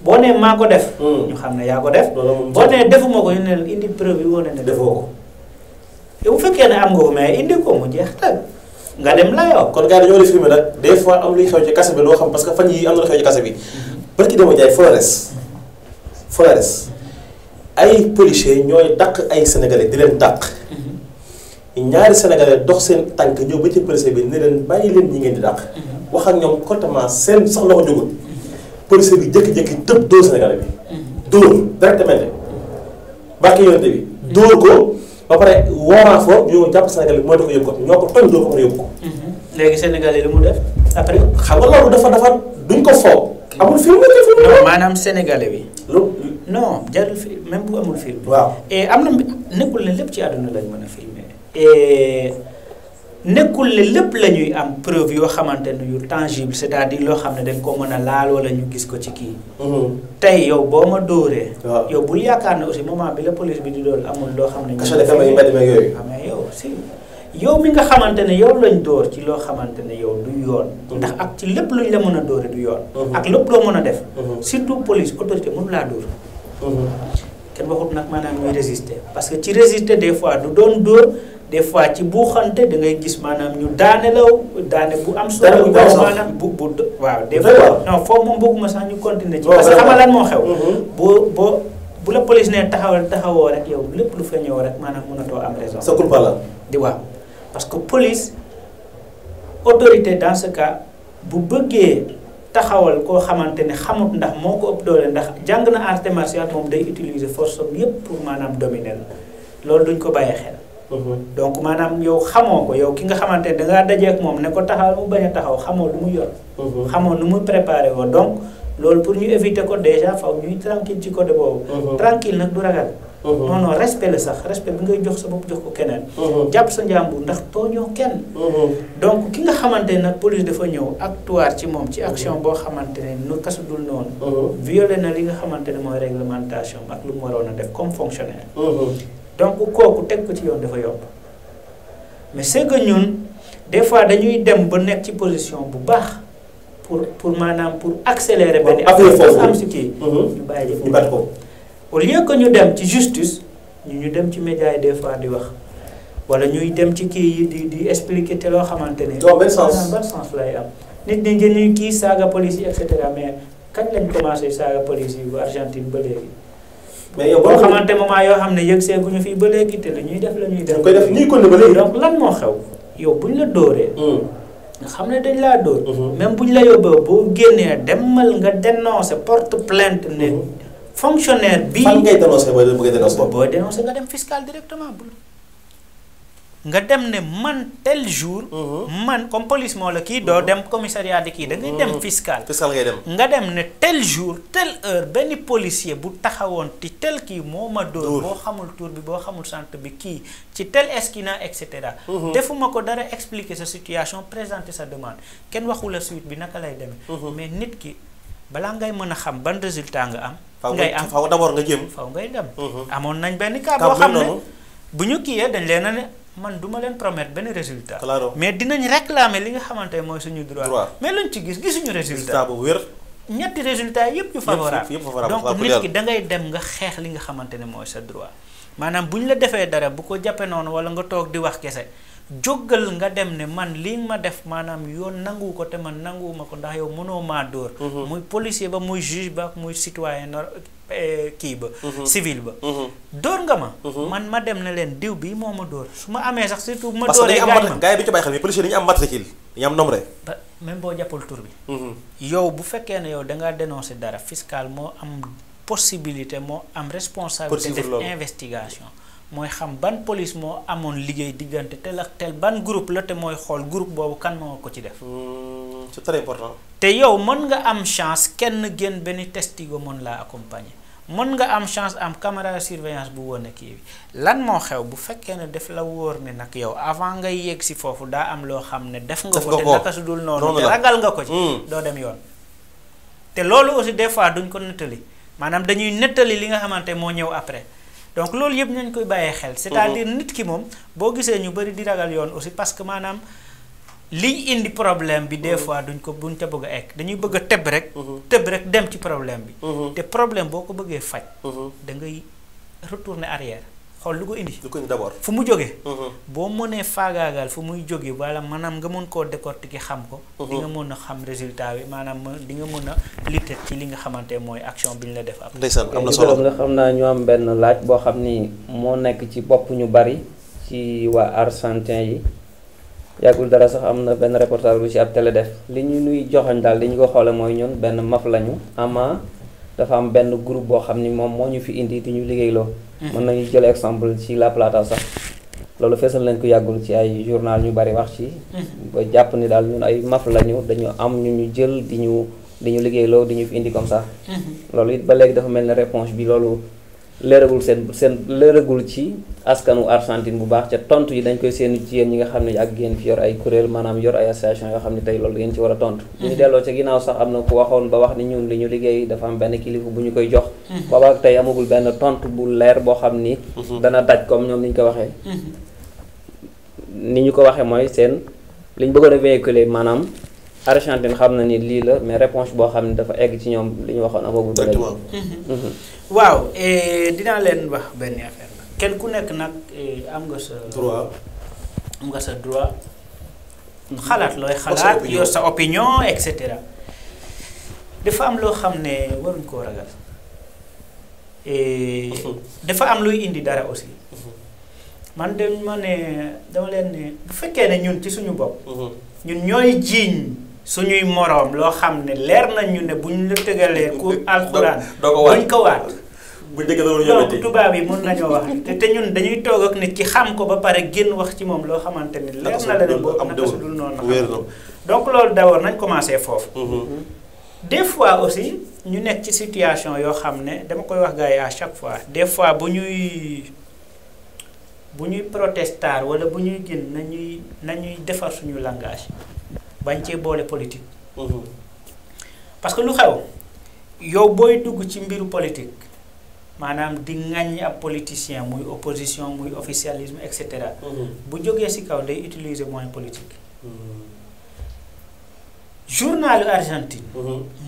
boo nee maa ko def. Hmm. ñu xam ne yaa ko def. boo nee defuma ko ñu ne indi preuve yi wane ne defoo ko. te bu fekkee ne am nga ko mais indi ko mu jeex tag nga dem layoo. kon gars yi dañoo filmé nag des fois am luy xew ci kase bi loo xam parce que fa yi am na lu xew ci kase bi. parce que dama jaay Flores. Flores ay policiers ñooy dàq ay sénégalais di leen dàq. Hmm. ñaari sénégalais dox seen tànk ñëw ba ci policier bi ne leen bàyyi leen ñi ngeen di dàq. Hmm. wax ak ñoom correctement seen sax loxo jógul. policier bi jëkk jékki tëb dóor Sénégalais bi. dóor directement. barke yonent bi. dóor ko ba pare wooraa foo ñu jàpp Sénégalais bi mooy ñoo ko toj dóor ko mhm. mu def après. xam nga loolu dafa dafa duñ ko foofu. amul film la ci film maanaam sénégalais bi. non jarul film même bu amul film. waaw am na nekkul ne lépp ci àdduna lañ mën a filmer. nekkul ne lépp la ñuy am preuve yoo xamante ne yu tangible c'est-à-dire loo xam ne dañ ko mën a laal wala ñu gis ko ci kii. Mm-hmm. tey yow boo ma dóoree. yow bul yaakaar ne aussi moment bi la police bi di dool amul loo xam ne. kaso de kama ah, yow mi nga xamante ne yow lañ dóor ci loo xamante ne yow du yoon. Mm-hmm. ndax ak ci lépp luñ la mën a dóore du yoon. Mm-hmm. ak lépp loo mën a def. surtout police autorité mënu laa dóor. kenn waxut nag maanaam ñuy résister parce que ci résister des fois du doon dóor. des fois ci buuxante da ngay gis maanaam ñu daane la daane bu am solo bu maanaam waaw des fois non foofu moom bëgguma sax ñu continuer ci parce que xamal moo xew mm-hmm. boo boo bu la police ne taxawal taxawoo rek yow lépp lu fa ñëw rek maanaam mënatoo am raison sa culpa la di waaw parce que police autorité dans ce cas bu bëggee taxawal koo xamante ne xamut ndax moo ko ëpp doole ndax jàng na arte martial moom day utiliser force am yépp pour maanaam dominer loolu duñ ko bàyyi donc maanaam yow xamoo ko yow ki nga xamante ne dangaa dajeek moom ne ko taxaw mu bañ a taxaw xamoo lu mu yor xamoo nu mu préparé woo donc loolu pour ñu éviter ko déjà faw ñuy tranquille ci côté boobu tranquille nag du ragal non non respect la sax respect bi ngay jox sa bopp jox ko keneen jàpp sa njàmbur ndax tooñoo kenn donc ki nga xamante ne nag police dafa ñëw actuar ci moom ci action boo xamante ne nu kasu dul noonu violé na li nga xamante ne mooy réglementation ak lu mu waroon a def comme donc kooku teg ko ci yoon dafa yomb mais c'est que ñun des fois dañuy dem ba nekk ci position bu baax pour pour maanaam pour accélérer. benn affaire am si kii. Mhm. ñu bàyyi ñu bat ko. au lieu ñu dem ci justice ñu ñu dem ci média des fois di wax wala ñuy dem ci kii yi di di expliquer te loo xamante ne. donc ban sens ban sens lay am. nit ñi ngeen ñuy kii saaga police yi et cetera mais kañ lañ commencé saaga police yi bu Argentine ba léegi. mais yow boo xamante moment yoo xam ne yëg seekuñu fii ba léegi te la ñuy def la ñuy def. koy def ñuy continuer ba léegi. donc lan moo xew yow buñ la dóoree. Hmm. nga xam ne dañ laa dóor. Hmm. même buñ la yóbboo boo génnee demal nga dénoncer porte plainte ne hmm. fonctionnaire bii. fan ngay dénoncer booy dénoncer. booy dénoncer nga dem fiscal directement. nga dem ne man tel jour. Mhm. man comme police moo la kii doo mhm. dem commissariat di kii da dem mhm. fiscal. fiscal ngay dem nga dem ne tel jour tel heure benn policier bu taxawoon ci tel kii moo ma dóor. boo xamul tour bi boo xamul centre bi kii ci tel esquina et cetera. defuma ko dara expliquer sa situation présenter sa demande kenn waxu la suite bi naka lay demee. mais nit ki bala ngay mën a xam ban résultat nga am. ngay am faw d'abord nga jëm. faw ngay dem. amoon nañ benn cas boo xam ne bu ñu kiiyee dañ leen a ne. man duma leen promettre benn résultat. claro mais dinañ réclamer li nga xamante mooy suñu droit. droit mais luñ ci gis gisuñu résultat. résultat bu wér. ñetti résultat yëpp yu favorable donc nit ki da dem nga xeex li nga xamante ne mooy sa droit maanaam bu ñu la defee dara bu ko jàppee noonu wala nga toog di wax kese. jógal nga dem ne man li ma def maanaam yoon nangu ko te man nangu ma ko ndax yow mënoo maa dóor mhm. muy policier ba muy juge ba muy citoyen nor eh, kii ba mhm. civil ba mhm. dóor nga ma man ma dem ne leen diw bi moo ma dóor su ma amee sax surtout ma dóoree gars yi bi ci bàyyi xel ni policier dañu am matricule dañu am nombre même boo jàppul tur bi yow bu fekkee ne yow dangaa dénoncé dara fiscal moo am possibilité moo am responsabilité def investigation mooy xam ban police moo amoon liggéey diggante tel ak tel ban group la te mooy xool groupe boobu kan moo ko ci def. Hmm, c'est très important. te yow mën nga am chance kenn génn benn testigo mën laa accompagner mën nga am chance am caméra surveillance bu woon ak kii bi lan moo xew bu fekkee ne def la wóor ne nag yow avant ngay yegg si foofu daa am loo xam ne. def nga ko te naka su dul noonu. te ragal nga ko ci. Hmm. doo dem yoon. te loolu aussi des fois duñ ko nettali maanaam dañuy nettali li nga xamante moo ñëw après. donc loolu yëpp nañ koy bàyyee xel c'est-à-dire mhm. nit ki moom boo gisee ñu bëri di ragal yoon aussi parce que maanaam liy indi problème bi des mhm. fois duñ ko buñ ca bëgg a egg dañuy bëgg a tëb rek mhm. tëb rek dem ci problème bi te problème boo ko bëggee faj da ngay retourner arrière xool lu ko indi. lu ko indi fu mu jógee. Mm-hmm. boo mënee faagaagal fu muy jógee wala maanaam nga mën koo décortiquer xam ko. Mm-hmm. di nga mën a xam résultat bi maanaam di nga mën a litte ci li nga xamante mooy action bi ñu la def. ndeysaan am na solo nga xam naa ñu am benn laaj boo xam ni moo nekk ci bopp ñu bari ci waa Argentin yi yàggul dara sax am na benn reportage bu ci ab télé def li ñu nuy joxoñ daal li ñu ko xoole mooy ñun benn maf lañu ama dafa am benn groupe boo xam ni moom moo ñu fi indi di ñu liggéeyloo. Mhm. mën nañu jël exemple ci La Plata sax loolu feesal nañ ko yàggul ci ay journal ñu bari wax ci. Mhm. ba jàpp ni daal ñun ay maf lañu dañu am ñu ñu jël di ñu di ñu liggéeyloo di ñu fi indi comme ça. Mhm. loolu it ba léegi dafa mel ne réponse bi loolu. leeragul seen seen leeragul ci askanu Argentine bu baax ca tont yi dañ koy seeni ci ñi nga xam ne ak ngeen fi yor ay kuréel maanaam yor ay association yoo xam ne tey loolu ngeen ci war a tontu. bu mm-hmm. ñu delloo ca ginnaaw sax am na ku waxoon ba wax ni ñun li ñu liggéey dafa am benn kilifa bu ñu koy jox. Mm-hmm. booba ak tey amagul benn tont bu leer boo xam ni. Mm-hmm. dana daj comme ñoom ni ñu ko waxee. ni ñu ko waxee mooy seen li ñu bëggoon a véhiculer maanaam. Argentine xam na ni lii la mais réponse boo xam ne dafa egg ci ñoom li ñu waxoon amagul. exactement mhm. mhm. waaw eh, dinaa leen wax benn affaire la kenn ku nekk nag eh, am nga sa. droit am nga sa droit. xalaat looy xalaat yor sa opinion et cetera. dafa am loo xam ne waruñ koo ragal. Eh, mhm. dafa am luy indi dara aussi. man de ma ne dama leen bu fekkee ne ñun ci suñu bopp. ñun ñooy jiiñ suñuy moroom loo xam ne leer nañu ne buñ la tëgalee ku alxuraan buñ ko waat bu njëkk loolu tubaab yi mun nañoo wax te te ñun dañuy toog ak nit ki xam ko ba pare génn wax ci moom loo xamante ni leer na la ne boobu naka su dul noonu xam donc loolu d'abord nañ commencé foofu mm-hmm. des fois aussi ñu nekk ci situation yoo xam ne dama koy wax gars yi à chaque fois des fois bu ñuy bu ñuy protestar wala bu ñuy génn nañuy nañuy defar suñu langage bañ cee boole politique. Mm-hmm. parce que lu xew yow booy dugg ci mbiru politique maanaam di ŋàññi ab politicien muy opposition muy officialisme et cetera. Mm-hmm. bu jógee ci kaw day utiliser moyen politique. Mm-hmm. journalu Argentine.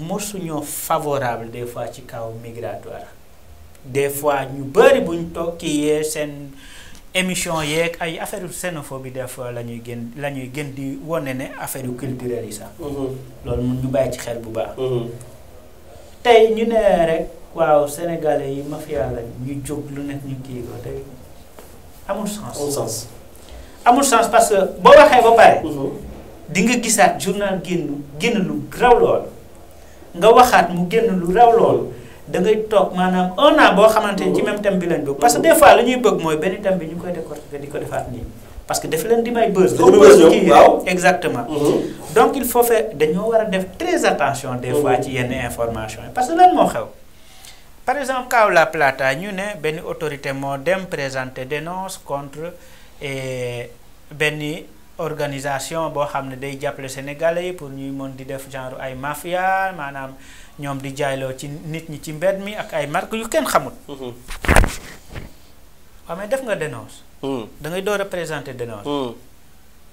mosuñoo favorable des fois ci kaw migratoire. des fois ñu bëri buñ toog yee seen. émission yeeg ay affaire xénophobie def la ñuy gën la gën di wane ne affaire culturelle yi sax. Mhm. loolu mun ñu bàyyi ci xel bu baax. Mhm. tey ñu ne rek waaw sénégalais yi mafia la ñu jóg lu nekk ñu kii ko tey amul sens. amul sens amul parce que boo waxee ba pare. Mhm. di nga gisaat journal génn génn lu raw lool nga waxaat mu génn lu raw lool. da ngay toog maanaam un an boo xamante ni ci même thème bi leen dugg parce que des fois la ñuy bëgg mooy benn thème bi ñu koy décortiquer ko defaat nii parce que daf leen di may buzz kii exactement mm-hmm. donc il faut faire dañoo war a def très des mm-hmm. fois ci yenn information yi parce que lan moo xew par exemple Kaaw La Plata ñu ne benn autorité moo dem présenter dénonce contre eh, benn organisation boo xam ne day jàppale sénégalais yi pour ñuy mën di def genre ay mafia maanaam ñoom di jaayloo ci nit ñi ci mbedd mi ak ay marque yu kenn xamul. Mm-hmm. waaw mais def nga dénonce. Mm. da ngay doo représenter dénonce. Mm.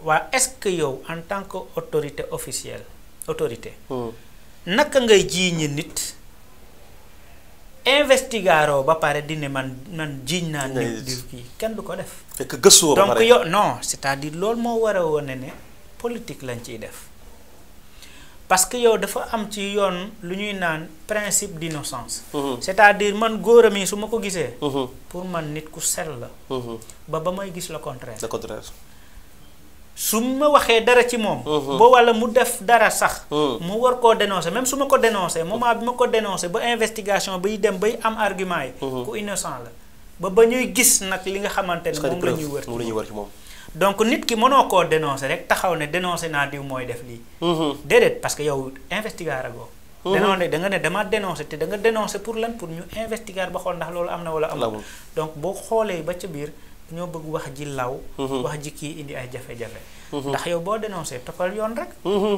waa est-ce que yow en tant que autorité officielle autorité. Mm. naka ngay jiiñi nit. investigaro ba pare di ne man man jiiñ naa nit di kii kenn du ko def. fekk gëstu donc yow non c'est-à-dire loolu moo war a woon ne ne politique lañ ciy def. parce que yow dafa am ci yoon lu ñuy naan principe d'innocence mhm. c'est-à-dire man góor a mi su ma ko gisee mhm. pour man nit ku sell la mhm. ba ba may gis le contraire le contraire su ma waxee dara ci moom ba walla mu def dara sax mu war koo dénoncer même su ma ko dénoncer moment bi ma ko dénoncer ba investigation bay dem bay am argument yi ku innocent la ba ba ñuy gis nag li nga xamante ne moom la ñuy wër ci moom donc nit ki mënoo koo dénoncer rek taxaw ne dénoncer naa diw mooy def lii. Mhm. déedéet parce que yow investigateur agoo. Mhm. danoo ne da nga ne dama dénoncer te da nga dénoncer pour lan pour ñu investigateur ba xool ndax loolu am na wala amul. donc boo xoolee ba ca biir ñoo bëgg wax ji law. Mhm. wax ji indi ay jafe-jafe. ndax yow boo dénoncé toppal yoon rek.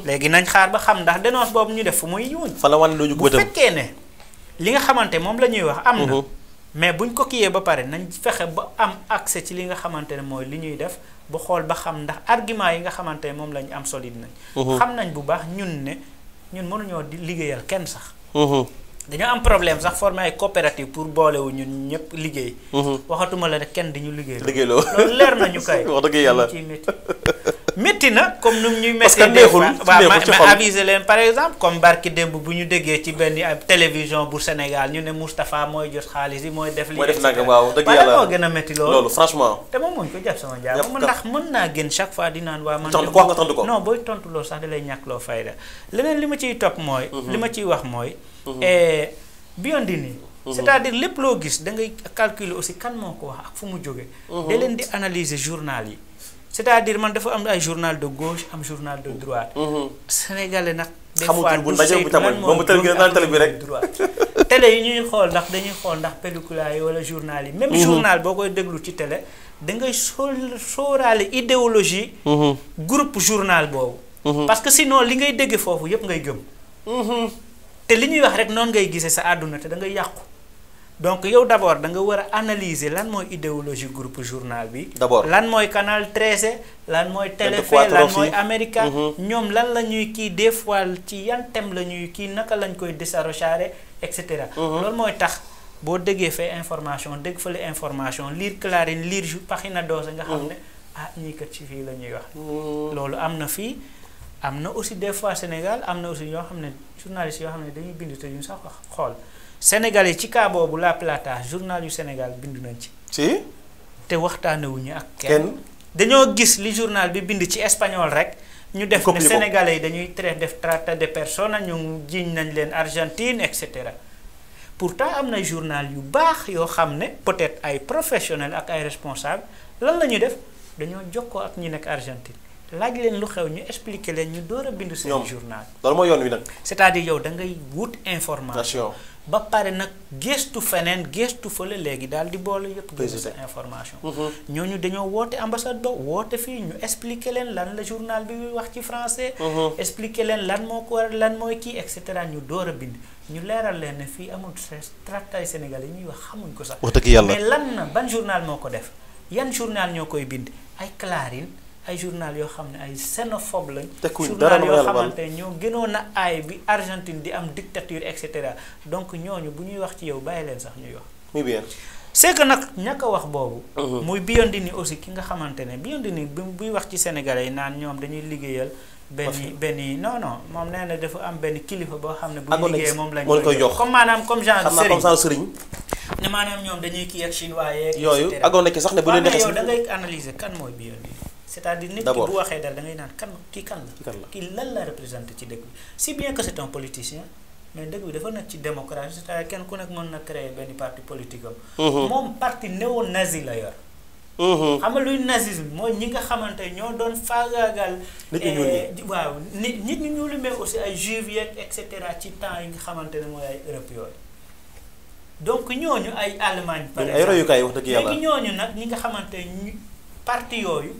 léegi nañ xaar ba xam ndax dénonce boobu ñu def fu muy yuñ. fa la wan lu ñu bu fekkee ne li nga xamante moom la ñuy wax am na. mais ñu ko kiiyee ba pare nañ fexe ba am accès ci li nga xamante ne mooy li ñuy def. bu xool ba xam ndax argument yi nga xamante ne moom lañ am solide nañ. xam nañ bu baax ñun ne ñun mënuñoo di liggéeyal kenn sax. dañoo am problème sax former ay coopérative pour boolewu ñu ñëpp liggéey. Mhm. waxatuma la ne kenn di ñu liggéey. liggéey loolu leer na ñu kay. wax dëgg yàlla métti na comme nu ñuy. parce que neexul waaw ma aviser leen par exemple comme barki démb bu ñu déggee ci benn télévision bu Sénégal ñu ne Moustapha mooy jot xaalis yi mooy def. mooy def nag waaw dëgg yàlla moo gën a métti loolu. loolu franchement. te moom muñ ko jàpp sama ma ndax mën naa gën chaque fois di naan waa. man tontu ko non booy tontu loolu sax da lay ñàkk loo fayda leneen li ma ciy topp mooy mhm. li ma ciy wax mooy Mhm. biondini mhm. c'est-à-dire lépp loo gis da ngay calculer aussi kan moo ko wax ak fu mu jóge mhm. da leen di analyser journal yi c'est-à-dire man dafa am ay journal de gauche am journal de droite sénégalais nag des fois du saytu lan moo télé bi rek télé yi ñuy xool ndax dañuy xool ndax pellicule yi wala journal yi même journal boo koy déglu ci tele da ngay sool sóoraale idéologie groupe journal boobu parce que sinon li ngay dégg foofu yépp ngay gëm te li ñuy wax rek noonu ngay gisee sa àdduna te da ngay yàqu donc yow d' abord da nga war a analyser lan mooy idéologie groupe journal bi. d' abord lan mooy Canal 13 lan mooy. Téléfé lan mooy America. Mm-hmm. ñoom lan la ñuy kii des fois ci yan thème la ñuy kii naka lañ koy décharger et cetera. Mm-hmm. loolu mooy tax boo déggee fee information dégg fële information lire Clarín lire ju Página 12 nga xam mm-hmm. ne ah ñii kat ci fii la ñuy wax. loolu am na fii. am na aussi des fois Sénégal am na aussi yoo xam ne journaliste yoo xam ne dañuy bind te ñu sax xool sénégal sénégalais ci kaabo bu La Plata journal yu Sénégal bind nañ ci. ci. te ñu ak. kenn dañoo gis li journal bi bind ci espagnol rek. ñu def ne sénégalais yi dañuy traité def traite de personnes ñu jiiñ nañ leen Argentine et cetera. pourtant am na journal yu baax yoo xam ne peut-être ay professionnel ak ay responsables lan la ñuy def dañoo jokkoo ak ñu nekk Argentine. laaj leen lu xew ñu expliquer leen ñu door bindu seen journal loolu mooy yoon wi nag cest à yow da ngay wut information ba pare nag gëstu feneen gëstu fële léegi daal di boole yëpp gëstu sa information mhm. ñooñu dañoo woote ambassade ba woote fii ñu expliquer leen lan la journal bi ñuy wax ci francais mhm. expliquer leen lan moo ko war lan mooy kii et cetera ñu door a bind ñu leeral leen ne fii amul traité yi ñuy wax xamuñ ko sax wax dëgg mais lan na ban journal moo ko def yan journal ñoo koy bind ay Clarín ay journal yoo xam ne ay xénophobe lañ journal yoo xamante ne ñoo gënoon a bi Argentine di am dictature et cetera donc ñooñu bu ñuy wax ci yow bàyyi leen sax ñuy wax muy bien c'est que nag ñakk a wax boobu uh-huh. muy Biondini aussi ki nga xamante ne Biondini bi buy wax ci sénégalais yi naan ñoom dañuy liggéeyal benn benn non non moom nee na dafa am benn kilifa boo xam ne bu liggéeyee moom lañ koy jox comme maanaam comme genre sëriñ ne maanaam ñoom dañuy kii ak chinois yooyu agoon na ci sax ne bu leen neexee yow da ngay analyser kan mooy c'est-à-dire nit ki bu waxee dal da ngay naan kan kii kan la kii lan la représenté ci dëkk bi si bien que c'est un politicien mais dëgg bi dafa nekk ci démocratie c'est-à-dire kenn ku nekk mën na créer benn parti politique am mhm. moom parti néo-nazi la yor mhm. xam nga luy nazisme mooy ñi nga xamante ñoo doon faagaagal. waaw nit ñi ñu ñuul eh, mais aussi ay juif yeeg et cetera ci temps yi nga xamante ne mooy ay Europe yooyu. donc ñooñu ay Allemagne. ay royukaay wax dëgg yàlla léegi ñooñu nag ñi nga xamante ñu parti yooyu.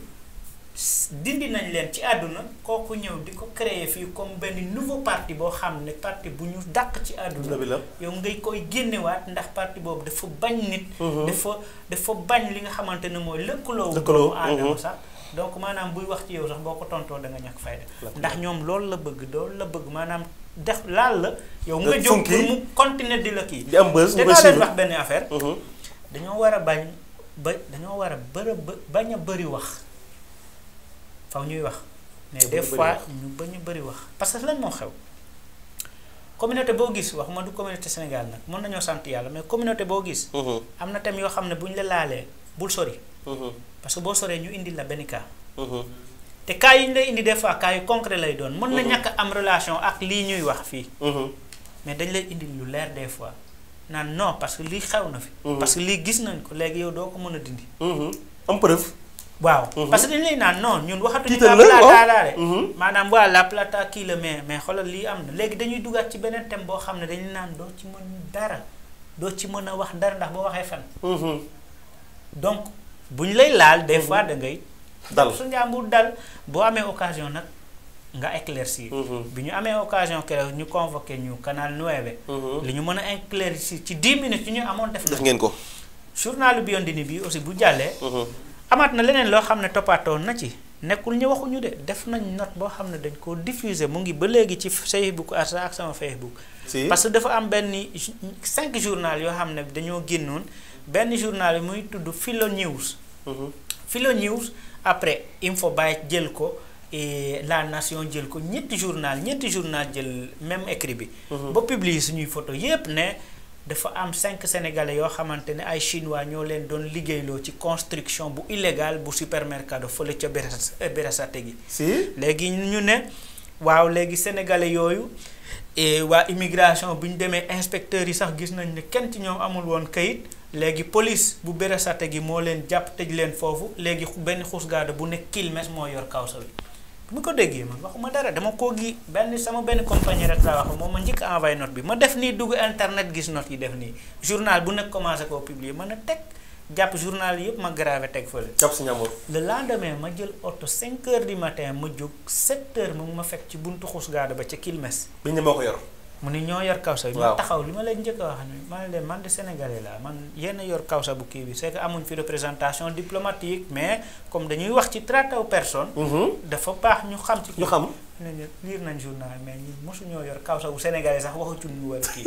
dindi nañ leen ci àdduna kooku ñëw di ko créer fii comme benn nouveau parti boo xam ne parti bu ñu dàq ci àdduna yow ngay koy génnewaat ndax parti boobu dafa bañ nit mhm. dafa dafa bañ li nga xamante ne mooy lëkkaloo doomu aadama mhm. sax donc maanaam buy wax ci yow sax boo ko tontoo da nga ñàkk fayda ndax ñoom lool la bëgg loolu la bëgg maanaam def laal la yow nga jóg pour mu continuer di la kii te daa leen wax benn affaire mhm. dañoo war a bañ ba dañoo war a ba bañ a bëri wax faw ñuy wax mais des fois ñu ba ñu bëri wax parce que lañ moo xew communauté boo gis wax ma du communauté Sénégal nag mën nañoo sant yàlla mais communauté boo gis mhm. am na tam yoo xam ne bu ñu la laalee bul sori mhm. parce que boo soree ñu indi la benn cas mhm. te cas yi ñu lay indi des fois cas yu concret lay doon mën na ñàkk am relation ak lii ñuy wax fii mais dañ lay indi lu leer des fois naan non parce que lii xew na fi parce que lii gis nañ ko léegi yow doo ko mën a dindi waaw mhm. parce que dañ lay naan noon ñun waxatuñu la plata mhm. maanaam waa la plata kii mais mais xoolal lii am na léegi dañuy dugaat ci beneen thème boo xam ne dañu naan doo ci mën dara doo ci mën a wax dara ndax boo waxee fan mhm. donc bu ñu lay laal des fois da ngay dal su njàmbur dal boo amee occasion nag nga éclaircir bi ñu amee occasion keroog ñu convoqué ñu canal nueve li ñu mën a éclaircir ci dix minutes yu ñu amoon def def ngeen ko journalu Biondini bi aussi bu jàllee amaat na leneen loo xam ne toppaatoo na ci nekkul ñu waxuñu de def nañ note boo xam ne dañ koo diffuser mu ngi ba léegi ci Facebook Arsa ak sama Facebook. si parce que dafa am benn cinq journal yoo xam ne dañoo génnoon benn journal yi muy tudd Filo News. Mhm. Filo News après Info Bay jël ko. la nation jël ko ñetti journal ñetti journal jël même écrit bi. Mhm. ba publier suñuy photo yépp ne. dafa am cinq sénégalais yoo xamante ne ay waa ñoo leen doon liggéeyloo ci construction bu illégale bu supermercado fële ca Bérasate eh, gi. si léegi ñu ne waaw léegi sénégalais yooyu eh, waa immigration bu ñu demee inspecteurs yi sax gis nañ ne kenn ci ñoom amul woon kayit. léegi police bu Bérasate gi moo leen jàpp tëj leen foofu léegi benn xuus bu nekk kilmes moo yor kawsa bi mu ko déggee man ma dara dama koo gi benn sama benn compagnie rek laa wax moom ma njëkk envoyé note bi ma def nii dugg internet gis not yi def nii journal bu nekk commencé koo publier mën a teg jàpp journal yëpp ma gravé teg fële. jàpp si ñamour. le lendemain ma jël oto 5 heures di matin ma jóg 7 heures mu ma fekk ci buntu xus gaada ba ca Kilmes. biñ ne moo ko yor. mu ni ñoo yor kawsa bi ñu taxaw li ma leen njëkk wax ni man leen man de sénégalais la man yenn yor kawsa bu kii bi c'est que amuñ fi représentation diplomatique mais comme dañuy wax ci traité aux personnes mhm. dafa baax ñu xam ci ñu xam ne liir nañ journal mais ñu mosu ñoo yor kawsa bu sénégalais sax waxu ñu wala kii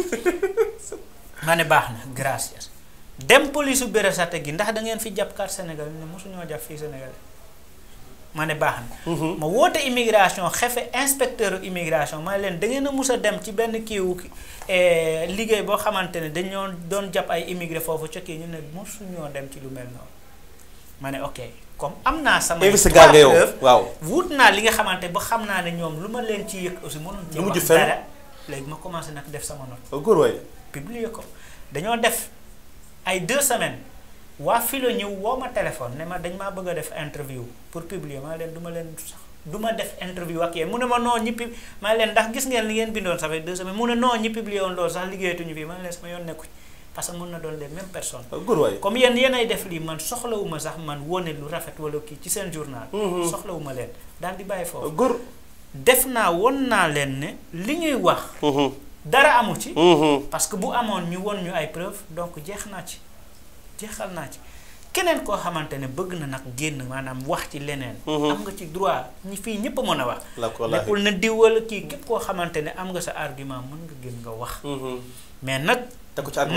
ma ne baax na gracias dem police u Bérésate gi ndax da ngeen fi jàpp carte sénégalais ne mosu ñoo jàpp fii sénégalais ma ne baax na. Mhm. ma woote immigration xefe inspecteur immigration ma leen da ngeen a mus a dem ci benn kiiwu eh, liggéey boo xamante ne dañoo doon jàpp ay immigré foofu ca kii ñu ne ñoo dem ci lu mel noonu ma ne ok comme am naa sama. waaw wut naa li nga xamante ba xam naa ne ñoom lu ma leen ci yëg aussi. mënuñ ci wax dara léegi ma commencé nag def sama note. Oh, góor waay publier ko dañoo def ay deux semaines. waa filo ñëw woo ma téléphone ne ma dañ maa bëgg a def interview pour publier maa leen du ma leen sax du ma def interview ak yéen mu ne ma non ñi pub leen ndax gis ngeen li ngeen bindoon ça fait deux semaines mu ne non ñi publier woon loolu sax liggéeyatuñu fii maa leen sama yoon nekkuñ parce que na doon les mêmes personnes. Oh, comme yéen yéenay def lii man soxlawuma sax man wone lu rafet wala kii ci seen journal. Mm-hmm. soxlawuma leen daal di bàyyi foofu. Oh, góor def naa won naa leen ne li ñuy wax. Mm-hmm. dara amu ci. Mm-hmm. parce que bu amoon ñu won ñu ay preuve donc jeex naa ci. jeexal naa ci keneen koo xamante ne bëgg na nag génn maanaam wax ci leneen. Mhm. am nga ci droit ñi fii ñëpp a mën a wax. nekkul na diwal kii képp koo xamante ne am nga sa argument mën nga génn nga wax. Mhm. mais nag.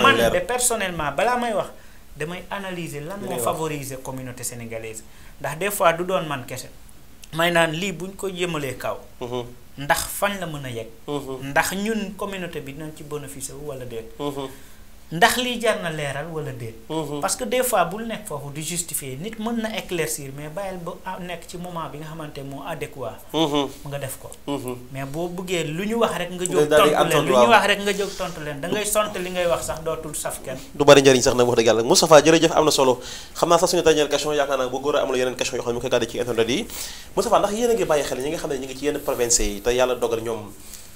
man de personnellement balaa may wax damay analyser lan moo favoriser communauté sénégalaise ndax des fois du doon man kese. may naan lii buñ ko jëmalee kaw. Mhm. ndax fan la mën a yegg. ndax ñun communauté bi dinañ ci bénéficier wu wala déet. ndax lii jar na leeral wala déet. Mhm. parce que des fois bul nekk foofu di justifier nit mën na éclaircir mais bàyyil ba nekk ci moment bi nga xamante moo adéquat. Mhm. nga def ko. Mhm. boo buggee lu ñu ñu wax rek nga jóg tontu leen da ngay li ngay wax sax dootul saf kenn. du bari njëriñ sax am na solo xam naa sax suñu dernière question yaakaar naa boo góor a amul yeneen question yoo xam ne mu ko gàdde ci internet yi ndax yéen ngi bàyyi xel ñi nga xam ne ñi ngi ci yenn province yi te yàlla dogal ñoom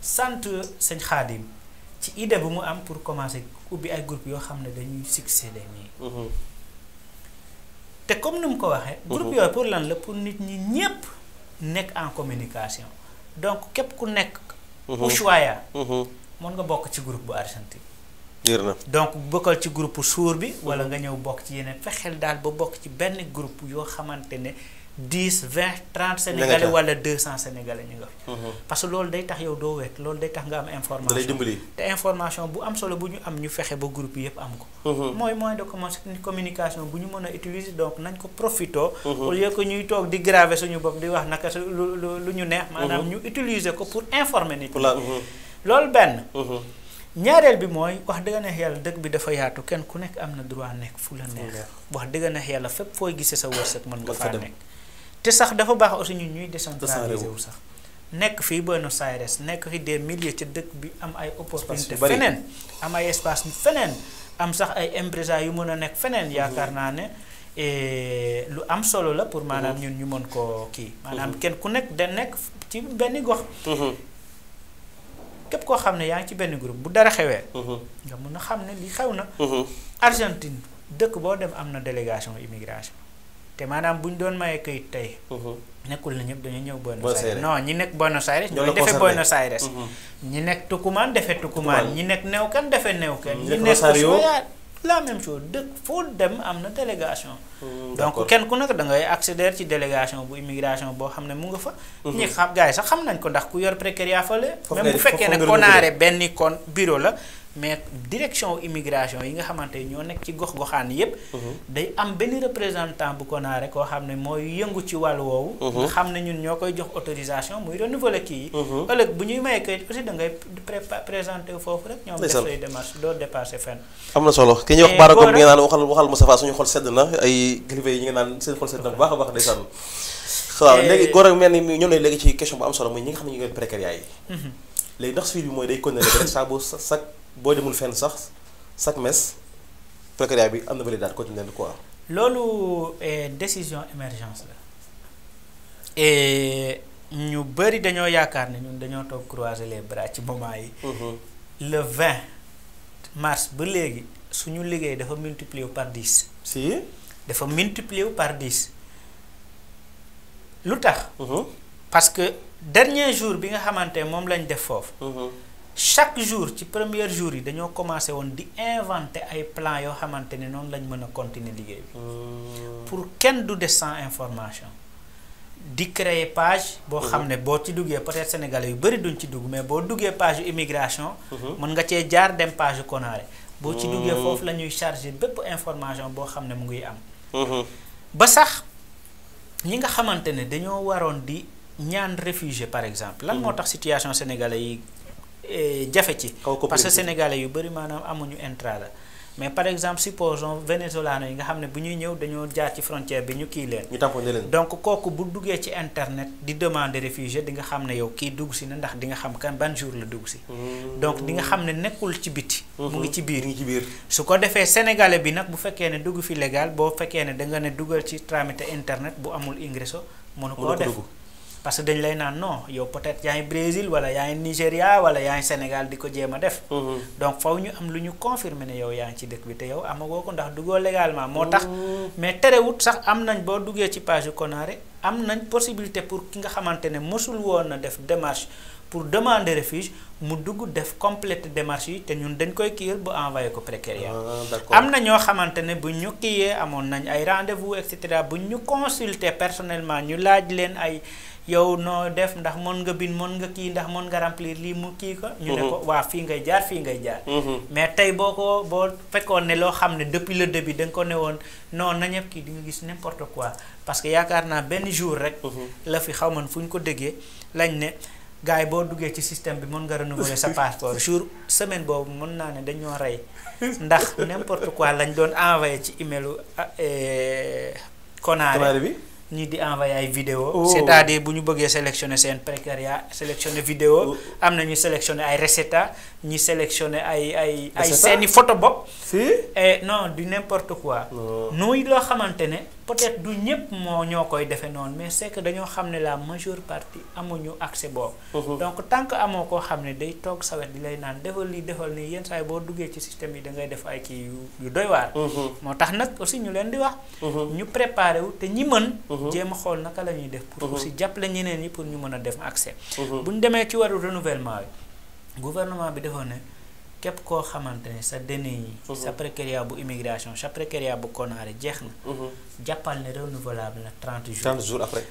sant sëñ Xaadim ci idée bu mu am pour commencer ubbi ay groupe yoo xam ne dañuy succéder nii mhm. te comme ni mu ko waxee mhm. groupe yooyu pour lan la pour nit ñi ñépp nekk en communication donc képp ku nekk mhm. Ushuaïa mën nga bokk ci groupe bu Argentine donc bokkal ci groupe suur bi wala nga ñëw bokk ci yeneen fexeel daal ba bokk ci benn groupe yoo xamante ne dix vingt trente sénégalais wala deux cent sénégalais ñu nga mhm. parce que loolu day tax yow doo wekk loolu day tax nga am information. da lay te information bu am solo bu ñu am ñu fexe ba groupe yëpp am ko. Mhm. mooy moyen de communication bu ñu mën a utiliser donc nañ ko profitoo. Mhm. au lieu que ñuy toog di graver suñu bopp di wax naka lu lu ñu neex. maanaam ñu utiliser ko pour informer nit ñi. loolu benn. ñaareel bi mooy wax dëgg neex yàlla dëkk bi dafa yaatu kenn ku nekk am na droit nekk fu la wax dëgg neex yàlla fépp fooy gisee sa wërsëg mën nga faa nekk. te sax dafa baax aussi ñun ñuy décentraliser wu sax nekk fii Buenos Aires nekk fi de milieux ca dëkk bi am ay opportunité feneen am ay espace feneen am sax ay empresa yu mën a nekk feneen mm-hmm. yaakaar naa ne eh, lu am solo la pour maanaam mm-hmm. ñun ñu mën koo kii mm-hmm. maanaam kenn ku nekk da nekk ci benn gox képp koo xam ne yaa ngi ci benn groupe bu dara xewee nga mën a xam ne li xew na Argentine dëkk boo dem am na délégation immigration te maanaam bu ñu doon maye kayit tey. Mhm. nekkul na ñëpp dañu ñëw Buenos Aires non ñi nekk Buenos Aires ñooy defee Buenos Aires mhm. ñi nekk Tucumán defee Tucumán ñu nekk Neuquén defee Neuquén ñi nekk mhm. la foo dem am na délégation donc kenn ku nekk da ngay accéder ci délégation bu immigration boo xam ne mu nga fa ñi xam gars sax xam nañ ko ndax ku yor précaria fale même bu fekkee ne konaare benn kon bureau la mais direction immigration yi nga xamante ñoo nekk ci gox-goxaan yépp mhm. day am benn représentant bu Konaare koo xam ne mooy yëngu ci wàll woowu mhm. xam ne ñun mhm. ñoom def say na solo ki ñuy wax baara comme a ci question bu am solo mooy ñi nga xam ne ñu ngi précaires yi léegi ndax suivi bi mooy day continuer rek saa boo demul fenn sax chaque mes précaria bi am na daal ko validate continuelle quoi. loolu eh, décision émergence la ñu bëri dañoo yaakaar ne ñun dañoo toog croiser les bras ci moment yi. Mhm. le 20 mars ba léegi suñu liggéey dafa multiplier par 10. si dafa multiplier par 10 lu tax. Mhm. parce que dernier jour bi nga xamante moom lañ def foofu. Mhm. chaque jour ci premier jour yi dañoo commencé woon di inventer ay plan yoo xamante ne noonu lañ mën a continuer liggéey bi hmm. pour kenn du des sans information di créer page boo xam ne hmm. boo ci duggee peut-être sénégalais yu bëri duñ ci dugg mais boo duggee page immigration hmm. mën nga cee jaar dem page konaare boo ci duggee foofu la ñuy charger bépp information boo xam ne mu ngi am ba sax ñi nga xamante ne dañoo waroon di ñaan réfugié par exemple lan moo tax situation sénégalais yi Eh, jafe ci parce que sénégalais yu bëri maanaam amuñu intra la mais par exemple supposons vénézolano yi nga xam ne bu ñuy ñëw dañoo jaar ci frontière bi ñu kii leen ñu tamponné leen donc kooku bu duggee ci internet di demande réfugié di nga xam ne yow kii dugg si na ndax di nga xam kan ban jour la dugg si mmh. donc di nga xam ne nekkul ci biti mu mmh. ngi ci biir mu ci biir su ko defee sénégalais bi nag bu fekkee ne dugg fi légal boo fekkee ne danga ne dugal ci tramite internet bu amul ingresso mënu koo def parce que dañ lay naan non yow peut-être yaa ngi Brésil wala yaa ngi Nigéria wala yaa ngi Sénégal di ko jéem a def. Mm-hmm. donc faw ñu am lu ñu confirmer ne yow yaa ngi ci dëkk bi te yow ko ndax duggoo moo tax. Mm-hmm. mais terewut sax am nañ boo duggee ci page yu Konaré am nañ possibilité pour ki nga xamante ne mosul woon na def démarche pour demande refuge mu dugg def complete démarche yi te ñun dañ koy kiir bu envoyé ko précaire. Ah, am na ñoo xamante ne bu ñu kiiyee amoon nañ ay rendez-vous et cetera bu ñu consulter personnellement ñu laaj leen ay. yow noo def ndax mën nga bind mën nga kii ndax mën nga remplir lii mu kii ko ñu ne ko mhm. waa fii ngay jaar fii ngay jaar mhm. mais tey boo ko boo fekkoon ne loo xam ne depuis la début da nga ko ne woon non na ñëpp kii di nga gis n'importe quoi parce que yaakaar naa benn jour rek mhm. la fi xaw man fu ñu ko déggee lañ ne gars yi boo duggee ci système bi mën nga renouveler sa passeport jour semaine boobu mën naa ne dañoo rey ndax n'importe quoi lañ doon envoyé ci emailu ah, eh, Konaare bi ñi di envoyé ay vidéo oh. cest bu ñu bëggee sélectionner seen précaria sélectionner vidéo oh. am na ñu sélectionner ay recetta ñi sélectionner ay ay ay seeni photo bopp si non du n'importe quoi oh. nuy loo xamante ne peut-être du ñëpp moo ñoo koy defee noonu mais c'est dañoo xam ne la majeure partie amuñu accès boobu. Mhm. donc tant que amoo koo xam ne day toog sawet di lay naan defal lii defal nii yenn saa yi boo duggee ci système yi dangay def ay kii yu doy waar. Mhm. moo tax nag aussi ñu leen di wax. Mhm. ñu préparé wu te ñi mën. jéem a xool naka la ñuy def. pour aussi jàppale ñeneen yi pour ñu mën a def accès. bu ñu demee ci waru renouvellement bi gouvernement bi defoon ne. képp koo xamante ne sa DNI yi mhm. sa précaria bu immigration sa précaria bu konaare jeex na mhm. jàppal ne renouvelable na trente jours trente jours après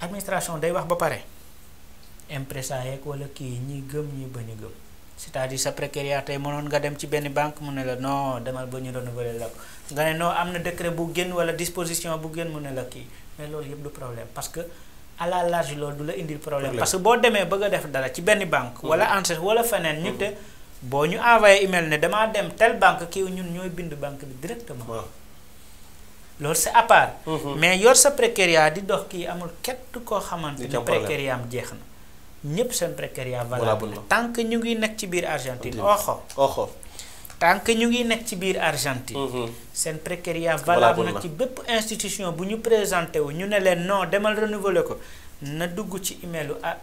administration day wax ba pare impresa yeeg wala kii ñi gëm ñi bañ a gëm c'est-à-dire sa précaria tey mënoon nga dem ci benn banque mu ne la non demal ba ñu renouveler la ko nga ne noo am na décret bu génn wala disposition bu gën mu ne la kii mais loolu yëpp du problème parce que à la large loolu du la indil problème parce que boo demee bëgg a def dara ci benn banque wala ancêtre wala feneen ñu te boo ñu envoyé email ne damaa dem telle banque kii ñun ñooy bind banque bi directement loolu c'est à part mhm. mais yor sa précaria di dox kii amul kett koo xamante ne précaria am jeex na ñépp seen précaria valable tant que ñu ngi nekk ci biir Argentine oxo oxo tant que ñu ngi nekk ci biir Argentine. Mhm. seen précaria valable na ci bépp institution bu ñu présenté wu ñu ne leen noo demal renouveler ko na dugg ci emailu ah.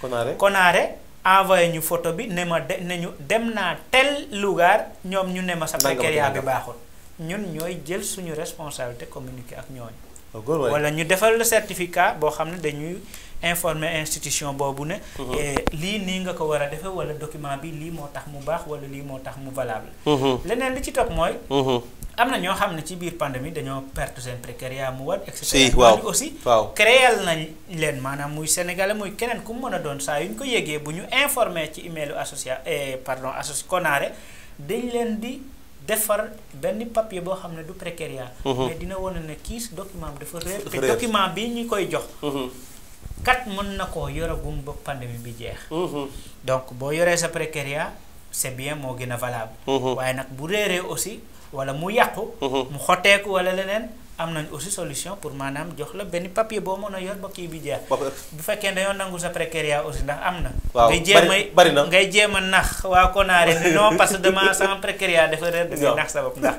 Konaré eh, Konaré envoyé ñu photo bi ne ma de ne ñu dem naa tel lugar ñoom ñu ne ma sa précaria bi baaxul. ñun ñooy jël suñu responsabilité communiquer ak ñooñu. Oh, wala ñu defal le boo xam ne dañuy. informer institution boobu ne. Mhm. Eh, lii nii nga ko war a defee wala document bi lii moo tax mu baax wala lii moo tax mu valable. Mhm. leneen li ci topp mooy. Mhm. am na ñoo xam ne ci biir pandémie dañoo perte seen précaria mu war et cetera. si waaw aussi nañ leen maanaam muy sénégalais muy keneen ku mu mën a doon saa yu ñu ko yégee bu ñu informé ci emailu associa eh, pardon associ konaare dañ leen di. defar benn papier boo xam ne du précaria mais dina wane ne kii document bi dafa réer te koy jox kat mën na koo yoragum ba pandémie bi jeex. Mhm. donc boo yoree sa précaria c'est bien moo gën a valable. Mhm. waaye nag bu réeree aussi wala mu yàqu. Mhm. mu xotteeku wala leneen. am nañ pour maanaam jox la benn papier boo a yor ba na. waaw bari bari parce que dama sama précaria dafa réer. waaw nax sabab ndax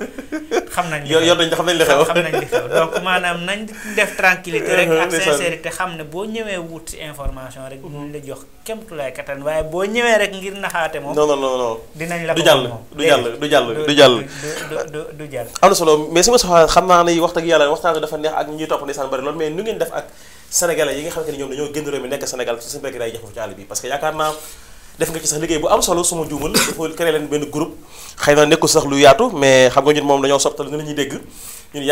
xam nañ. yor yor nañ maanaam nañ def tranquillité rek ak sincérité xam ne boo ñëwee wut information rek. Mm-hmm. dinañ la jox kéem tolluwaay kattan waaye boo ñëwee rek ngir naxaate moom. non non non dinañ la ko moom du jàll du jàll du jàll du jàll du jàll. am na solo mais sama soxla xam naa ne waxtaan yàlla waxtaan bi dafa neex ak ñuy topp ndeysaan bari loolu mais nu ngeen def ak sénégalais yi nga xam ne ñoom dañoo génn réew mi nekk Sénégal su seen bekk day am nga ñun moom dañoo soptal ni la ñuy dégg ñun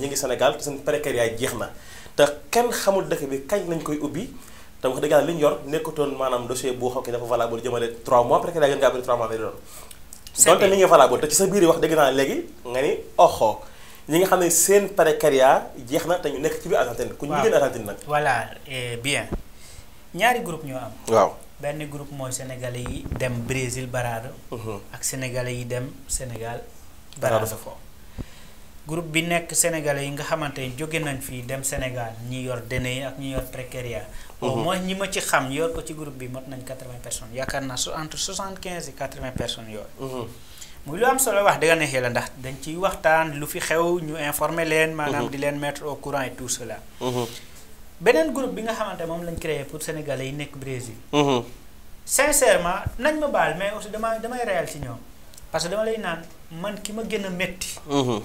jeex na te kenn xamul dëkk bi kañ lañ koy ubbi te wax dëgg yàlla li yor nekkutoon maanaam dossier boo xam ne dafa valable jëmale 3 mois précarité gën ngaa bëri 3 mois doon donte mi ngi valable sa biir wax dëgg naa léegi nga ni oxo ñi nga xam ne seen précaria jeex na te ñu nekk ci biir Argentine ku ñu génn Argentine nag voilà eh, bien ñaari groupe ñoo am waaw benn groupe mooy sénégalais yi dem Brésil Barado mhm. ak sénégalais yi dem Sénégal Barado foofu groupe bi nekk sénégalais yi nga xamante ne jóge nañ fii dem Sénégal ñi yor dene ak ñi yor précaria au mhm. moins ñi ma ci xam yor ko ci groupe bi mot nañ quatre-vingts personnes yaakaar naa su entre soixante-quinze et quatre-vingts personnes yooyu mhm. muy lu am solo wax dëgg neexee la ndax dañ ciy waxtaan lu fi xew ñu informer leen maanaam mhm. di leen mètre au courant et tout cela beneen groupe bi nga xamante moom lañ créer pour sénégalais yi nekk Brésil sincèrement nañ ma baal mais aussi dama damay réel ci ñoom parce que dama lay naan man ki ma gën a métti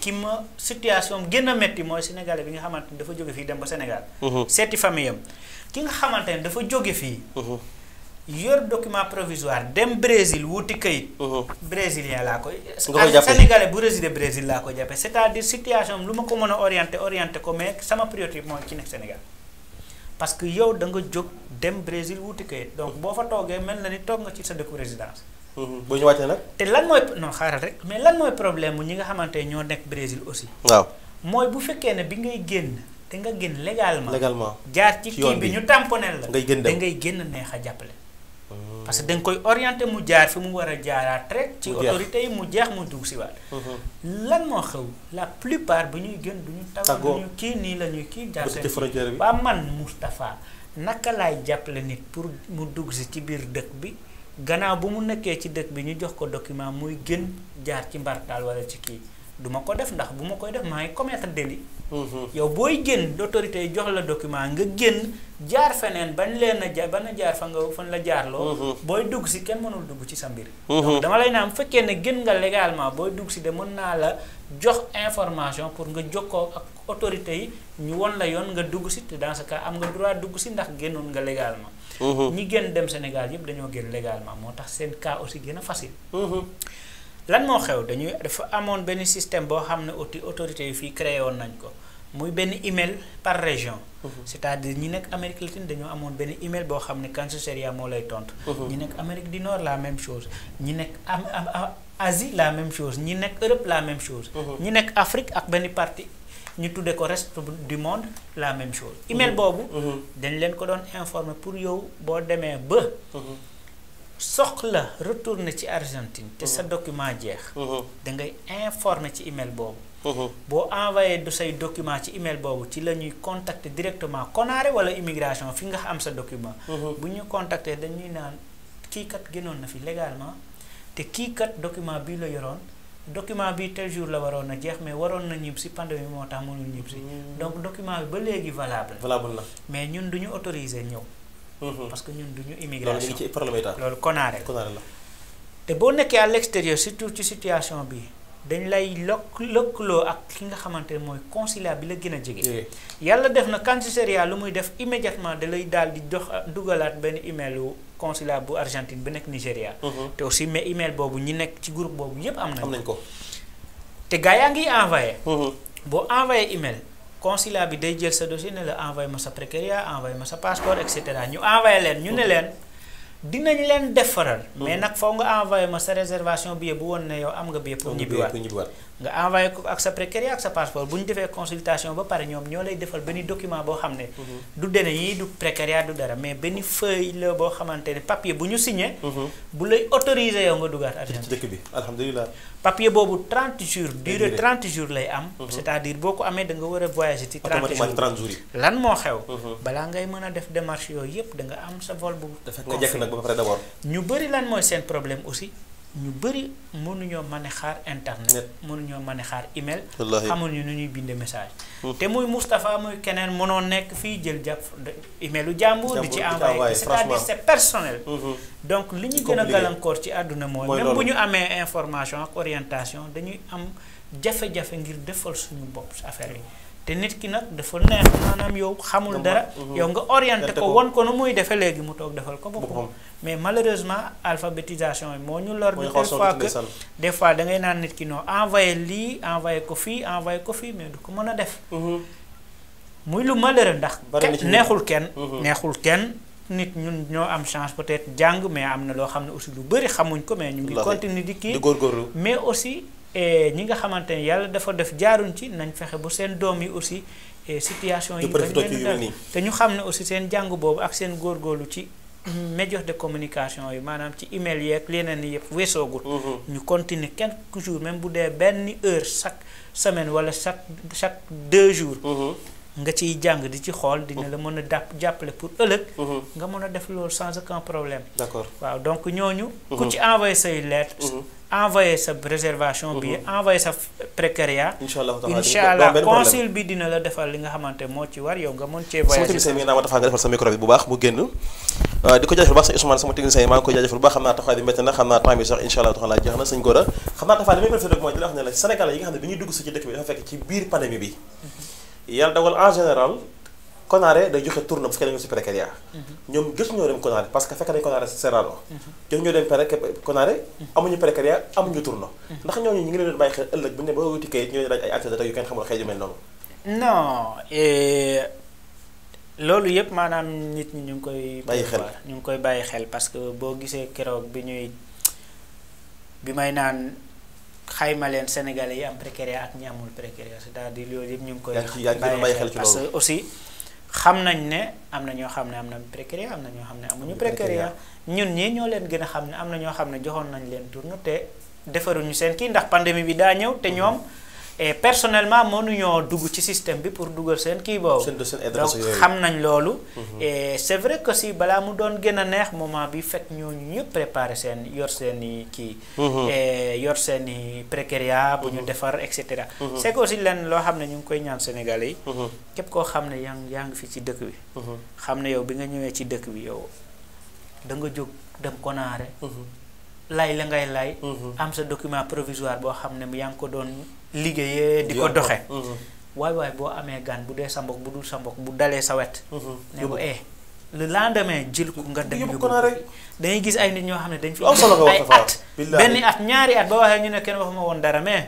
ki ma situation gën a métti mooy sénégalais bi nga xamante ni dafa jóge fii dem ba Sénégal seeti famille am ki nga xamante ne dafa jóge fii. Mhm. yor document provisoire dem Brésil wuti kayit. Mhm. brésilien laa koy. sénégalais bu résidé Brésil laa koy jàppee c'est-à-dire situation lu ma ko mën a orienté orienté ko mais sama priorité mooy ci nekk Sénégal. parce que yow da nga jóg dem Brésil wuti kayit donc boo fa toogee mel na ni toog nga ci sa dëkku résidence. Mhm. boo ñëwaatee nag. te lan mooy non xaaral rek mais lan mooy problème mu ñi nga xamante ñoo nekk Brésil aussi. waaw te nga génn légalement. légalement jaar ci kii bi ñu tamponel la. ngay génn ngay génn neex a jàppale. Hmm. parce que da nga koy orienté mu jaar fi mu war a jaaraat rek. ci autorité yi mu jeex mu dugg si waat. Hmm. lan moo xew la plupart bu ñuy génn du ñu. tàggoo ñu kii nii la ñuy kii. jaar seen frontière bi ba man Moustapha naka laay jàppale nit pour mu dugg si ci biir dëkk bi. gannaaw bu mu nekkee ci dëkk bi ñu jox ko document muy génn jaar ci mbartaal wala ci kii. du ma ko def ndax bu ma koy def maa ngi commettre délit mhm. yow booy génn autorité yi jox la document nga génn jaar feneen bañ leen a jaar ban a jaar fa nga fan la jaarloo mhm. booy dugg si kenn mënul dugg ci sa mbir mhm. dama lay naan fekkee ne génn nga légalement booy dugg si de mën naa la jox information pour nga jokkoo ak autorité yi ñu won la yoon nga dugg si te dans ce am nga droit dugg si ndax génnoon nga légalement ñi génn dem Sénégal yëpp dañoo génn légalement moo tax seen kaa aussi gën a facile lan moo xew dañuy dafa amoon benn système boo xam ne auti autorité yi fii créé woon nañ ko muy benn email par région. Mhm. c'est-à-dire ñi nekk Amérique latine dañoo amoon benn email boo xam ne Cancilleria moo lay tontu. Mhm. ñi nekk Amérique du Nord la même chose ñi nekk am am Asie la même chose ñi nekk Europe la même chose. Mhm. ñi nekk Afrique ak benn partie ñu tuddee ko reste du monde la même chose. email boobu. dañ leen ko doon informer pour yow boo demee ba. soxla retourné ci Argentine te sa mhm. document jeex mhm. da ngay informé ci email boobu mhm. boo envoyé du say document ci email boobu ci la ñuy contacter directement konaare wala immigration fi nga am sa document bu ñu contacter dañuy naan kii kat génnoon na fi légalement te kii kat document bii la yoroon document bi te jour la waroon na jeex mais waroon na si pandémie moo tax mënul ñibbisi mm. donc document bi ba léegi valable valable la mais ñun du ñu autorisé ñëw Mhm. parce que ñun duñu immigration loolu ci problème état loolu konaare te boo nekkee à l'extérieur surtout ci situation bi dañ lay lokk lëkkaloo ak ki nga xamante ne mooy consulat bi la gën a jege. yàlla def na Cancilleria lu muy def immédiatement da lay daal di dox dugalaat benn email wu consulat bu Argentine bi nekk Nigéria. Mhm. te aussi mais email boobu ñi nekk ci groupe boobu yépp am na nañ ko. te gaa yaa ngi envoyé. Mhm. boo envoyé email. consulat bi day jël sa dossier ne la envoyé ma sa précaria envoyé ma sa passeport et ñu envoyé leen ñu ne leen dinañ leen defaral mais nag faw nga envoyé ma sa réservation billet bu woon ne yow am nga billet pour ñibbiwaat nga envoyé ko ak sa précaire ak sa passeport bu ñu defee consultation ba pare ñoom ñoo lay defal benn document boo xam ne. Mhm. du dene yi du précaire du dara mais benn feuille la boo xamante ne papier bu ñu signé. Mhm. bu lay autorisé yow nga dugaat Argentine. ci dëkk bi alhamdulilah. papier boobu 30 jours durée 30 jours lay am. Mhm. c' est à dire boo ko amee da nga war a voyager ci 30 jours automatiquement 30 jours yi. lan moo xew. balaa ngay mën a def démarche yooyu yëpp da nga am sa vol bu. dafa nga jekk nag ba ñu bëri lan mooy seen problème aussi. ñu bëri mënuñoo mën a xaar internet mënuñoo mën a xaar email xamuñu nu ñuy bindee message te muy Moustapha muy keneen mënoo nekk fii jël jàpp emailu jàmbur di ci envoyé c'est-à-dire c'est personnel donc li ñu gën a gàllankoor ci àdduna mooy même bu ñu amee information ak orientation dañuy am jafe-jafe ngir defal suñu bopp affaire bi te nit ki nag dafa neex maanaam yow xamul dara yow nga orienté ko won ko nu muy defee léegi mu toog defal ko boppam mais malheureusement alphabétisation yi moo ñu lor. bi des fois que des fois da naan nit ki non envoyé lii envoyé ko fii envoyé ko fii mais du ko mën a def. Mhm. muy lu malheureux ndax. neexul kenn. Mhm. neexul kenn nit ñun ñoo am chance peut-être jàng mais am na loo xam ne aussi lu bëri xamuñ ko mais. ñu ngi continuer di kii góorgóorlu mais aussi. Eh, ñi nga xamante ne yàlla dafa def jaaruñ ci nañ fexe bu seen doom yi aussi eh, situation yi bañ leen te ñu xam ne aussi seen jàng boobu ak seen góorgóorlu ci médias de communication yi maanaam ci email yeeg leneen yëpp weesoogul. Mhm. ñu continuer quelques jours même bu dee benn heure chaque semaine wala chaque chaque deux jours. Mhm. nga ciy jàng di ci xool dina la mën a dàpp jàppale pour ëllëg mhm. nga mën a def loolu sans aucun problème d'accord waaw donc ñooñu ku mhm. ci envoyé say lettre mhm. envoyé sa réservation bi envoyé sa précariat incha allah bi dina la defal li nga euh, xam naa taxawaay bi métti na xam naa temps bi sax incha allah taxawaay xam naa taxawaay bi ñuy dugg si ci dëkk bi dafa fekk ci biir pandémie bi yàlla dawal en général Konaré day joxe tournée bu fekkee dañu si précaria mhm. ñoom gis ñoo dem Konaré parce que fekk nañ Konaré Serrano jox mhm. ñoo dem Konaré mhm. amuñu précaria amuñu tournée ndax ñooñu ñu ngi leen bàyyi xel ëllëg bu ñu ne ba wuti kayit ñooñu daaj ay acte yu kenn xamul xëy noonu non e, loolu yëpp maanaam nit ñi ñu ngi koy bàyyi xel ñu ngi koy bàyyi xel parce que boo gisee keroog bi ñuy bi may naan xayma leen sénégalais yi am précaire ak ñi amul précaire c'est-à-dire loolu yëpp ñu ngi koy. bàyyi xel parce que aussi xam nañ ne am na ñoo xam ne am na précaire am na ñoo xam ne amuñu précaire ñun ñii ñoo leen gën a xam ne am na ñoo xam ne joxoon nañ leen tourne te defaruñu seen kii ndax pandémie bi daa ñëw te ñoom. et personnellement mënuñoo dugg ci système bi pour dugal seen kii boobu donc xam nañ loolu mhm. et c'est vrai que si balaa mu doon gën a neex moment bi fekk ñooñu ñëpp préparé seen yor seen i kii mhm. yor seen i précaria bu ñu mhm. defar et cetera c'est que aussi lenn loo xam ne ñu ngi koy ñaan sénégal yi képp koo xam ne yaa ngi yaa ngi fi ci dëkk bi xam ne yow bi nga ñëwee ci dëkk bi yow da nga jóg dem konaare lay la ngay lay am sa document provisoire boo xam ne yaa ngi ko doon liggéeyee di ko doxe mm-hmm. waay waay boo amee gan bu dee sa mbokk bu dul sa mbokk bu dalee sa wet mm-hmm. ne ko eh le lendemain jël ko nga dem yóbbu gis ay nit ñoo xam ne dañ fi ay at benn at ñaari at ba waxee ñu ne kenn waxuma woon dara mais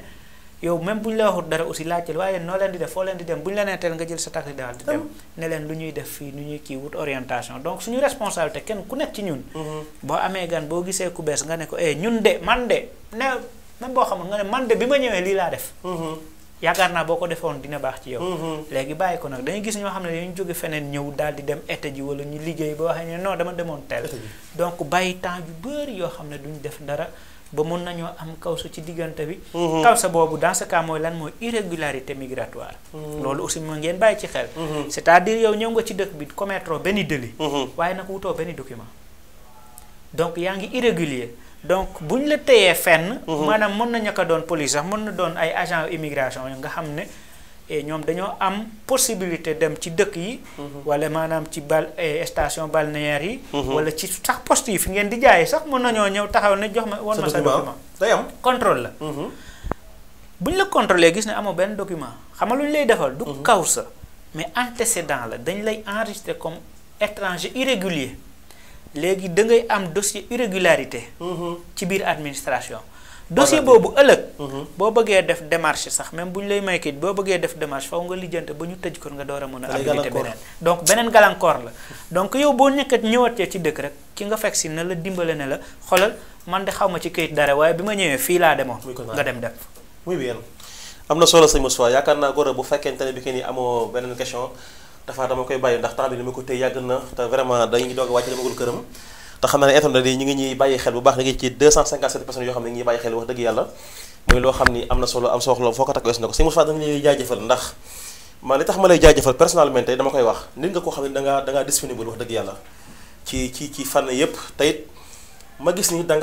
yow même bu ñu la waxut dara aussi laajteel waaye noo leen di def foo leen di dem bu ñu la nee teel nga jël sa taxi daal di dem ne leen lu ñuy def fii nu ñuy kii wut orientation donc suñu responsabilité kenn ku nekk ci mm-hmm. ku même boo xamul nga ne man de bi ma ñëwee lii laa def. Mm-hmm. yaakaar naa boo ko defoon dina baax ci yow. Mm-hmm. léegi bàyyi ko nag dañu gis ñoo xam ne dañu jóge feneen ñëw daal di dem été ji wala ñu liggéey ba waxee ne non dama demoon tel. donc bàyyi temps yu bëri yoo xam ne duñ def ndara ba mun nañoo am kawsa ci diggante bi. Mm-hmm. kawsa boobu dans ce cas mooy lan mooy irrégularité migratoire. loolu aussi mu ngeen bàyyi ci xel. c'est-à-dire yow ñëw nga ci dëkk bi commettre benn délit. waaye nag wutoo benn document. donc yaa ngi irrégulier. donc bu ñu la teyee fenn. Mhm. maanaam mën nañu ko doon police sax mën na doon ay agent immigration nga xam ne eh, ñoom dañoo am possibilité dem ci dëkk yi. Mhm. wala maanaam ci bal eh, station balnéaire yi. Mhm. wala ci sax poste yi fi ngeen di jaayee sax mën nañoo ñëw taxaw ne jox ma. won ma sa document day am contrôle la. bu ñu la contrôlé gis ne amoo benn document xam nga lu ñu lay defal. du kaw sax mais antécédent la dañ lay enristé comme étranger irrégulier. léegi da ngay am dossier irrégularité. Mm-hmm. ci biir administration. dossier boobu ëllëg. Mm-hmm. boo bëggee def démarche sax même bu ñu lay may kii boo bëggee def démarche faw nga lijjante ba ñu tëj ko nga door a mën a. habilité beneen donc beneen gàllankoor la. donc yow boo nekkat ñëwatee ci dëkk rek ki nga fekk si na la dimbale ne la xoolal man de xaw ma ci kayit dara waaye bi ma ñëwee fii laa demoon. nga dem def muy bien. am na solo sëñ Moussa yaakaar naa góor bu fekkente ne bi ngeen amoo beneen question. dafa dama koy bàyyi ndax temps ma ko téye yàgg na te vraiment dañuy doog a wàcc demagul këram te xam naa ni da nga lay jaajëfal ndax man li tax ma lay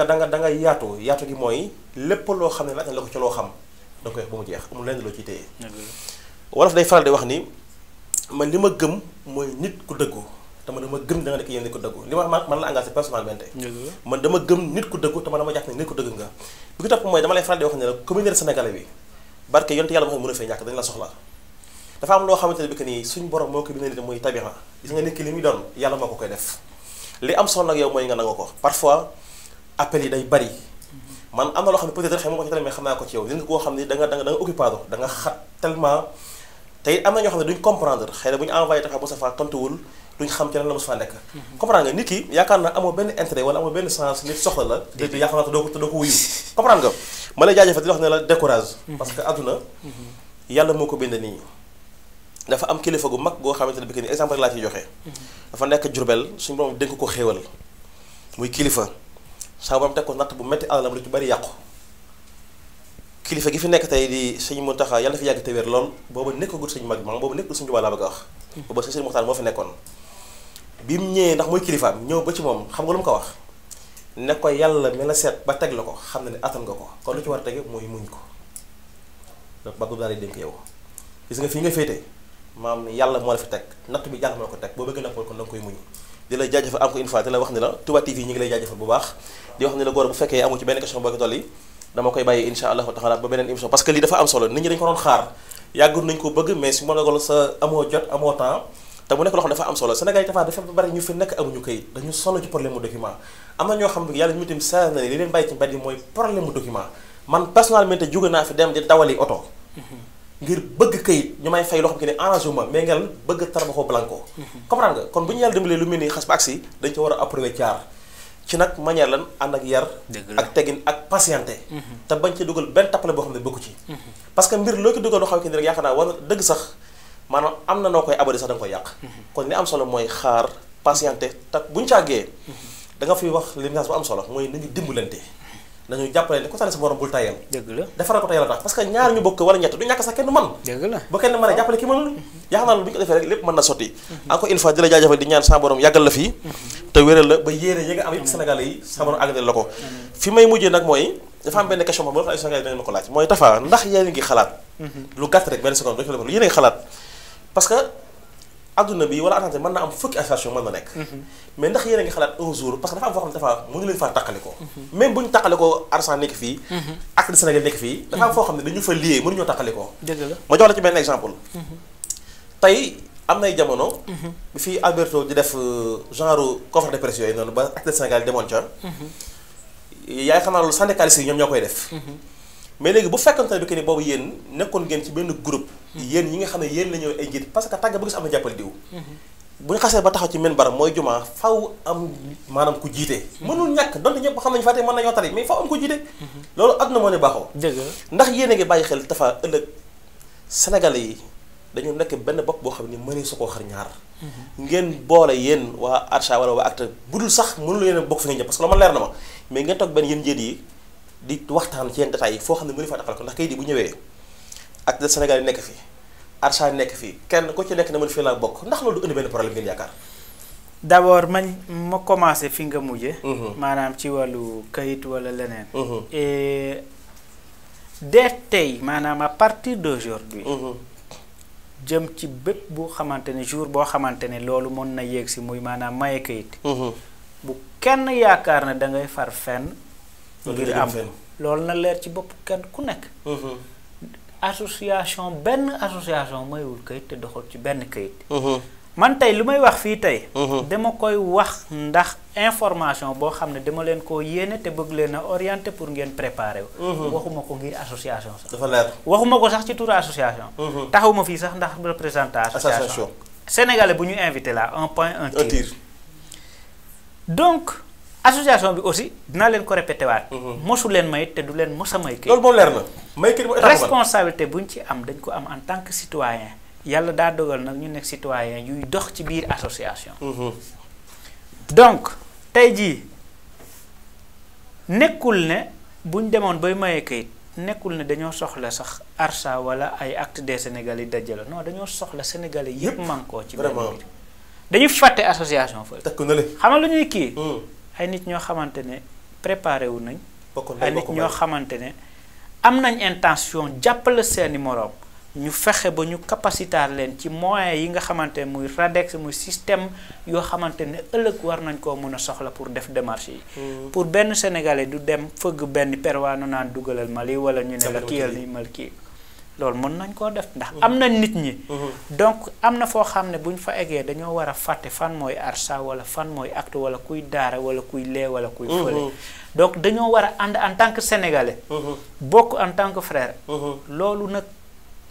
koy wax lépp loo xam ne laaj na la ko loo xam da nga koy wax ba mu jeex amul lenn loo ciy wolof day faral di wax ni man li ma gëm mooy nit ku dëggu dama dama gëm da nga nekk yéen nit ku dëggu li man dama gëm nit ku dëggu ne nit ku dëgg nga bi ko topp mooy dama lay faral di wax ne la communauté sénégalais bi fee ñàkk dañ la soxla dafa am loo xamante ne bi ko bindee mooy tabira gis nga nekk li muy doon yàlla moo ko xam naa ko ci yow nit nga koo xam ne da nga da nga xat tellement tey am na ñoo xam ne duñ comprendre xëy na bu ñu envoyé taxaw Moussa Fall tontuwul duñ xam ci lan la Moussa Fall nekk mhm. comprendre nga nit ki yaakaar naa amoo benn intérêt wala amoo benn sens mhm. mhm. yàlla moo ko bind nii dafa am kilifa gu mag goo xamante ne bi que ni exemple laa ciy joxe dafa nekk Jurbel suñu borom dénk ko xéewal muy kilifa saa borom teg ko natt bu métti alalam lu ci bari yàqu kilifa gi fi nekk tey di sëñ Muntaxa yàlla na fi yàgg te wér lool booba nekkagul sëñ mag maanaam booba nekkul sëñ a wax booba sëñ Muxtaar moo fi nekkoon bi mu ñëwee ndax mooy kilifaam ñëw ba ci moom xam nga lu ko wax ne ko yàlla mi la seet ba teg la ko xam na ne attan nga ko kon lu ci war mooy ko donc ba bu daal di dénk yow gis boo bëgg noppal kon da ngi lay jaajëfal bu baax di wax ni la góor bu fekkee ko dolli dama koy bàyyi insha allahu taala ba beneen émission parce que lii dafa am solo nit ñi dañ ko doon xaar yàggoon nañ ko bëgg mais su ma la sa amoo jot amoo temps te mu nekk loo dafa am solo Sénégal yi dafa dafa bari ñu fi nekk amuñu këyit dañu solo ci problème mu document am na ñoo xam ne yàlla ñu itam saa na li leen bàyyi ci mbedd yi mooy problème mu document man personnellement jóge naa fi dem di dawali oto ngir bëgg këyit ñu may mm-hmm. ñu yàlla dimbalee lu mel ni xas ba agsi dañ ci war a approuvé ci nag manière lan ànd ak yar. ak teggin ak patienté. Mhm. te bañ ci dugal benn tappale boo xam ne bokku ci. Mhm. parce que mbir loo ko dugal loo xam ne rek yaakaar naa war dëgg sax maanaam am na noo koy abadi sax da koy yàq. Mhm. kon li am solo mooy xaar patienté te buñ càggee da nga fiy wax li nga am solo mooy nañu dimbalante. nañu jàppale ne ku tane sa morom bul tayal defaral ko tayal a tax parce ñaar ñu bokk wala ñett du ñàkk sax kenn man dëgg kenn mën jàppale ki mënul yaakaar naa loolu bu ko defee rek na sotti encore une fois di la jaajëfal di ñaan sa borom yàggal la fii te wéral la ba yéene yi am yëpp sénégalais yi sa borom àggal la ko fi may mujjee nag mooy dafa am benn question boo xam ne sénégalais dinañ ma ko laaj mooy Tafa ndax yéen ngi xalaat lu gàtt rek benn seconde rek yéen ngi xalaat parce que adduna bi wala attenté mën naa am fukki association mën na nekk mhm. mais ndax yéen a ngi xalaat un jour parce que dafa am foo xam ne dafa mënu leen faa tàqalikoo mhm. même bu ñu tàqalikoo Arsan nekk fii ak ñoo tàqalikoo ma jox la ci benn exemple mhm. tey am nay jamono bi fii Alberto di def euh, genre conférence de presse yooyu noonu ba ak di Sénégal demoon ca yaay xam naa loolu syndicaliste yi ñoom ñoo koy def mais léegi bu fekkonte ne bi que ni boobu yéen nekkoon ngeen ci benn groupe yéen yi nga xam ne yéen la ñëw ay njiit parce que tàgg ba gis am na jàppal diw mhm. bu ñu ba taxaw ci men baram mooy jumaa faw maanaam ku jiite mhm. mënul ñàkk donte ñëpp xam nañu fàtte mën nañoo tari mais faw am ku jiite mhm. loolu àdduna moo ne baaxoo ndax yéen a ngi bàyyi xel dafa ëllëg sénégalais yi dañu nekk benn bopp boo xam ne mënee su koo xar ñaar ngeen boole yéen waa Archa wala waa acte budul sax mënul yéen bokk fi ngeen jëm parce que loolu man leer na ma mais ngeen toog benn yéen njiit yi di waxtaan ci yenn détails yi foo xam ne mënu fa defal ko ndax kayit yi bu ñëwee ak Sénégal yi nekk fii Arsa nekk fii kenn ku ci nekk na mën fii laa bokk ndax loolu du indi benn problème ngeen yaakaar. d' abord man ma commencé fi nga mujje mhm. maanaam ci wàllu kayit wala leneen. Mhm. et dès tey maanaam à partir d' aujourd'hui mhm. jëm ci bépp bu xamante ne jour boo xamante ne loolu mën na yéeg si muy maanaam maye kayit. bu kenn yaakaar ne da far fenn. ngir am loolu na leer ci bopp kenn ku nekk mhm. association benn association mayul kayit te doxul ci benn kayit mhm. man tey lu may wax fii tey mhm. dama koy wax ndax information boo xam ne dama leen koo yéene te bëgg leen a orienté pour ngeen préparé wu waxuma ko ngir association sax dafa leer waxuma ko sax ci turu association taxawuma fii sax ndax représentant association sénégalais bu ñu invité là un point un tir donc association bi aussi dinaa leen ko répété waat. Mhm. mosu leen may te du leen mos a may. loolu moom leer na may ci am dañ ko am en tan que citoyen yàlla daa dogal nag ñu nekk citoyen yuy dox ci biir association. Mhm. donc tey jii nekkul ne buñ demoon bay maye kayit nekkul ne dañoo soxla sax ARSA wala ay acte des Sénégalais yi dajale non dañoo soxla Sénégalais yëpp man koo ci. vraiment dañu fàtte association fële. takku na lu ñuy kii. Mhm. ay nit ñoo xamante ne préparé wu nañ. ay nit ñoo xamante ne am nañ intention jàppale seeni moroom ñu fexe ba ñu capacitar leen ci moyens yi nga xamante ne muy Radex muy système yoo xamante ne ëllëg war nañ koo mën a soxla pour def démarche yi. Hmm. pour benn sénégalais du dem fëgg benn perwaanu naan dugalal Mali wala ñu ne la kiyal ni mal kii. loolu mën nañ koo def ndax mhm. am na nit ñi mhm. donc am na foo xam ne buñ fa eggee dañoo war a fàtte fan mooy arsa wala fan mooy acte wala kuy daara wala kuy lee wala kuy mhm. fële donc dañoo war a ànd en tant que sénégalais bokk en tant que frère loolu nag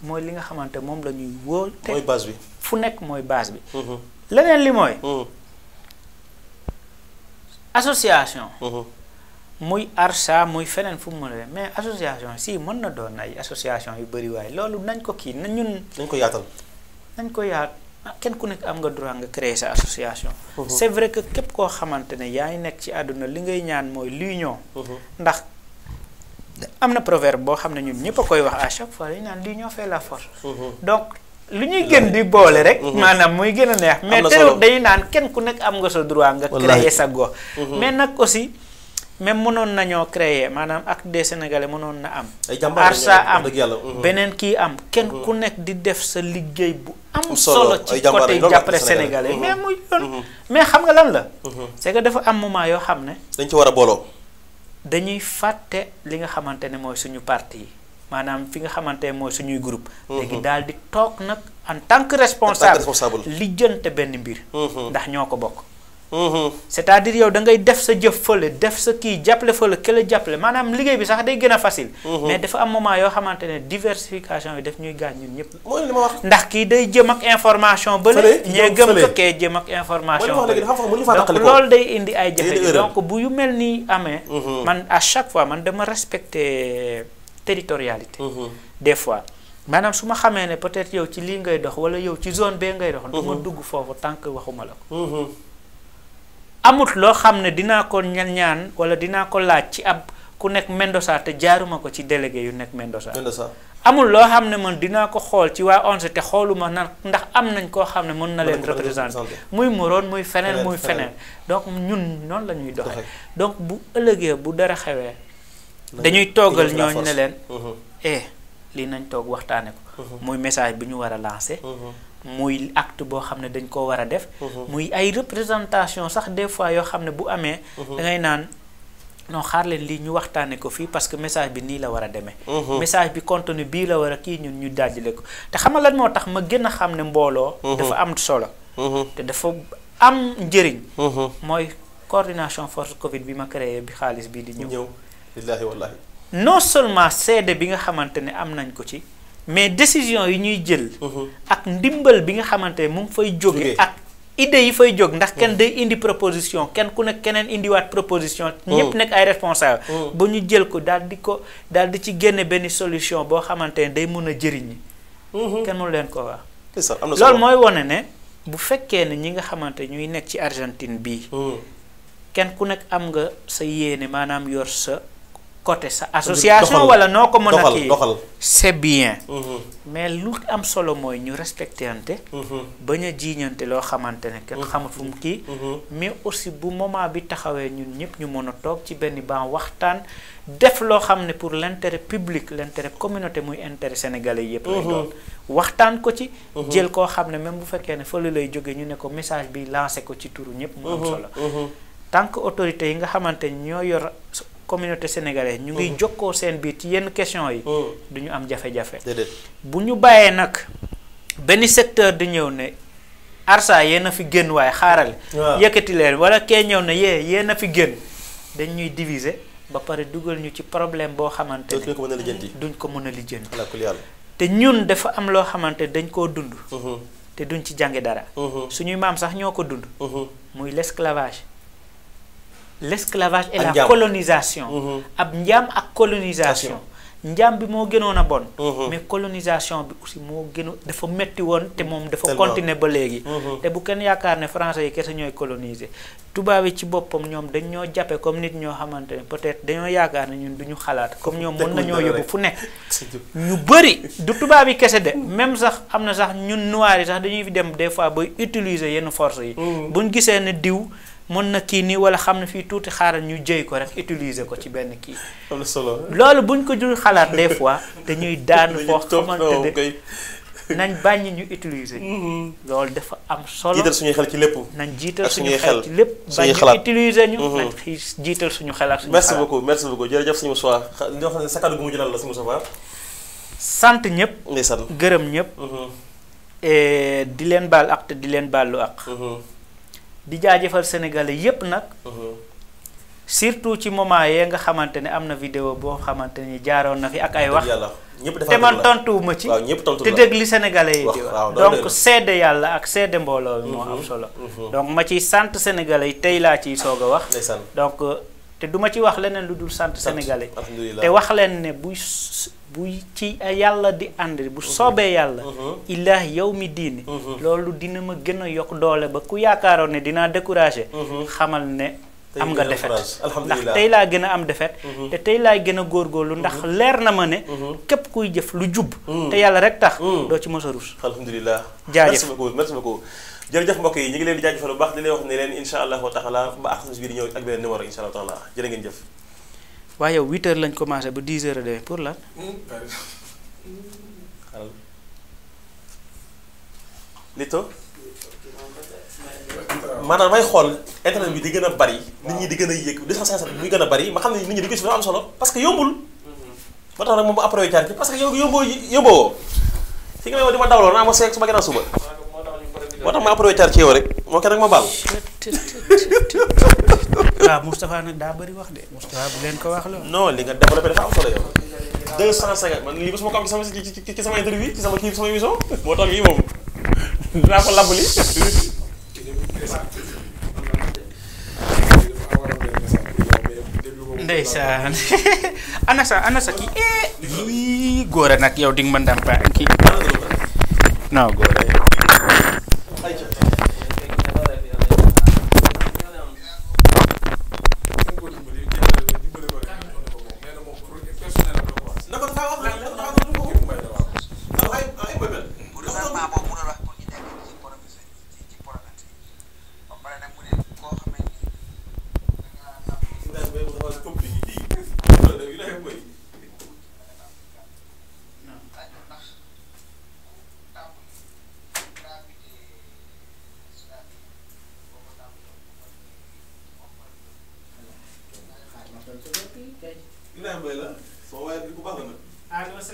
mooy li nga xamante moom la ñuy wóol te mooy base bi fu nekk mooy base bi leneen li mooy association muy arsa muy feneen fu mu mën a dem mais association si mën na doon ay association yu bëri waaye loolu nañ ko kii na ñun. nañ ko yaatal. nañ ko yaat ah, kenn ku nekk am nga droit nga sa association. Mhm. c'est vrai que képp koo xamante ne yaa ngi nekk ci àdduna li ngay ñaan mooy l'union. Mhm. ndax am na proverbe boo xam ne ñun ñëpp koy wax à chaque fois dañu naan l'union fait la force. Mhm. donc lu ñuy gën di boole rek. maanaam muy gën a mais teewul dañu kenn ku nekk am nga sa droit nga. créer sa gox. mais nag aussi. même mënoon nañoo créer maanaam ak des sénégalais mënoon na am. arsa am mm-hmm. beneen kii am kenn mm-hmm. ku nekk di def sa liggéey bu am solo ci côté jàppale sénégalais mais mm-hmm. muy yoon mais xam nga lan la c'est que dafa am moment yoo xam ne dañ ci war a booloo dañuy fàtte li nga xamante ne mooy suñu parti yi maanaam fi nga xamante ne mooy suñuy groupe léegi daal di toog nag en tant que responsable lijjante benn mbir ndax ñoo ko bokk Mhm. cest a dire yow da ngay def sa jëf fële def sa kii jàppale fële kële jàppale maanaam liggéey bi sax day gën a facile. Mhm. mais dafa am moment yoo xamante ne diversification yi def ñuy gaañ ñun ñëpp. mooy li ma ndax kii day jëm ak information. fële ñee gëm ko kee jëm ak information. donc loolu day indi ay jafe donc bu yu mel nii amee. Mhm. man à chaque fois man dama respecter territorialité. des fois. maanaam su ma xamee ne peut-être yow ci lii ngay dox walla yow ci zone bee ngay dox. du dugg foofu tànk que waxuma la ko. amut loo xam ne dinaa ko ñan ñaan wala dinaa ko laaj ci ab ku nekk Mendoza te jaaruma ko ci délégué yu nekk Mendoza. Mendoza amul loo xam ne man dinaa ko xool ci waa ONCE te xooluma nan ndax am nañ koo xam ne mën na leen représenter muy moroon muy feneen muy feneen donc ñun noonu la ñuy doxee donc bu ëllëgee bu dara xewee dañuy toogal ñooñ ne leen mhm. eh lii nañ toog waxtaane ko mhm. muy message bi ñu war a lancer mhm. muy acte boo xam ne dañ ko war a def mhm. muy ay représentation sax des fois yoo xam ne bu amee mhm. dangay naan non xaar leen lii ñu waxtaane ko fii parce que message bi nii la war a demee mhm. message bi contenu bii la war a kii ñun ñu dajale ko te xam nga lan moo tax ma gën a xam ne mbooloo dafa am solo te dafa am njëriñ mooy coordination force covid bi ma créer bi xaalis bii di ñëw billaahi wallaahi non seulement seede bi nga xamante ne am nañ ko ci mais décision yi ñuy jël. Mhm. ak ndimbal bi nga xamante ne mu fay jóge ak idée yi fay jóg ndax kenn mhm. day indi proposition kenn ku nekk keneen indiwaat proposition. ñëpp mhm. nekk ay responsable. ba ñu jël ko daal di ko daal di ci génne benn solution boo xamante ne day mun a jëriñ. kenn mënu leen ko wax. loolu mooy wane ne bu fekkee ne ñi nga xamante ñuy nekk ci Argentine bi kenn ku nekk am nga sa yéene maanaam yor sa. coté sa association wala noo ko mën a kii c'est bien mm-hmm. mais lu am solo mooy ñu respectante mm-hmm. bañ a jiiñante loo xamante ne kenn mm-hmm. xamul fu mu kii mais aussi bu moment bi taxawee ñun ñëpp ñu mën a toog ci benn ban waxtaan def loo xam ne pour l'intérêt public l'intérêt communauté muy intérêt sénégalais yëpp lay doon waxtaan ko ci jël koo xam ne même bu fekkee ne fële lay jóge ñu ne ko message bi lancé ko ci turu ñëpp mu solo tant autorité yi nga xamante ñoo yor communauté sénégalaise ñu ngi mm-hmm. jokkoo seen biir ci yenn question yi mm-hmm. du ñu am jafe-jafe bu ñu bàyyee nag benn secteur di ñëw ne arsa yéen a fi génn waaye xaaral yëkkati leen wala kee ñëw ne yee yéen a fi génn dañ ñuy diviser ba pare dugal ñu ci problème boo xamante ne duñ ko mën a lijjanti te ñun dafa am loo xamante dañ koo dund mm-hmm. te duñ ci jànge dara suñuy maam sax ñoo ko dund muy l'esclavage l'esclavage et la colonisation mhm. ab njaam ak colonisation njaam bi moo gënoon a bon mhm. mais colonisation bi aussi moo gënoon dafa metti woon te moom dafa continuer ba léegi mhm. te bu kenn yaakaar ne français yi kese ñooy coloniser tubaab yi ci boppam ñoom dañ ñoo jàppe comme nit ñoo xamante ne peut-être dañoo yaakaar ne ñun du ñu xalaat comme ñoom mën nañoo yóbbu fu nekk ñu bëri du tubaab yi kese de même sax am na sax ñun noir yi sax dañuy dem des fois bay utiliser yenn force yi buñ gisee ne diw mën na kii nii wala xam ne fii tuuti xaaral ñu jëy ko rek utiliser ko ci benn kii. am solo loolu buñ ko dul xalaat des fois ñuy daan foo xamante ne nañ bàññi ñu utiliser. Mm-hmm. loolu dafa am solo jiital suñu xel ci lépp. nañ jiital suñuy xel lépp bañ ñu utiliser ñu. Mm-hmm. nañ xiis suñu xel ak suñu xalaat merci beaucoup merci beaucoup jërëjëf suñu soir ñoo xam ne sa mu gu mujj lan la suñu soir. sant ñëpp. ndeysaan gërëm ñëpp. Mm-hmm. Eh, di leen baal ak te di leen baalu ak. di jaajëfal sénégalais yépp nag uh-huh. surtout ci moment yee nga xamante ne am na vidéo boo xamante ni jaaroon na fi ak ay wax te man tontuwuma ci te dégg li sénégalais yi di wax donc seede yàlla ak sedd mbooloo bi moo am uh-huh. solo uh-huh. donc ma ciy sant sénégalais yi tey laa ciy soog a wax donc euh, te duma ci wax leneen lu dul sant sénégalais te wax leen ne buy bu ci yàlla di ànd bu mhm. soobee yàlla mhm. illah yow mi diini mhm. loolu dina ma gën a yokk doole ba ku yaakaaroon ne dinaa découragé xamal ne am nga defet ndax tey laa gën a am defet te tey laay gën a góorgóorlu ndax leer na ma ne képp kuy jëf lu jub te yàlla rek tax doo ci mos a rus jël jërëjëf mbokk yi ñu ngi leen di jaajëfal bu baax di leen wax ne leen incha allahu taala ba axamis bi di ñëw ak beneen numéro incha allahu taala jërë ngeen jëf waaye yow huit heures lañ commencé ba dix heures a demee pour lan lito maanaam may xool internet bi di gën a bari nit ñi di gën a yëg deux cent cinquante muy gën a bari ma xam ne nit ñi di parce que yombul ba tax nag moom bu approché parce que yow yomboo yomboo fi nga may wax di ma dawloo naa ma seeg su a suba moo tax ma approché ci yow rek moo kenn nag ma baal. waaw ah, Moustapha nag daa bëri wax de Moustapha bu leen ko wax la. no li nga développé dafa am solo yow. 250 man lii mosuma ko am ci sama ci ci sama interview sa ana sa kii eh, a nag yow di nga mën daan baax kii.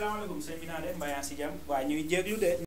asalaamaaleykum sëñ bi naa def mbayaa si jàmm waa